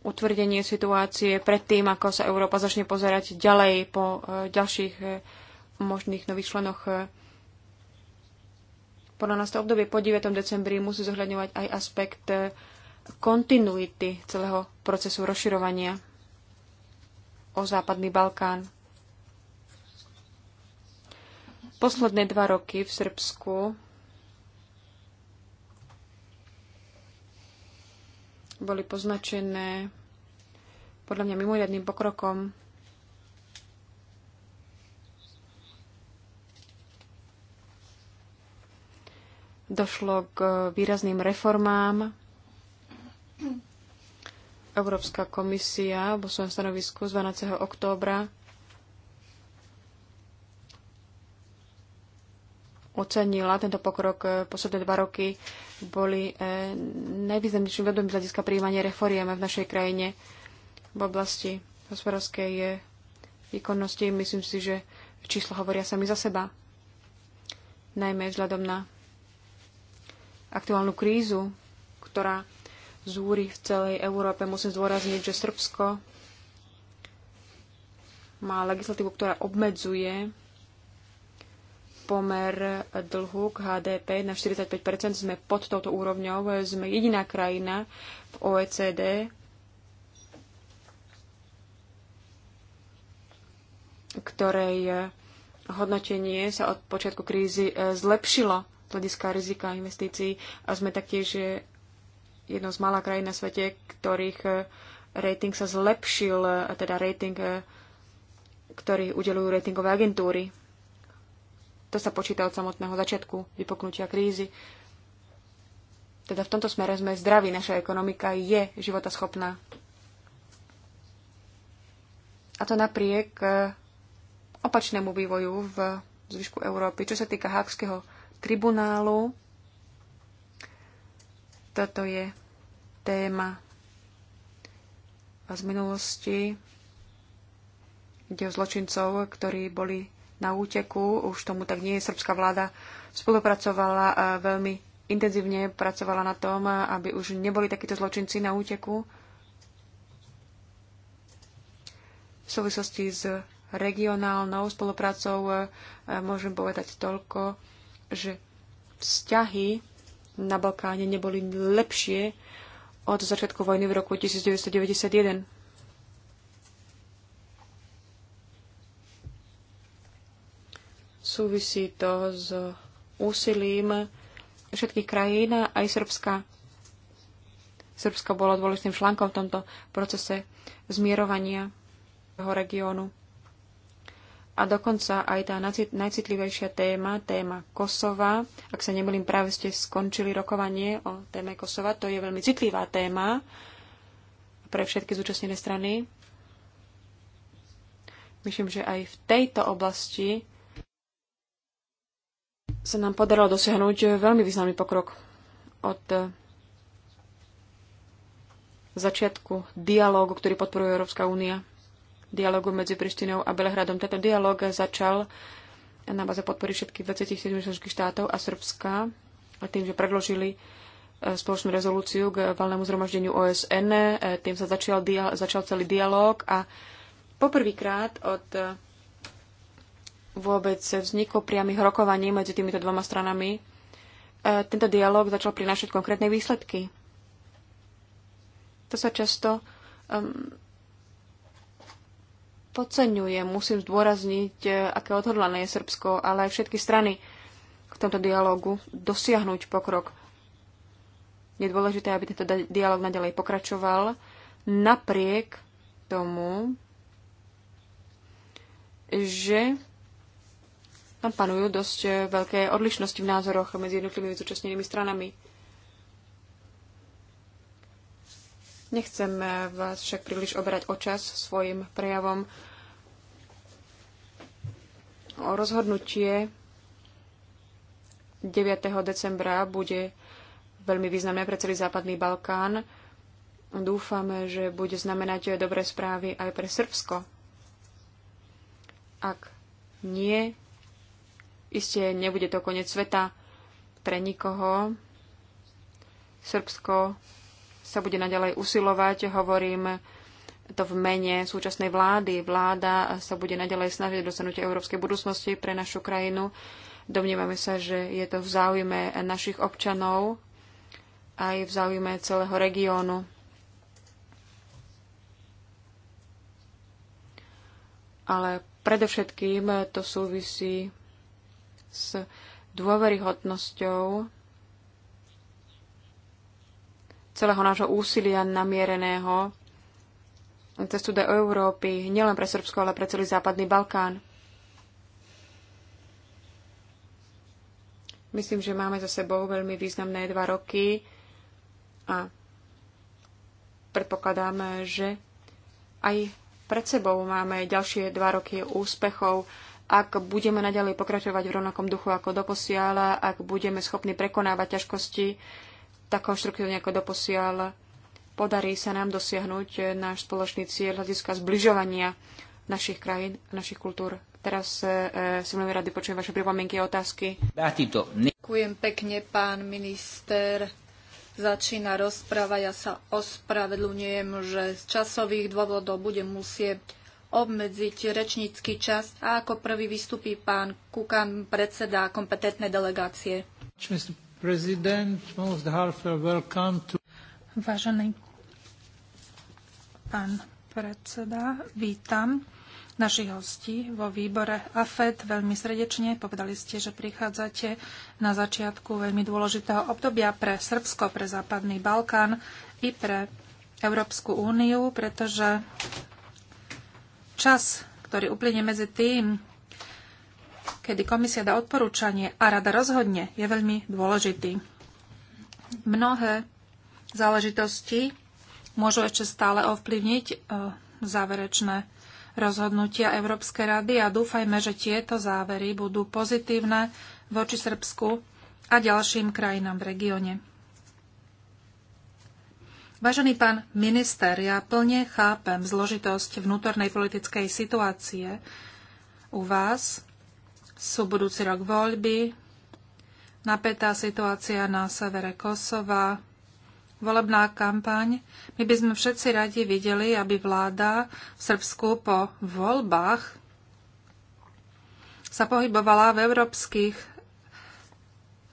utvrdenie situácie predtým, ako sa Európa začne pozerať ďalej po ďalších možných nových členoch. Podľa nás to obdobie po 9. decembri musí zohľadňovať aj aspekt kontinuity celého procesu rozširovania o Západný Balkán. Posledné dva roky v Srbsku boli poznačené podľa mňa mimoriadným pokrokom. Došlo k výrazným reformám Európska komisia vo svojom stanovisku z 12. októbra ocenila tento pokrok. Eh, posledné dva roky boli eh, najvýznamnejším vedomím z hľadiska príjmania reforiem v našej krajine v oblasti hospodárskej eh, výkonnosti. Myslím si, že čísla hovoria sami za seba. Najmä vzhľadom na aktuálnu krízu, ktorá zúri v celej Európe. Musím zdôrazniť, že Srbsko má legislatívu, ktorá obmedzuje pomer dlhu k HDP na 45 Sme pod touto úrovňou. Sme jediná krajina v OECD, ktorej hodnotenie sa od počiatku krízy e, zlepšilo z hľadiska rizika investícií a sme taktiež e, jednou z malá krajín na svete, ktorých eh, rating sa zlepšil, eh, teda rating, eh, ktorý udelujú ratingové agentúry. To sa počíta od samotného začiatku vypoknutia krízy. Teda v tomto smere sme zdraví, naša ekonomika je životaschopná. A to napriek opačnému vývoju v zvyšku Európy. Čo sa týka Hákského tribunálu, toto je téma z minulosti, kde o zločincov, ktorí boli na úteku. Už tomu tak nie je. Srbská vláda spolupracovala e, veľmi intenzívne pracovala na tom, aby už neboli takíto zločinci na úteku. V súvislosti s regionálnou spoluprácou e, môžem povedať toľko, že vzťahy na Balkáne neboli lepšie od začiatku vojny v roku 1991. Súvisí to s úsilím všetkých krajín, aj Srbska. Srbska bola dôležitým článkom v tomto procese zmierovania toho regiónu a dokonca aj tá najcitlivejšia téma, téma Kosova. Ak sa nemýlim, práve ste skončili rokovanie o téme Kosova. To je veľmi citlivá téma pre všetky zúčastnené strany. Myslím, že aj v tejto oblasti sa nám podarilo dosiahnuť veľmi významný pokrok od začiatku dialógu, ktorý podporuje Európska únia dialogu medzi Prištinou a Belehradom. Tento dialog začal na báze podpory všetkých 27 členských štátov a Srbska a tým, že predložili e, spoločnú rezolúciu k valnému zhromaždeniu OSN. E, tým sa začal, dia- začal celý dialog a poprvýkrát od e, vôbec vzniku priamých rokovaní medzi týmito dvoma stranami tento dialog začal prinášať konkrétne výsledky. To sa často um, podceňujem. Musím zdôrazniť, e, aké odhodlané je Srbsko, ale aj všetky strany v tomto dialogu dosiahnuť pokrok. Je dôležité, aby tento dialog nadalej pokračoval napriek tomu, že tam panujú dosť e, veľké odlišnosti v názoroch medzi jednotlivými zúčastnenými stranami. Nechcem e, vás však príliš obrať o čas svojim prejavom. O rozhodnutie 9. decembra bude veľmi významné pre celý Západný Balkán. Dúfame, že bude znamenať dobré správy aj pre Srbsko. Ak nie, iste nebude to koniec sveta pre nikoho. Srbsko sa bude naďalej usilovať, hovorím to v mene súčasnej vlády. Vláda sa bude nadalej snažiť dosiahnuť európskej budúcnosti pre našu krajinu. Domnievame sa, že je to v záujme našich občanov aj v záujme celého regiónu. Ale predovšetkým to súvisí s dôveryhodnosťou celého nášho úsilia namiereného cestu do Európy, nielen pre Srbsko, ale pre celý západný Balkán. Myslím, že máme za sebou veľmi významné dva roky a predpokladáme, že aj pred sebou máme ďalšie dva roky úspechov, ak budeme naďalej pokračovať v rovnakom duchu ako doposiaľ, ak budeme schopní prekonávať ťažkosti tak konštruktívne ako doposiaľ, podarí sa nám dosiahnuť náš spoločný cieľ hľadiska zbližovania našich krajín a našich kultúr. Teraz e, e si veľmi rady počujem vaše pripomienky a otázky. Ďakujem pekne, pán minister. Začína rozpráva. Ja sa ospravedlňujem, že z časových dôvodov budem musieť obmedziť rečnícky čas a ako prvý vystupí pán Kukan, predseda kompetentnej delegácie. Vážený pán predseda. Vítam našich hostí vo výbore AFED veľmi srdečne. Povedali ste, že prichádzate na začiatku veľmi dôležitého obdobia pre Srbsko, pre Západný Balkán i pre Európsku úniu, pretože čas, ktorý uplynie medzi tým, kedy komisia dá odporúčanie a rada rozhodne, je veľmi dôležitý. Mnohé záležitosti môžu ešte stále ovplyvniť e, záverečné rozhodnutia Európskej rady a dúfajme, že tieto závery budú pozitívne voči Srbsku a ďalším krajinám v regióne. Vážený pán minister, ja plne chápem zložitosť vnútornej politickej situácie u vás. Sú budúci rok voľby, napätá situácia na severe Kosova, volebná kampaň. My by sme všetci radi videli, aby vláda v Srbsku po voľbách sa pohybovala v európskych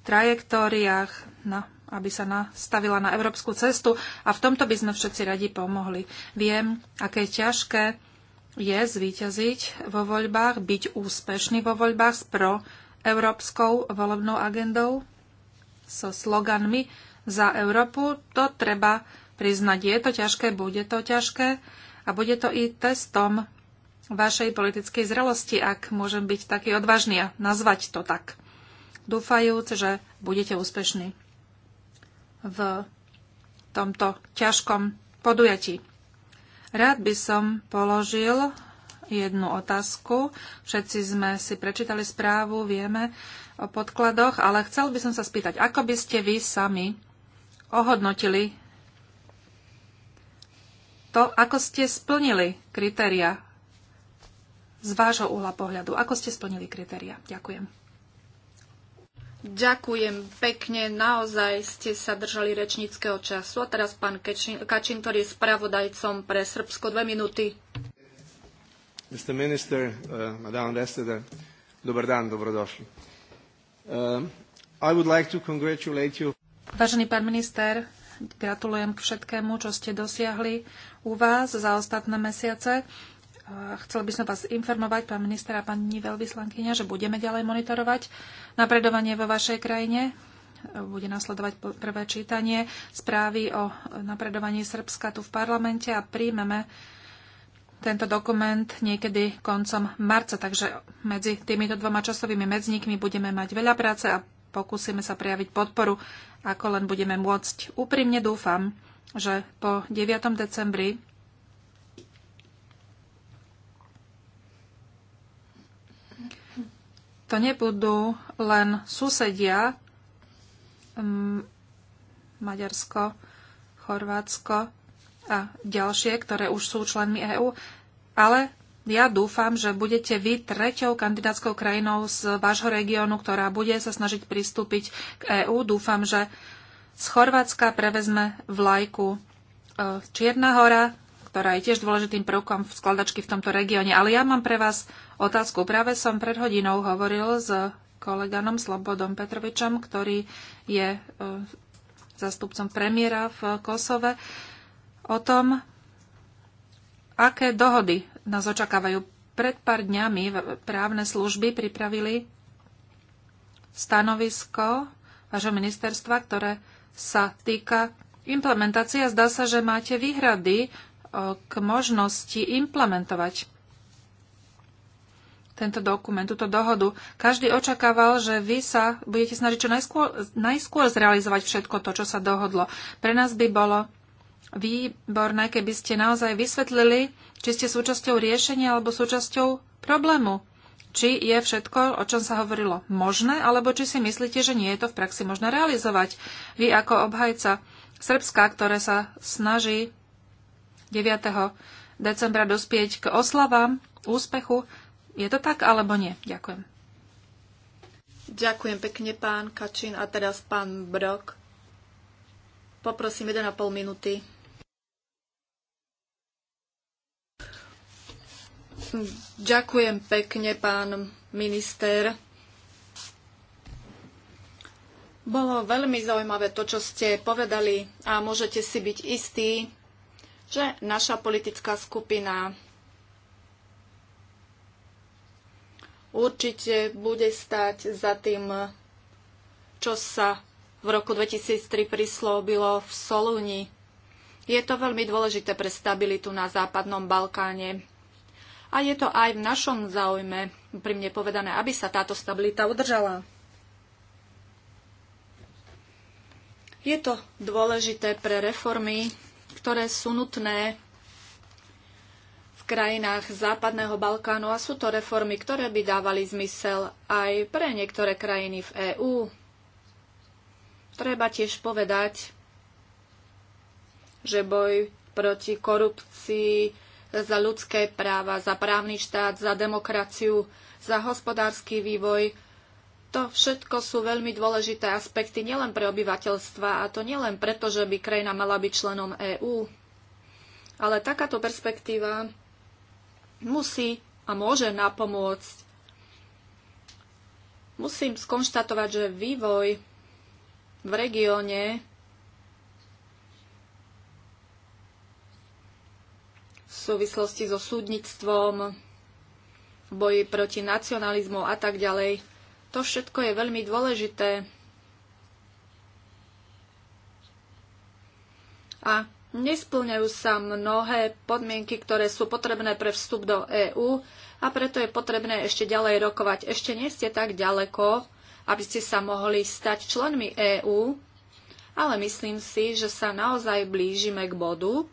trajektóriách, no, aby sa nastavila na európsku cestu a v tomto by sme všetci radi pomohli. Viem, aké ťažké je zvíťaziť vo voľbách, byť úspešný vo voľbách s proeurópskou volebnou agendou, so sloganmi, za Európu. To treba priznať. Je to ťažké, bude to ťažké a bude to i testom vašej politickej zrelosti, ak môžem byť taký odvážny a nazvať to tak, dúfajúc, že budete úspešní v tomto ťažkom podujatí. Rád by som položil jednu otázku. Všetci sme si prečítali správu, vieme o podkladoch, ale chcel by som sa spýtať, ako by ste vy sami ohodnotili to, ako ste splnili kritéria z vášho uhla pohľadu. Ako ste splnili kritéria? Ďakujem. Ďakujem pekne, naozaj ste sa držali rečníckého času. A teraz pán Kačin, Kačin ktorý je spravodajcom pre Srbsko, dve minúty. Mr. Minister, uh, Madame Ambassador, dobrý dan, dobrodošli. Uh, I would like to congratulate you. Vážený pán minister, gratulujem k všetkému, čo ste dosiahli u vás za ostatné mesiace. Chcel by som vás informovať, pán minister a pani veľvyslankyňa, že budeme ďalej monitorovať napredovanie vo vašej krajine. Bude nasledovať prvé čítanie správy o napredovaní Srbska tu v parlamente a príjmeme tento dokument niekedy koncom marca, takže medzi týmito dvoma časovými medzníkmi budeme mať veľa práce a pokúsime sa prejaviť podporu, ako len budeme môcť. Úprimne dúfam, že po 9. decembri to nebudú len susedia mm, Maďarsko, Chorvátsko a ďalšie, ktoré už sú členmi EÚ, ale ja dúfam, že budete vy treťou kandidátskou krajinou z vášho regiónu, ktorá bude sa snažiť pristúpiť k EÚ. Dúfam, že z Chorvátska prevezme vlajku e, Čierna hora, ktorá je tiež dôležitým prvkom v skladačky v tomto regióne. Ale ja mám pre vás otázku. Práve som pred hodinou hovoril s koleganom Slobodom Petrovičom, ktorý je e, zastupcom premiéra v Kosove, o tom, aké dohody nás očakávajú. Pred pár dňami právne služby pripravili stanovisko vášho ministerstva, ktoré sa týka implementácie. Zdá sa, že máte výhrady k možnosti implementovať tento dokument, túto dohodu. Každý očakával, že vy sa budete snažiť čo najskôr, najskôr zrealizovať všetko to, čo sa dohodlo. Pre nás by bolo výborné, keby ste naozaj vysvetlili, či ste súčasťou riešenia alebo súčasťou problému. Či je všetko, o čom sa hovorilo, možné, alebo či si myslíte, že nie je to v praxi možné realizovať. Vy ako obhajca Srbska, ktoré sa snaží 9. decembra dospieť k oslavám, úspechu, je to tak alebo nie? Ďakujem. Ďakujem pekne, pán Kačin. A teraz pán Brok. Poprosím 1,5 minúty. Ďakujem pekne, pán minister. Bolo veľmi zaujímavé to, čo ste povedali a môžete si byť istí, že naša politická skupina určite bude stať za tým, čo sa v roku 2003 prislúbilo v Solúni. Je to veľmi dôležité pre stabilitu na Západnom Balkáne a je to aj v našom záujme, mne povedané, aby sa táto stabilita udržala. Je to dôležité pre reformy, ktoré sú nutné v krajinách Západného Balkánu a sú to reformy, ktoré by dávali zmysel aj pre niektoré krajiny v EÚ. Treba tiež povedať, že boj proti korupcii, za ľudské práva, za právny štát, za demokraciu, za hospodársky vývoj. To všetko sú veľmi dôležité aspekty nielen pre obyvateľstva a to nielen preto, že by krajina mala byť členom EÚ. Ale takáto perspektíva musí a môže napomôcť. Musím skonštatovať, že vývoj v regióne súvislosti so súdnictvom, boji proti nacionalizmu a tak ďalej. To všetko je veľmi dôležité. A nesplňajú sa mnohé podmienky, ktoré sú potrebné pre vstup do EÚ a preto je potrebné ešte ďalej rokovať. Ešte nie ste tak ďaleko, aby ste sa mohli stať členmi EÚ, ale myslím si, že sa naozaj blížime k bodu,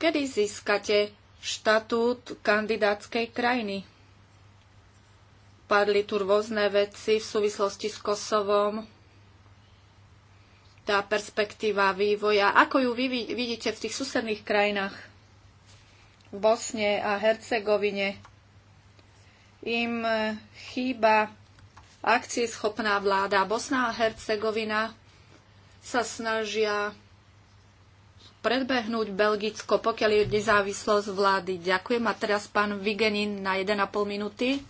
Kedy získate štatút kandidátskej krajiny? Padli tu rôzne veci v súvislosti s Kosovom, tá perspektíva vývoja. Ako ju vy vidíte v tých susedných krajinách? V Bosne a Hercegovine im e, chýba akcieschopná vláda. Bosna a Hercegovina sa snažia predbehnúť Belgicko, pokiaľ je nezávislosť vlády. Ďakujem. A teraz pán Vigenin na 1,5 minúty.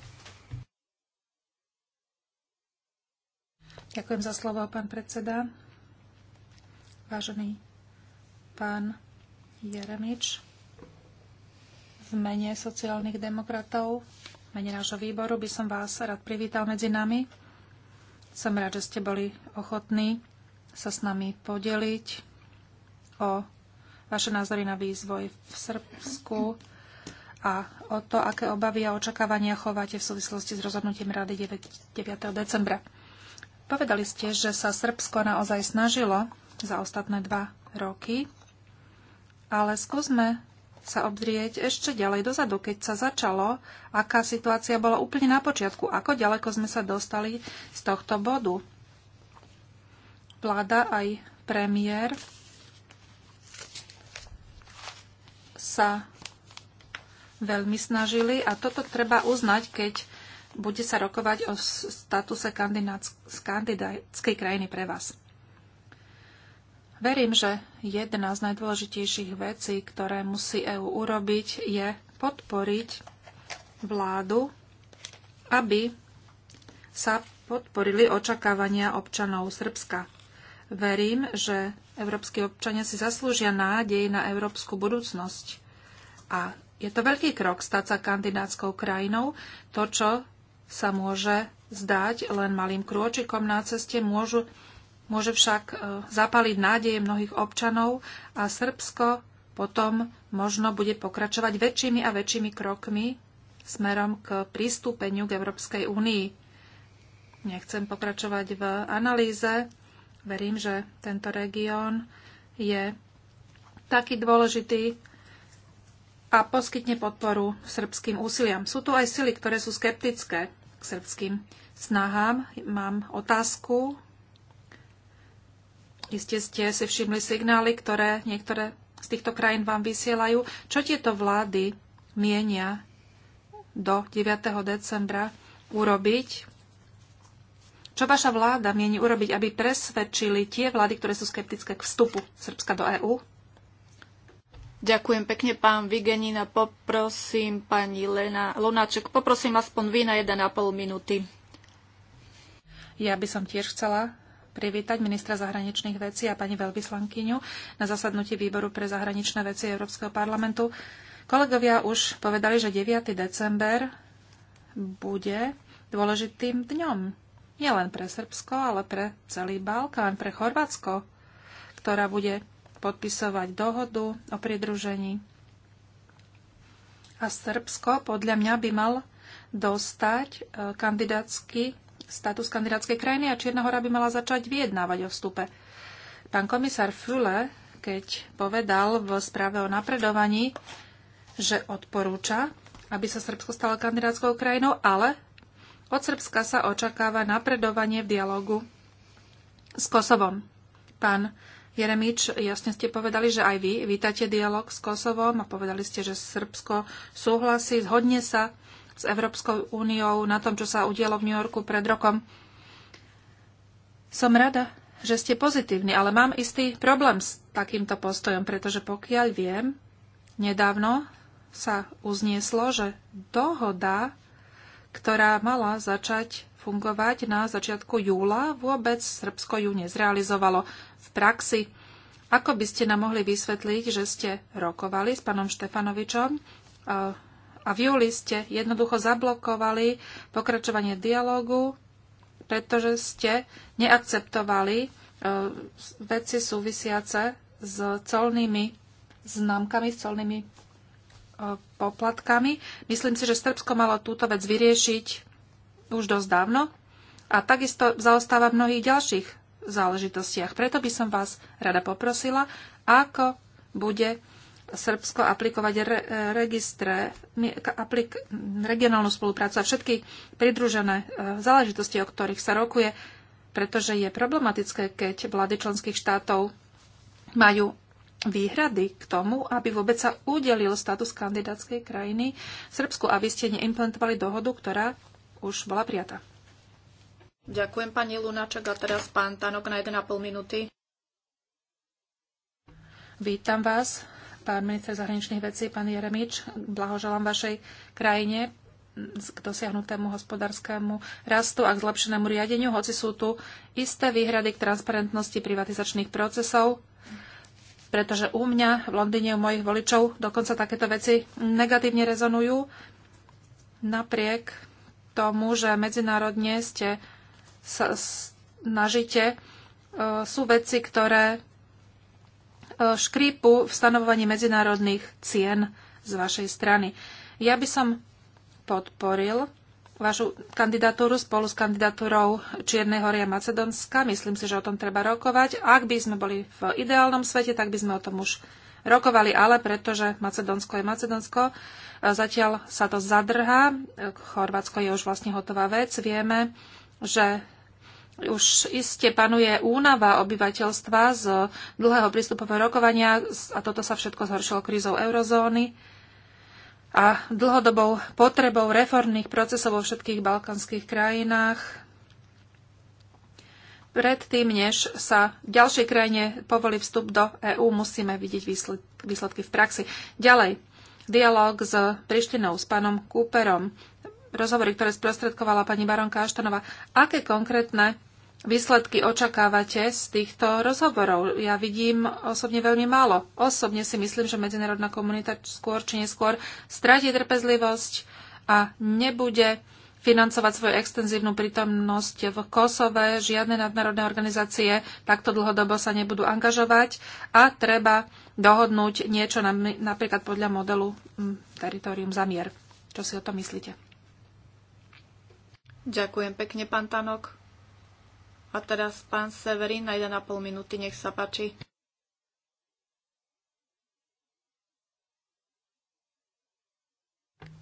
Ďakujem za slovo, pán predseda. Vážený pán Jeremič, v mene sociálnych demokratov, v mene nášho výboru by som vás rád privítal medzi nami. Som rád, že ste boli ochotní sa s nami podeliť o vaše názory na výzvoj v Srbsku a o to, aké obavy a očakávania chováte v súvislosti s rozhodnutím Rady 9. decembra. Povedali ste, že sa Srbsko naozaj snažilo za ostatné dva roky, ale skúsme sa obdrieť ešte ďalej dozadu, keď sa začalo, aká situácia bola úplne na počiatku, ako ďaleko sme sa dostali z tohto bodu. Vláda aj premiér sa veľmi snažili a toto treba uznať, keď bude sa rokovať o statuse kandidátskej krajiny pre vás. Verím, že jedna z najdôležitejších vecí, ktoré musí EÚ urobiť, je podporiť vládu, aby sa podporili očakávania občanov Srbska. Verím, že európsky občania si zaslúžia nádej na európsku budúcnosť. A je to veľký krok stať sa kandidátskou krajinou. To, čo sa môže zdať len malým krôčikom na ceste, môžu, môže však e, zapaliť nádeje mnohých občanov a Srbsko potom možno bude pokračovať väčšími a väčšími krokmi smerom k pristúpeniu k Európskej únii. Nechcem pokračovať v analýze Verím, že tento región je taký dôležitý a poskytne podporu srbským úsiliam. Sú tu aj sily, ktoré sú skeptické k srbským snahám. Mám otázku. Iste ste si všimli signály, ktoré niektoré z týchto krajín vám vysielajú. Čo tieto vlády mienia do 9. decembra urobiť čo vaša vláda mieni urobiť, aby presvedčili tie vlády, ktoré sú skeptické k vstupu Srbska do EÚ? Ďakujem pekne, pán Vigenina. Poprosím pani Lena Lonáček, poprosím aspoň vy na 1,5 minúty. Ja by som tiež chcela privítať ministra zahraničných vecí a pani veľvyslankyňu na zasadnutí výboru pre zahraničné veci Európskeho parlamentu. Kolegovia už povedali, že 9. december bude dôležitým dňom nielen pre Srbsko, ale pre celý Balkán, pre Chorvátsko, ktorá bude podpisovať dohodu o pridružení. A Srbsko podľa mňa by mal dostať e, kandidátsky, status kandidátskej krajiny a Čierna hora by mala začať vyjednávať o vstupe. Pán komisár Fule, keď povedal v správe o napredovaní, že odporúča, aby sa Srbsko stalo kandidátskou krajinou, ale od Srbska sa očakáva napredovanie v dialogu s Kosovom. Pán Jeremič, jasne ste povedali, že aj vy vítate dialog s Kosovom a povedali ste, že Srbsko súhlasí, zhodne sa s Európskou úniou na tom, čo sa udialo v New Yorku pred rokom. Som rada, že ste pozitívni, ale mám istý problém s takýmto postojom, pretože pokiaľ viem, nedávno sa uznieslo, že dohoda ktorá mala začať fungovať na začiatku júla, vôbec Srbsko ju nezrealizovalo v praxi. Ako by ste nám mohli vysvetliť, že ste rokovali s pánom Štefanovičom a v júli ste jednoducho zablokovali pokračovanie dialogu, pretože ste neakceptovali e, veci súvisiace s colnými známkami, s colnými E, poplatkami. Myslím si, že Srbsko malo túto vec vyriešiť už dosť dávno a takisto zaostáva v mnohých ďalších záležitostiach. Preto by som vás rada poprosila, ako bude Srbsko aplikovať re, registre, aplik, regionálnu spoluprácu a všetky pridružené e, záležitosti, o ktorých sa rokuje, pretože je problematické, keď vlády členských štátov majú výhrady k tomu, aby vôbec sa udelil status kandidátskej krajiny Srbsku, aby ste neimplementovali dohodu, ktorá už bola prijatá. Ďakujem pani Lunáček a teraz pán Tanok na 1,5 minúty. Vítam vás, pán minister zahraničných vecí, pán Jeremič. Blahoželám vašej krajine k dosiahnutému hospodárskému rastu a k zlepšenému riadeniu, hoci sú tu isté výhrady k transparentnosti privatizačných procesov pretože u mňa v Londýne, u mojich voličov dokonca takéto veci negatívne rezonujú, napriek tomu, že medzinárodne ste sa snažíte, e, sú veci, ktoré e, škrípu v stanovovaní medzinárodných cien z vašej strany. Ja by som podporil vašu kandidatúru spolu s kandidatúrou Čiernej hory a Macedónska. Myslím si, že o tom treba rokovať. Ak by sme boli v ideálnom svete, tak by sme o tom už rokovali, ale pretože Macedónsko je Macedónsko, e, zatiaľ sa to zadrhá. E, Chorvátsko je už vlastne hotová vec. Vieme, že už iste panuje únava obyvateľstva z dlhého prístupového rokovania a toto sa všetko zhoršilo krízou eurozóny a dlhodobou potrebou reformných procesov vo všetkých balkánskych krajinách predtým, než sa ďalšej krajine povolí vstup do EÚ, musíme vidieť výsledky v praxi. Ďalej, dialog s Prištinou, s pánom Cooperom, rozhovory, ktoré sprostredkovala pani baronka Aštanová. Aké konkrétne výsledky očakávate z týchto rozhovorov? Ja vidím osobne veľmi málo. Osobne si myslím, že medzinárodná komunita skôr či neskôr stratí trpezlivosť a nebude financovať svoju extenzívnu prítomnosť v Kosove. Žiadne nadnárodné organizácie takto dlhodobo sa nebudú angažovať a treba dohodnúť niečo na, napríklad podľa modelu hm, Teritorium za mier. Čo si o to myslíte? Ďakujem pekne, pán Tanok. A teraz pán Severin na 1,5 minúty, nech sa páči.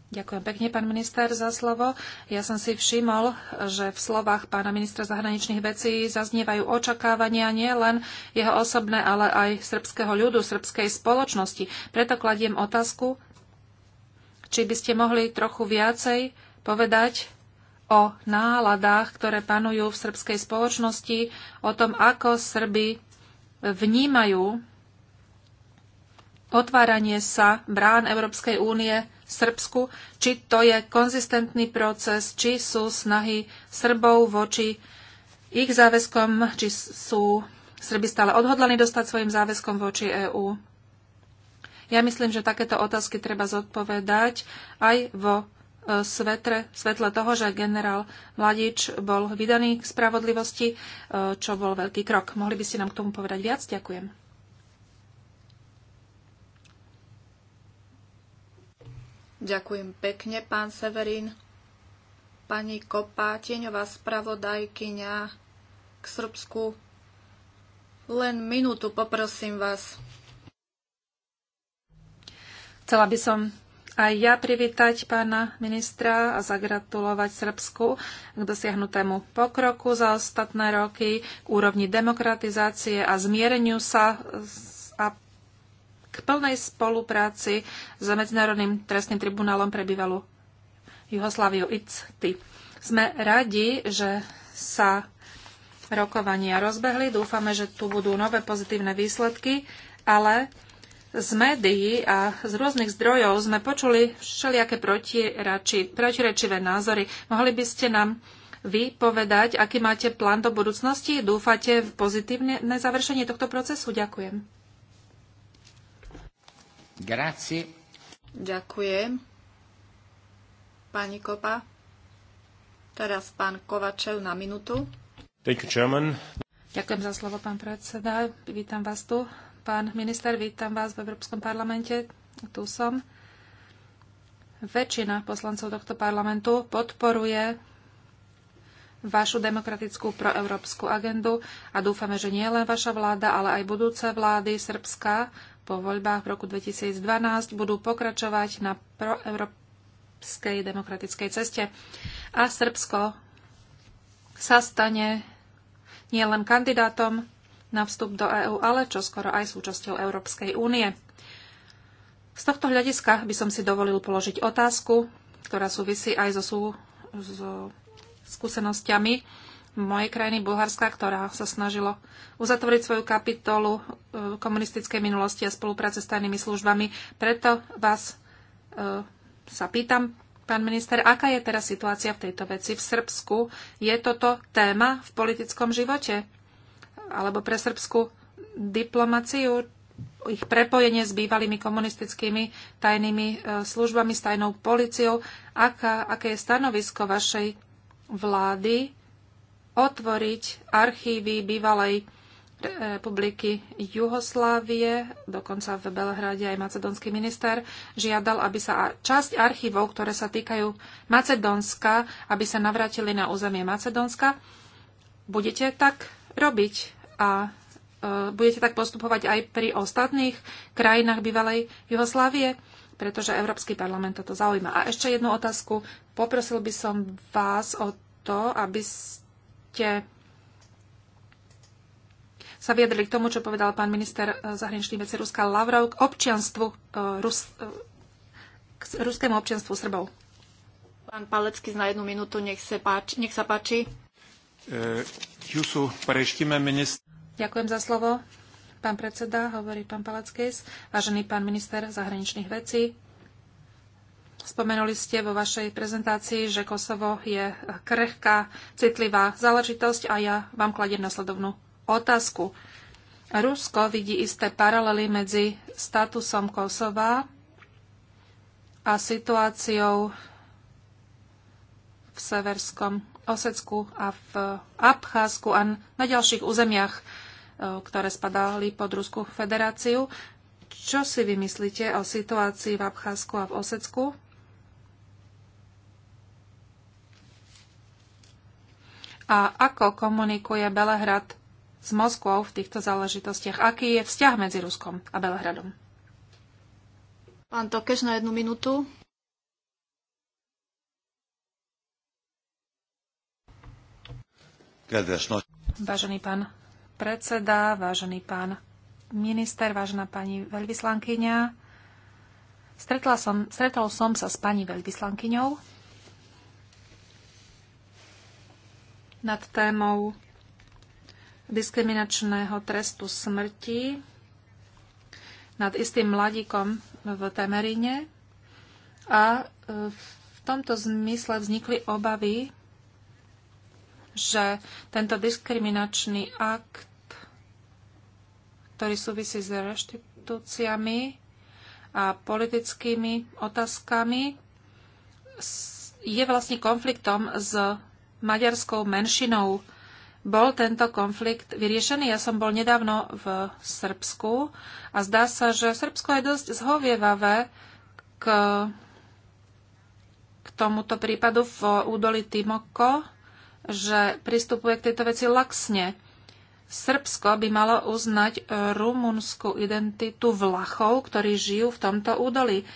Ďakujem pekne, pán minister, za slovo. Ja som si všimol, že v slovách pána ministra zahraničných vecí zaznievajú očakávania nielen jeho osobné, ale aj srbského ľudu, srbskej spoločnosti. Preto kladiem otázku, či by ste mohli trochu viacej povedať o náladách, ktoré panujú v srbskej spoločnosti, o tom, ako Srby vnímajú otváranie sa brán Európskej únie v Srbsku, či to je konzistentný proces, či sú snahy Srbov voči ich záväzkom, či sú Srby stále odhodlaní dostať svojim záväzkom voči EÚ. Ja myslím, že takéto otázky treba zodpovedať aj vo svetre, svetle toho, že generál Mladič bol vydaný k spravodlivosti, e, čo bol veľký krok. Mohli by ste nám k tomu povedať viac? Ďakujem. Ďakujem pekne, pán Severín. Pani Kopa, tieňová spravodajkyňa k Srbsku. Len minútu, poprosím vás. Chcela by som aj ja privítať pána ministra a zagratulovať Srbsku k dosiahnutému pokroku za ostatné roky, k úrovni demokratizácie a zmiereniu sa a k plnej spolupráci s Medzinárodným trestným tribunálom pre bývalú Jugosláviu ICTY. Sme radi, že sa rokovania rozbehli. Dúfame, že tu budú nové pozitívne výsledky, ale z médií a z rôznych zdrojov sme počuli všelijaké protirečivé názory. Mohli by ste nám vy povedať, aký máte plán do budúcnosti? Dúfate v pozitívne završenie tohto procesu? Ďakujem. Grazie. Ďakujem. Pani Kopa. Teraz pán Kovačev na minútu. Thank you, Ďakujem za slovo, pán predseda. Vítam vás tu Pán minister, vítam vás v Európskom parlamente. Tu som. Väčšina poslancov tohto parlamentu podporuje vašu demokratickú proeurópsku agendu a dúfame, že nie len vaša vláda, ale aj budúce vlády Srbska po voľbách v roku 2012 budú pokračovať na proeurópskej demokratickej ceste. A Srbsko sa stane nielen kandidátom na vstup do EÚ, ale čo skoro aj súčasťou Európskej únie. Z tohto hľadiska by som si dovolil položiť otázku, ktorá súvisí aj so, sú, so skúsenostiami mojej krajiny Bulharska, ktorá sa snažilo uzatvoriť svoju kapitolu e, komunistickej minulosti a spolupráce s tajnými službami. Preto vás e, sa pýtam, pán minister, aká je teraz situácia v tejto veci v Srbsku? Je toto téma v politickom živote? alebo pre srbskú diplomáciu, ich prepojenie s bývalými komunistickými tajnými e, službami, s tajnou policiou. Aká, aké je stanovisko vašej vlády otvoriť archívy bývalej e, republiky Juhoslávie, dokonca v Belehrade aj macedónsky minister, žiadal, aby sa časť archívov, ktoré sa týkajú Macedónska, aby sa navrátili na územie Macedónska. Budete tak robiť? a e, budete tak postupovať aj pri ostatných krajinách bývalej Jugoslávie, Pretože Európsky parlament toto zaujíma. A ešte jednu otázku. Poprosil by som vás o to, aby ste sa vyjadrili k tomu, čo povedal pán minister e, zahraničných vecí Ruska Lavrov k občianstvu e, Rus, k ruskému občianstvu Srbov. Pán Palecký na jednu minútu, nech sa páči. Nech sa páči. ministr... Ďakujem za slovo. Pán predseda, hovorí pán Palackis, vážený pán minister zahraničných vecí. Spomenuli ste vo vašej prezentácii, že Kosovo je krehká, citlivá záležitosť a ja vám kladiem nasledovnú otázku. Rusko vidí isté paralely medzi statusom Kosova a situáciou v severskom Osecku a v Abcházku a na ďalších územiach Eh, ktoré spadali pod Ruskú federáciu. Čo si vymyslíte o situácii v Abcházsku a v Osecku? A ako komunikuje Belehrad s Moskvou v týchto záležitostiach? Aký je vzťah medzi Ruskom a Belehradom? Pán Tokeš na jednu minútu. Vážený pán predseda, vážený pán minister, vážená pani veľvyslankyňa. Stretla som, stretol som sa s pani veľvyslankyňou nad témou diskriminačného trestu smrti nad istým mladíkom v Temeríne a e, v tomto zmysle vznikli obavy že tento diskriminačný akt, ktorý súvisí s reštitúciami a politickými otázkami, je vlastne konfliktom s maďarskou menšinou. Bol tento konflikt vyriešený? Ja som bol nedávno v Srbsku a zdá sa, že Srbsko je dosť zhovievavé k, k tomuto prípadu v údoli Timoko že pristupuje k tejto veci laxne. Srbsko by malo uznať e, rumunskú identitu Vlachov, ktorí žijú v tomto údolí.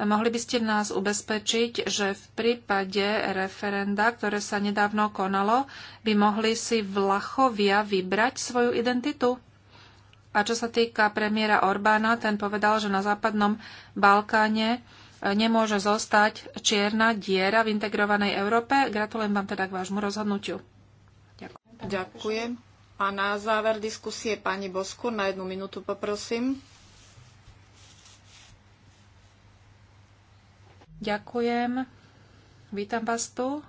Mohli by ste nás ubezpečiť, že v prípade referenda, ktoré sa nedávno konalo, by mohli si Vlachovia vybrať svoju identitu? A čo sa týka premiéra Orbána, ten povedal, že na západnom Balkáne nemôže zostať čierna diera v integrovanej Európe. Gratulujem vám teda k vášmu rozhodnutiu. Ďakujem. Ďakujem. A na záver diskusie pani Bosku na jednu minútu poprosím. Ďakujem. Vítam vás tu.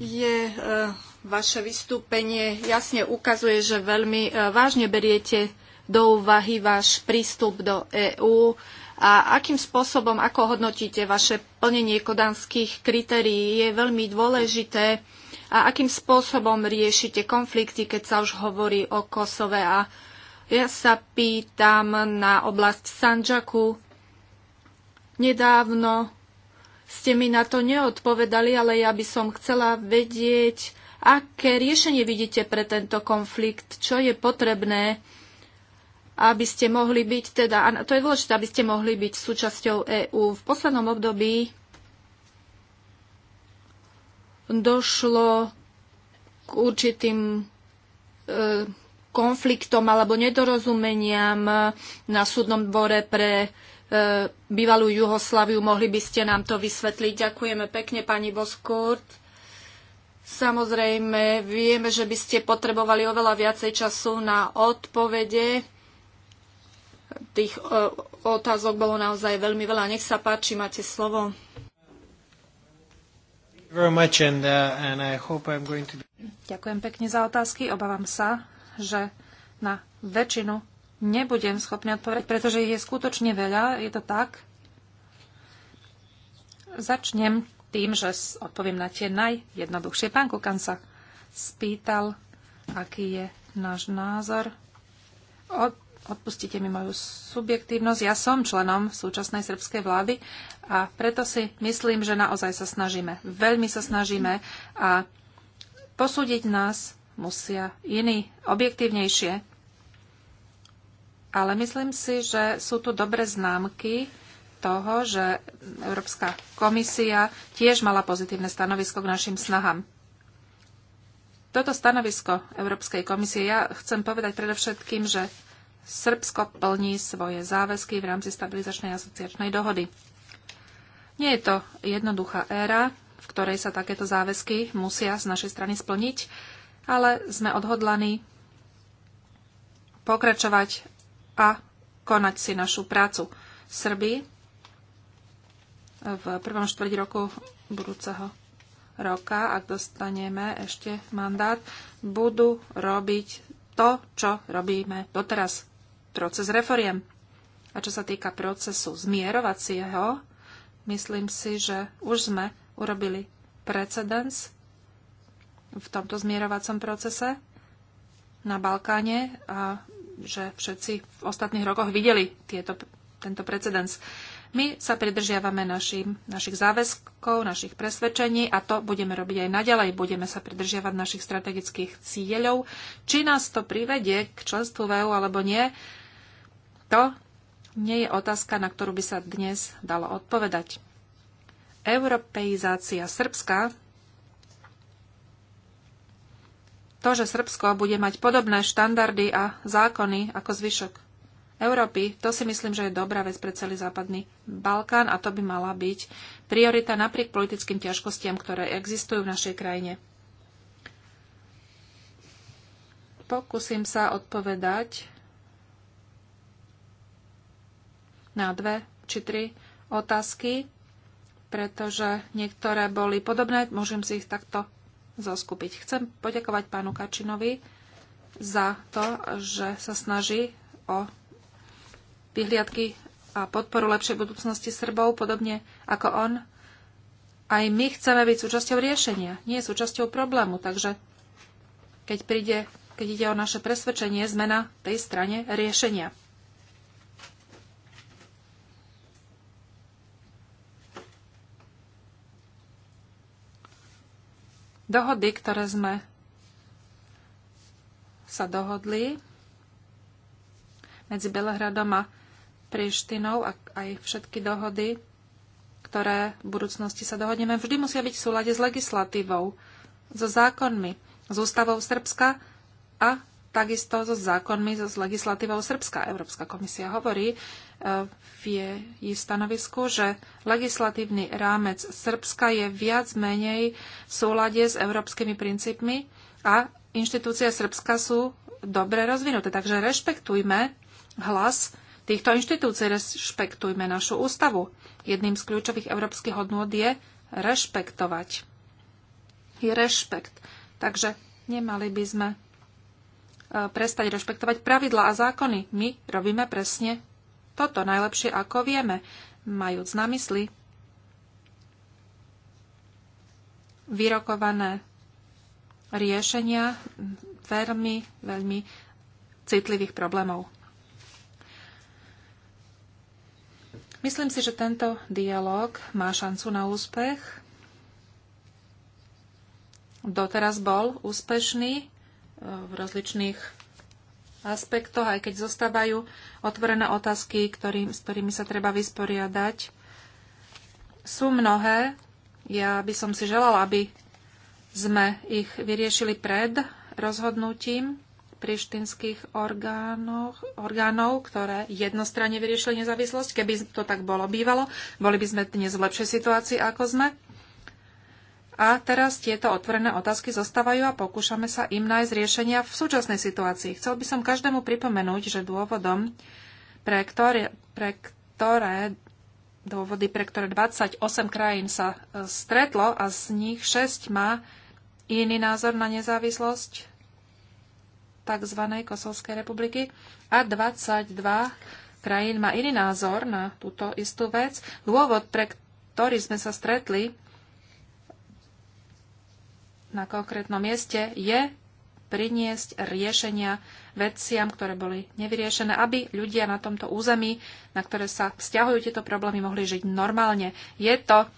je e, vaše vystúpenie jasne ukazuje, že veľmi e, vážne beriete do úvahy váš prístup do EÚ a akým spôsobom, ako hodnotíte vaše plnenie kodanských kritérií, je veľmi dôležité a akým spôsobom riešite konflikty, keď sa už hovorí o Kosove. A ja sa pýtam na oblasť Sanžaku. Nedávno ste mi na to neodpovedali, ale ja by som chcela vedieť, aké riešenie vidíte pre tento konflikt, čo je potrebné, aby ste mohli byť, teda, a to je dôležité, aby ste mohli byť súčasťou EÚ. V poslednom období došlo k určitým e, konfliktom alebo nedorozumeniam na súdnom dvore pre E, bývalú Juhoslaviu. Mohli by ste nám to vysvetliť? Ďakujeme pekne, pani Boskurt. Samozrejme, vieme, že by ste potrebovali oveľa viacej času na odpovede. Tých e, otázok bolo naozaj veľmi veľa. Nech sa páči, máte slovo. Uh, Ďakujem pekne za otázky. Obávam sa, že na väčšinu nebudem schopný odpovedať, pretože ich je skutočne veľa, je to tak. Začnem tým, že odpoviem na tie najjednoduchšie. Pán Kukan sa spýtal, aký je náš názor. Od, odpustite mi moju subjektívnosť. Ja som členom súčasnej srbskej vlády a preto si myslím, že naozaj sa snažíme. Veľmi sa snažíme a posúdiť nás musia iní objektívnejšie ale myslím si, že sú tu dobré známky toho, že Európska komisia tiež mala pozitívne stanovisko k našim snahám. Toto stanovisko Európskej komisie ja chcem povedať predovšetkým, že Srbsko plní svoje záväzky v rámci stabilizačnej asociačnej dohody. Nie je to jednoduchá éra, v ktorej sa takéto záväzky musia z našej strany splniť, ale sme odhodlaní pokračovať a konať si našu prácu. Srby v prvom štvrť roku budúceho roka, ak dostaneme ešte mandát, budú robiť to, čo robíme doteraz. Proces reforiem. A čo sa týka procesu zmierovacieho, myslím si, že už sme urobili precedens v tomto zmierovacom procese na Balkáne a že všetci v ostatných rokoch videli tieto, tento precedens. My sa pridržiavame naši, našich záväzkov, našich presvedčení a to budeme robiť aj naďalej. Budeme sa pridržiavať našich strategických cieľov. Či nás to privedie k členstvu v EU alebo nie, to nie je otázka, na ktorú by sa dnes dalo odpovedať. Europeizácia Srbska to, že Srbsko bude mať podobné štandardy a zákony ako zvyšok Európy, to si myslím, že je dobrá vec pre celý západný Balkán a to by mala byť priorita napriek politickým ťažkostiam, ktoré existujú v našej krajine. Pokúsim sa odpovedať na dve či tri otázky, pretože niektoré boli podobné, môžem si ich takto zoskupiť. Chcem poďakovať pánu Kačinovi za to, že sa snaží o vyhliadky a podporu lepšej budúcnosti Srbov, podobne ako on. Aj my chceme byť súčasťou riešenia, nie súčasťou problému, takže keď príde, keď ide o naše presvedčenie, sme na tej strane riešenia. Dohody, ktoré sme sa dohodli medzi Belehradom a Prištinou a aj všetky dohody, ktoré v budúcnosti sa dohodneme, vždy musia byť v súlade s legislatívou, so zákonmi, s ústavou Srbska a takisto so zákonmi, so legislatívou Srbska. Európska komisia hovorí, v jej stanovisku, že legislatívny rámec Srbska je viac menej v súlade s európskymi princípmi a inštitúcie Srbska sú dobre rozvinuté. Takže rešpektujme hlas týchto inštitúcií, rešpektujme našu ústavu. Jedným z kľúčových európskych hodnôt je rešpektovať. Je rešpekt. Takže nemali by sme eh, prestať rešpektovať pravidla a zákony. My robíme presne toto najlepšie, ako vieme, majúc na mysli vyrokované riešenia veľmi, veľmi citlivých problémov. Myslím si, že tento dialog má šancu na úspech. Doteraz bol úspešný eh, v rozličných aspektoch, aj keď zostávajú otvorené otázky, ktorý, s ktorými sa treba vysporiadať. Sú mnohé. Ja by som si želala, aby sme ich vyriešili pred rozhodnutím prištinských orgánov, orgánov, ktoré jednostranne vyriešili nezávislosť. Keby to tak bolo bývalo, boli by sme dnes v lepšej situácii, ako sme. A teraz tieto otvorené otázky zostávajú a pokúšame sa im nájsť riešenia v súčasnej situácii. Chcel by som každému pripomenúť, že dôvodom, pre ktoré, pre ktoré dôvody, pre ktoré 28 krajín sa e, stretlo a z nich 6 má iný názor na nezávislosť tzv. Kosovskej republiky a 22 krajín má iný názor na túto istú vec. Dôvod, pre ktorý sme sa stretli, na konkrétnom mieste je priniesť riešenia veciam, ktoré boli nevyriešené, aby ľudia na tomto území, na ktoré sa vzťahujú tieto problémy, mohli žiť normálne. Je to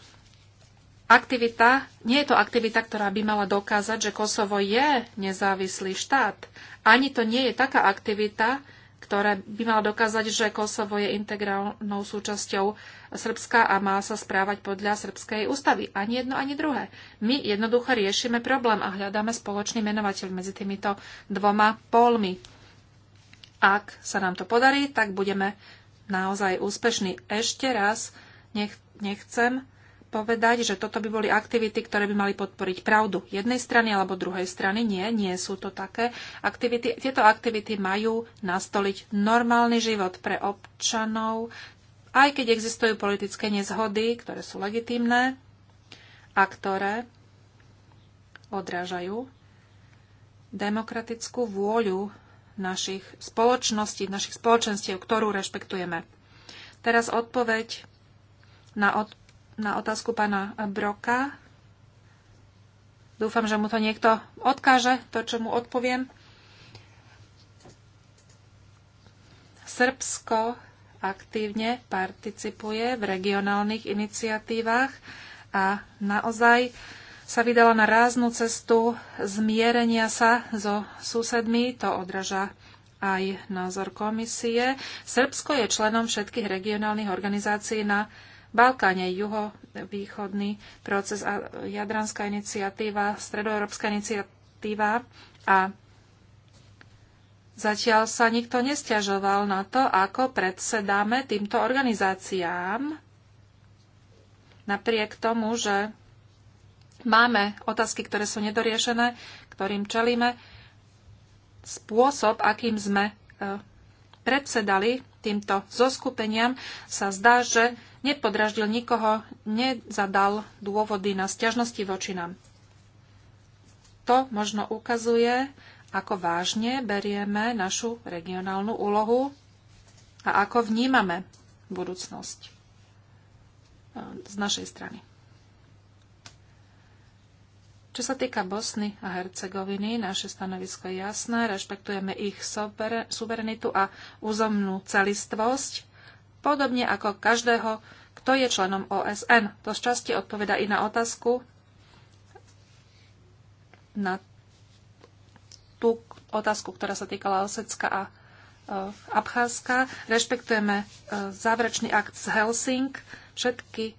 aktivita, nie je to aktivita, ktorá by mala dokázať, že Kosovo je nezávislý štát. Ani to nie je taká aktivita, ktorá by mala dokázať, že Kosovo je integrálnou súčasťou Srbska a má sa správať podľa srbskej ústavy. Ani jedno, ani druhé. My jednoducho riešime problém a hľadáme spoločný menovateľ medzi týmito dvoma polmi. Ak sa nám to podarí, tak budeme naozaj úspešní. Ešte raz nech, nechcem povedať, že toto by boli aktivity, ktoré by mali podporiť pravdu jednej strany alebo druhej strany. Nie, nie sú to také aktivity. Tieto aktivity majú nastoliť normálny život pre občanov, aj keď existujú politické nezhody, ktoré sú legitimné a ktoré odrážajú demokratickú vôľu našich spoločností, našich spoločenstiev, ktorú rešpektujeme. Teraz odpoveď na, od, na otázku pána Broka. Dúfam, že mu to niekto odkáže, to, čo mu odpoviem. Srbsko aktívne participuje v regionálnych iniciatívach a naozaj sa vydala na ráznu cestu zmierenia sa so susedmi. To odraža aj názor komisie. Srbsko je členom všetkých regionálnych organizácií na Balkáne, juhovýchodný proces a Jadranská iniciatíva, Stredoeurópska iniciatíva a Zatiaľ sa nikto nestiažoval na to, ako predsedáme týmto organizáciám, napriek tomu, že máme otázky, ktoré sú nedoriešené, ktorým čelíme. Spôsob, akým sme e, predsedali týmto zoskupeniam, sa zdá, že nepodraždil nikoho, nezadal dôvody na stiažnosti voči nám. To možno ukazuje, ako vážne berieme našu regionálnu úlohu a ako vnímame budúcnosť e, z našej strany. Čo sa týka Bosny a Hercegoviny, naše stanovisko je jasné, rešpektujeme ich suverenitu a územnú celistvosť, podobne ako každého, kto je členom OSN. To časti odpoveda i na otázku, na tú otázku, ktorá sa týkala Osecka a e, Abcházska. Rešpektujeme e, záverečný akt z Helsing. Všetky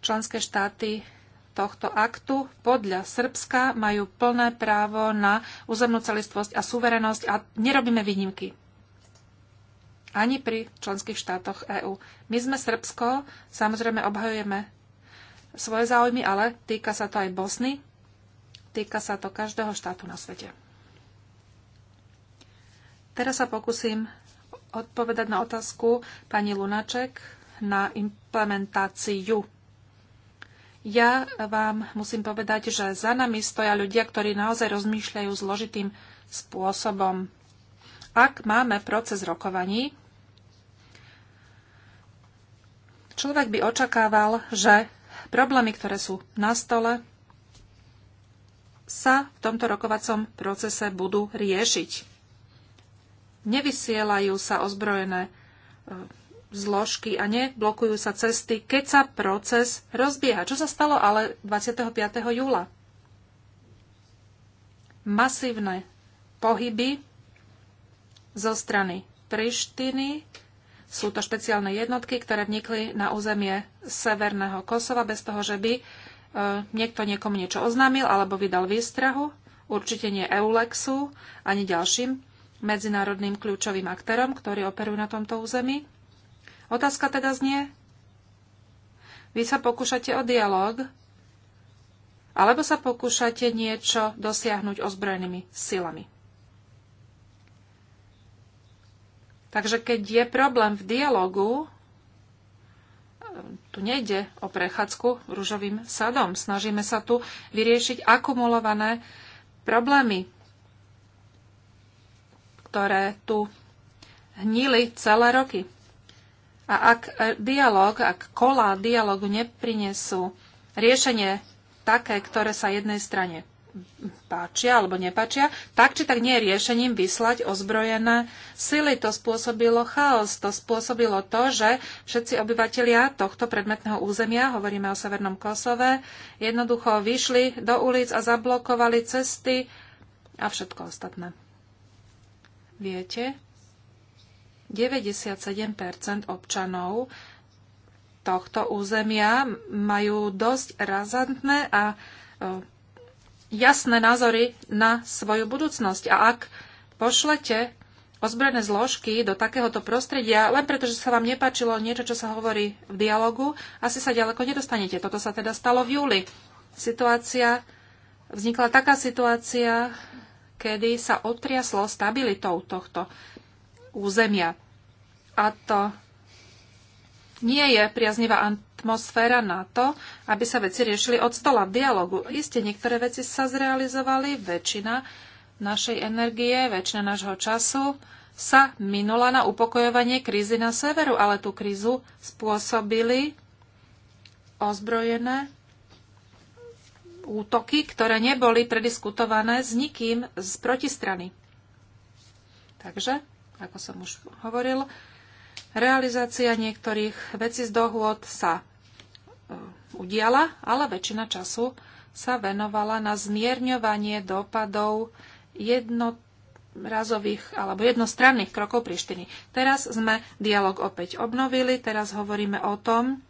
členské štáty tohto aktu podľa Srbska majú plné právo na územnú celistvosť a suverenosť a nerobíme výnimky. Ani pri členských štátoch EÚ. My sme Srbsko, samozrejme obhajujeme svoje záujmy, ale týka sa to aj Bosny, týka sa to každého štátu na svete. Teraz sa pokúsim odpovedať na otázku pani Lunaček na implementáciu. Ja vám musím povedať, že za nami stoja ľudia, ktorí naozaj rozmýšľajú zložitým spôsobom. Ak máme proces rokovaní, človek by očakával, že problémy, ktoré sú na stole, sa v tomto rokovacom procese budú riešiť nevysielajú sa ozbrojené e, zložky a neblokujú sa cesty, keď sa proces rozbieha. Čo sa stalo ale 25. júla? Masívne pohyby zo strany Prištiny. Sú to špeciálne jednotky, ktoré vnikli na územie Severného Kosova bez toho, že by e, niekto niekomu niečo oznámil alebo vydal výstrahu. Určite nie Eulexu ani ďalším medzinárodným kľúčovým aktérom, ktorí operujú na tomto území. Otázka teda znie, vy sa pokúšate o dialog, alebo sa pokúšate niečo dosiahnuť ozbrojenými silami. Takže keď je problém v dialogu, tu nejde o prechádzku rúžovým sadom. Snažíme sa tu vyriešiť akumulované problémy ktoré tu hnili celé roky. A ak dialog, ak kola dialogu neprinesú riešenie také, ktoré sa jednej strane páčia alebo nepáčia, tak či tak nie je riešením vyslať ozbrojené sily. To spôsobilo chaos, to spôsobilo to, že všetci obyvatelia tohto predmetného územia, hovoríme o Severnom Kosove, jednoducho vyšli do ulic a zablokovali cesty a všetko ostatné. Viete, 97 občanov tohto územia majú dosť razantné a e, jasné názory na svoju budúcnosť. A ak pošlete ozbrojené zložky do takéhoto prostredia, len preto, že sa vám nepáčilo niečo, čo sa hovorí v dialogu, asi sa ďaleko nedostanete. Toto sa teda stalo v júli. Situácia, vznikla taká situácia, kedy sa otriaslo stabilitou tohto územia. A to nie je priaznivá atmosféra na to, aby sa veci riešili od stola v dialogu. Isté, niektoré veci sa zrealizovali, väčšina našej energie, väčšina nášho času sa minula na upokojovanie krízy na severu, ale tú krízu spôsobili ozbrojené útoky, ktoré neboli prediskutované s nikým z protistrany. Takže, ako som už hovoril, realizácia niektorých vecí z dohôd sa e, udiala, ale väčšina času sa venovala na zmierňovanie dopadov jednorazových alebo jednostranných krokov Prištiny. Teraz sme dialog opäť obnovili, teraz hovoríme o tom,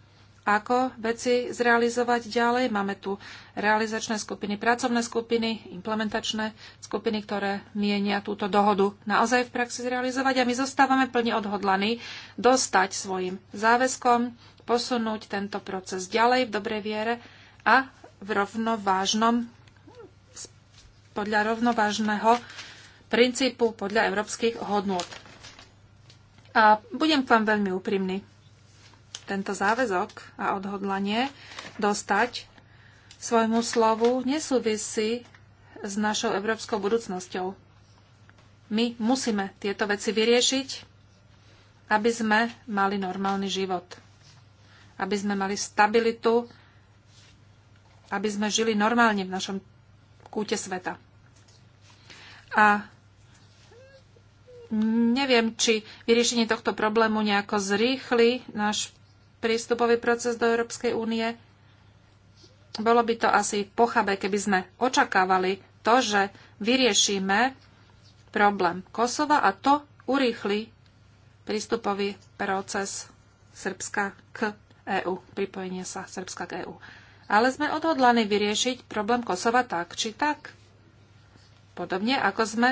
ako veci zrealizovať ďalej. Máme tu realizačné skupiny, pracovné skupiny, implementačné skupiny, ktoré mienia túto dohodu naozaj v praxi zrealizovať a my zostávame plne odhodlaní dostať svojim záväzkom, posunúť tento proces ďalej v dobrej viere a v rovnovážnom, podľa rovnovážneho princípu, podľa európskych hodnôt. A budem k vám veľmi úprimný tento záväzok a odhodlanie dostať svojmu slovu nesúvisí s našou európskou budúcnosťou. My musíme tieto veci vyriešiť, aby sme mali normálny život. Aby sme mali stabilitu, aby sme žili normálne v našom kúte sveta. A neviem, či vyriešenie tohto problému nejako zrýchli náš prístupový proces do Európskej únie. Bolo by to asi pochabe, keby sme očakávali to, že vyriešime problém Kosova a to urýchli prístupový proces Srbska k EÚ, pripojenie sa Srbska k EÚ. Ale sme odhodlani vyriešiť problém Kosova tak či tak. Podobne ako sme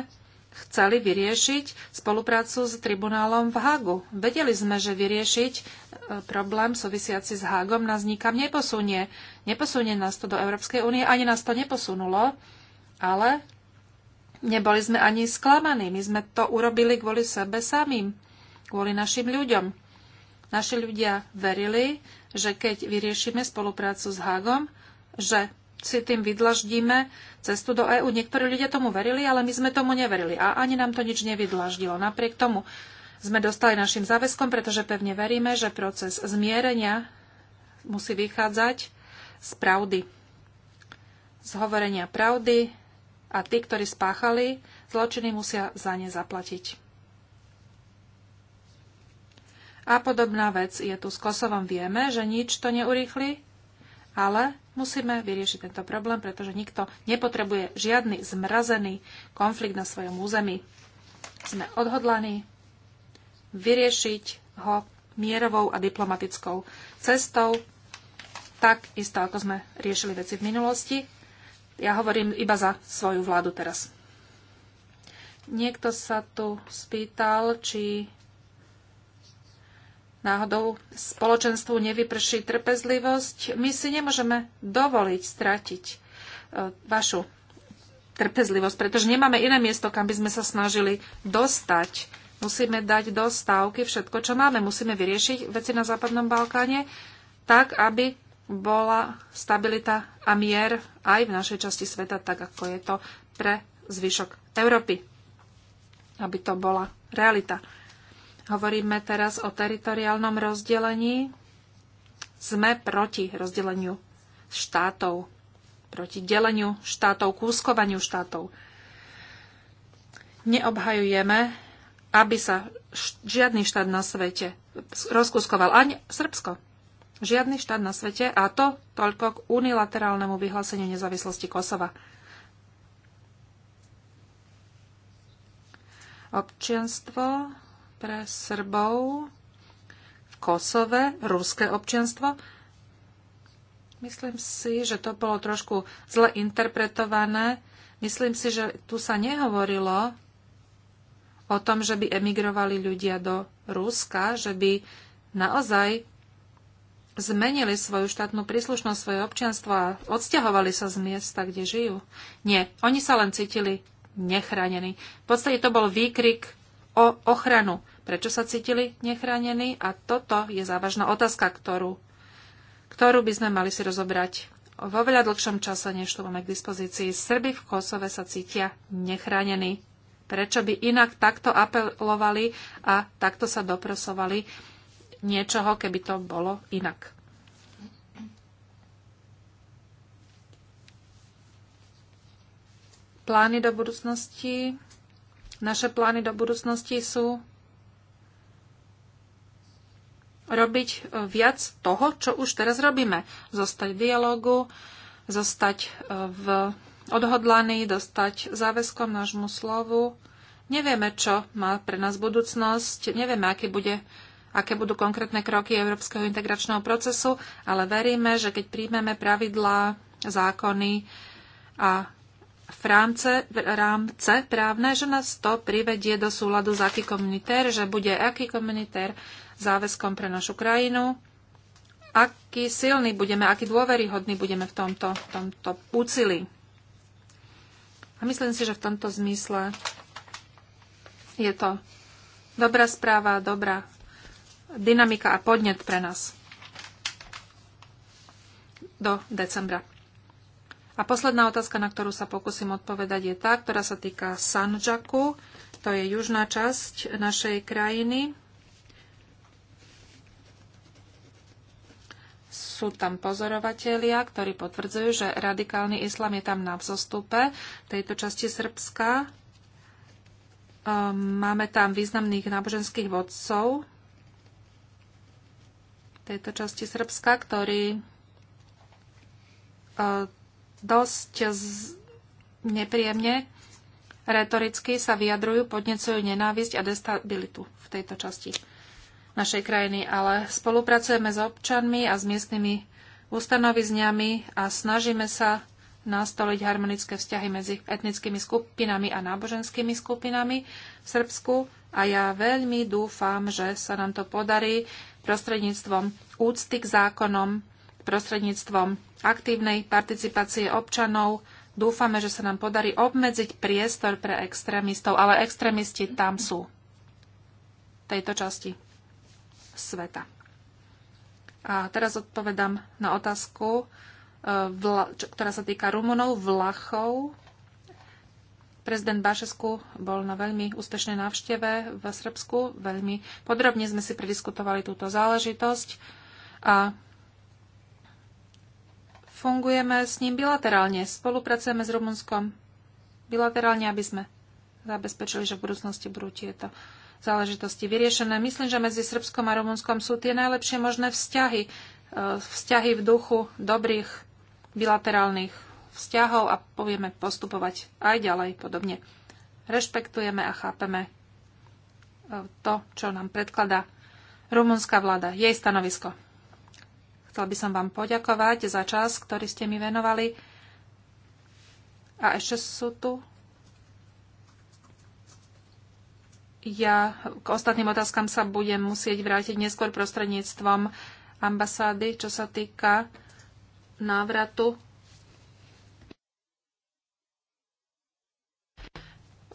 chceli vyriešiť spoluprácu s tribunálom v Hagu. Vedeli sme, že vyriešiť E, problém súvisiaci s Hágom nás nikam neposunie. Neposunie nás to do Európskej únie, ani nás to neposunulo, ale neboli sme ani sklamaní. My sme to urobili kvôli sebe samým, kvôli našim ľuďom. Naši ľudia verili, že keď vyriešime spoluprácu s Hágom, že si tým vydlaždíme cestu do EÚ. Niektorí ľudia tomu verili, ale my sme tomu neverili a ani nám to nič nevydlaždilo. Napriek tomu sme dostali našim záväzkom, pretože pevne veríme, že proces zmierenia musí vychádzať z pravdy. Z hovorenia pravdy a tí, ktorí spáchali, zločiny musia za ne zaplatiť. A podobná vec je tu s Kosovom. Vieme, že nič to neurýchli, ale musíme vyriešiť tento problém, pretože nikto nepotrebuje žiadny zmrazený konflikt na svojom území. Sme odhodlaní vyriešiť ho mierovou a diplomatickou cestou, tak isto ako sme riešili veci v minulosti. Ja hovorím iba za svoju vládu teraz. Niekto sa tu spýtal, či náhodou spoločenstvu nevyprší trpezlivosť. My si nemôžeme dovoliť stratiť e, vašu trpezlivosť, pretože nemáme iné miesto, kam by sme sa snažili dostať. Musíme dať do stávky všetko, čo máme. Musíme vyriešiť veci na Západnom Balkáne tak, aby bola stabilita a mier aj v našej časti sveta, tak ako je to pre zvyšok Európy. Aby to bola realita. Hovoríme teraz o teritoriálnom rozdelení. Sme proti rozdeleniu štátov, proti deleniu štátov, kúskovaniu štátov. Neobhajujeme aby sa žiadny štát na svete rozkuskoval. Ani Srbsko. Žiadny štát na svete a to toľko k unilaterálnemu vyhláseniu nezávislosti Kosova. Občianstvo pre Srbov v Kosove, ruské občianstvo. Myslím si, že to bolo trošku zle interpretované. Myslím si, že tu sa nehovorilo o tom, že by emigrovali ľudia do Ruska, že by naozaj zmenili svoju štátnu príslušnosť, svoje občianstvo a odsťahovali sa z miesta, kde žijú. Nie, oni sa len cítili nechránení. V podstate to bol výkrik o ochranu. Prečo sa cítili nechránení? A toto je závažná otázka, ktorú, ktorú by sme mali si rozobrať vo veľa dlhšom čase, než to máme k dispozícii. Srby v Kosove sa cítia nechránení. Prečo by inak takto apelovali a takto sa doprosovali niečoho, keby to bolo inak? Plány do budúcnosti. Naše plány do budúcnosti sú robiť viac toho, čo už teraz robíme. Zostať v dialogu, zostať eh, v odhodlaní dostať záväzkom nášmu slovu. Nevieme, čo má pre nás budúcnosť, nevieme, aké, bude, aké budú konkrétne kroky Európskeho integračného procesu, ale veríme, že keď príjmeme pravidlá, zákony a v rámce, v rámce právne, že nás to privedie do súladu s aký komunitér, že bude aký komunitér záväzkom pre našu krajinu, aký silný budeme, aký dôveryhodný budeme v tomto, tomto úcili. A myslím si, že v tomto zmysle je to dobrá správa, dobrá dynamika a podnet pre nás do decembra. A posledná otázka, na ktorú sa pokúsim odpovedať, je tá, ktorá sa týka Sanžaku. To je južná časť našej krajiny. sú tam pozorovatelia, ktorí potvrdzujú, že radikálny islam je tam na vzostupe v tejto časti Srbska. Ehm, máme tam významných náboženských vodcov tejto časti Srbska, ktorí e, dosť nepríjemne retoricky sa vyjadrujú, podnecujú nenávisť a destabilitu v tejto časti našej krajiny, ale spolupracujeme s občanmi a s miestnymi ustanovizňami a snažíme sa nastoliť harmonické vzťahy medzi etnickými skupinami a náboženskými skupinami v Srbsku a ja veľmi dúfam, že sa nám to podarí prostredníctvom úcty k zákonom, prostredníctvom aktívnej participácie občanov. Dúfame, že sa nám podarí obmedziť priestor pre extrémistov, ale extrémisti tam sú v tejto časti sveta. A teraz odpovedám na otázku, e, ktorá sa týka Rumunov, Vlachov. Prezident Bašesku bol na veľmi úspešnej návšteve v Srbsku. Veľmi podrobne sme si prediskutovali túto záležitosť a fungujeme s ním bilaterálne. Spolupracujeme s Rumunskom bilaterálne, aby sme zabezpečili, že v budúcnosti budú tieto záležitosti vyriešené. Myslím, že medzi Srbskom a Rumunskom sú tie najlepšie možné vzťahy. E, vzťahy v duchu dobrých bilaterálnych vzťahov a povieme postupovať aj ďalej podobne. Rešpektujeme a chápeme e, to, čo nám predkladá rumunská vláda, jej stanovisko. Chcel by som vám poďakovať za čas, ktorý ste mi venovali. A ešte sú tu Ja k ostatným otázkam sa budem musieť vrátiť neskôr prostredníctvom ambasády, čo sa týka návratu.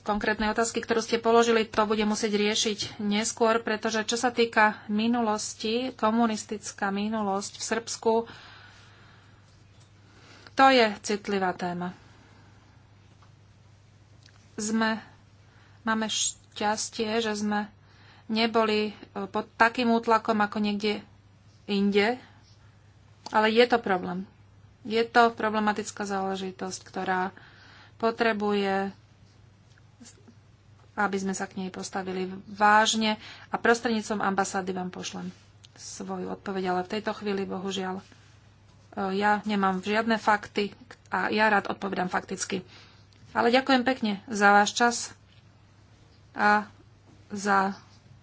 Konkrétne otázky, ktorú ste položili, to bude musieť riešiť neskôr, pretože čo sa týka minulosti, komunistická minulosť v Srbsku, to je citlivá téma. Sme, máme št- šťastie, že sme neboli e, pod takým útlakom ako niekde inde, ale je to problém. Je to problematická záležitosť, ktorá potrebuje, aby sme sa k nej postavili vážne a prostrednícom ambasády vám pošlem svoju odpoveď, ale v tejto chvíli bohužiaľ e, ja nemám žiadne fakty a ja rád odpovedám fakticky. Ale ďakujem pekne za váš čas a za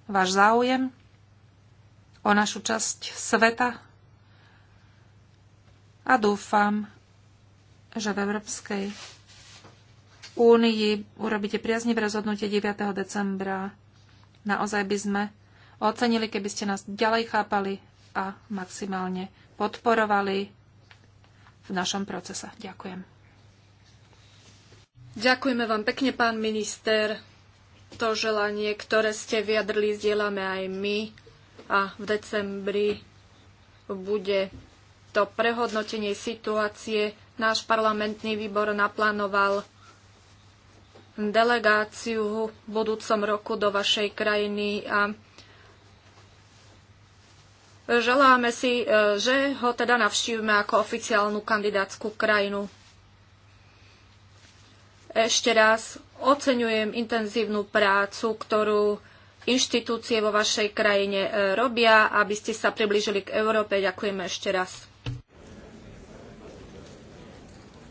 váš záujem o našu časť sveta a dúfam, že v Európskej únii urobíte priaznivé rozhodnutie 9. decembra. Naozaj by sme ocenili, keby ste nás ďalej chápali a maximálne podporovali v našom procese. Ďakujem. Ďakujeme vám pekne, pán minister. To želanie, ktoré ste vyjadrili, zdieľame aj my a v decembri bude to prehodnotenie situácie. Náš parlamentný výbor naplánoval delegáciu v budúcom roku do vašej krajiny a Želáme si, e, že ho teda navštívime ako oficiálnu kandidátskú krajinu. Ešte raz Oceňujem intenzívnu prácu, ktorú inštitúcie vo vašej krajine e, robia, aby ste sa priblížili k Európe. Ďakujem ešte raz.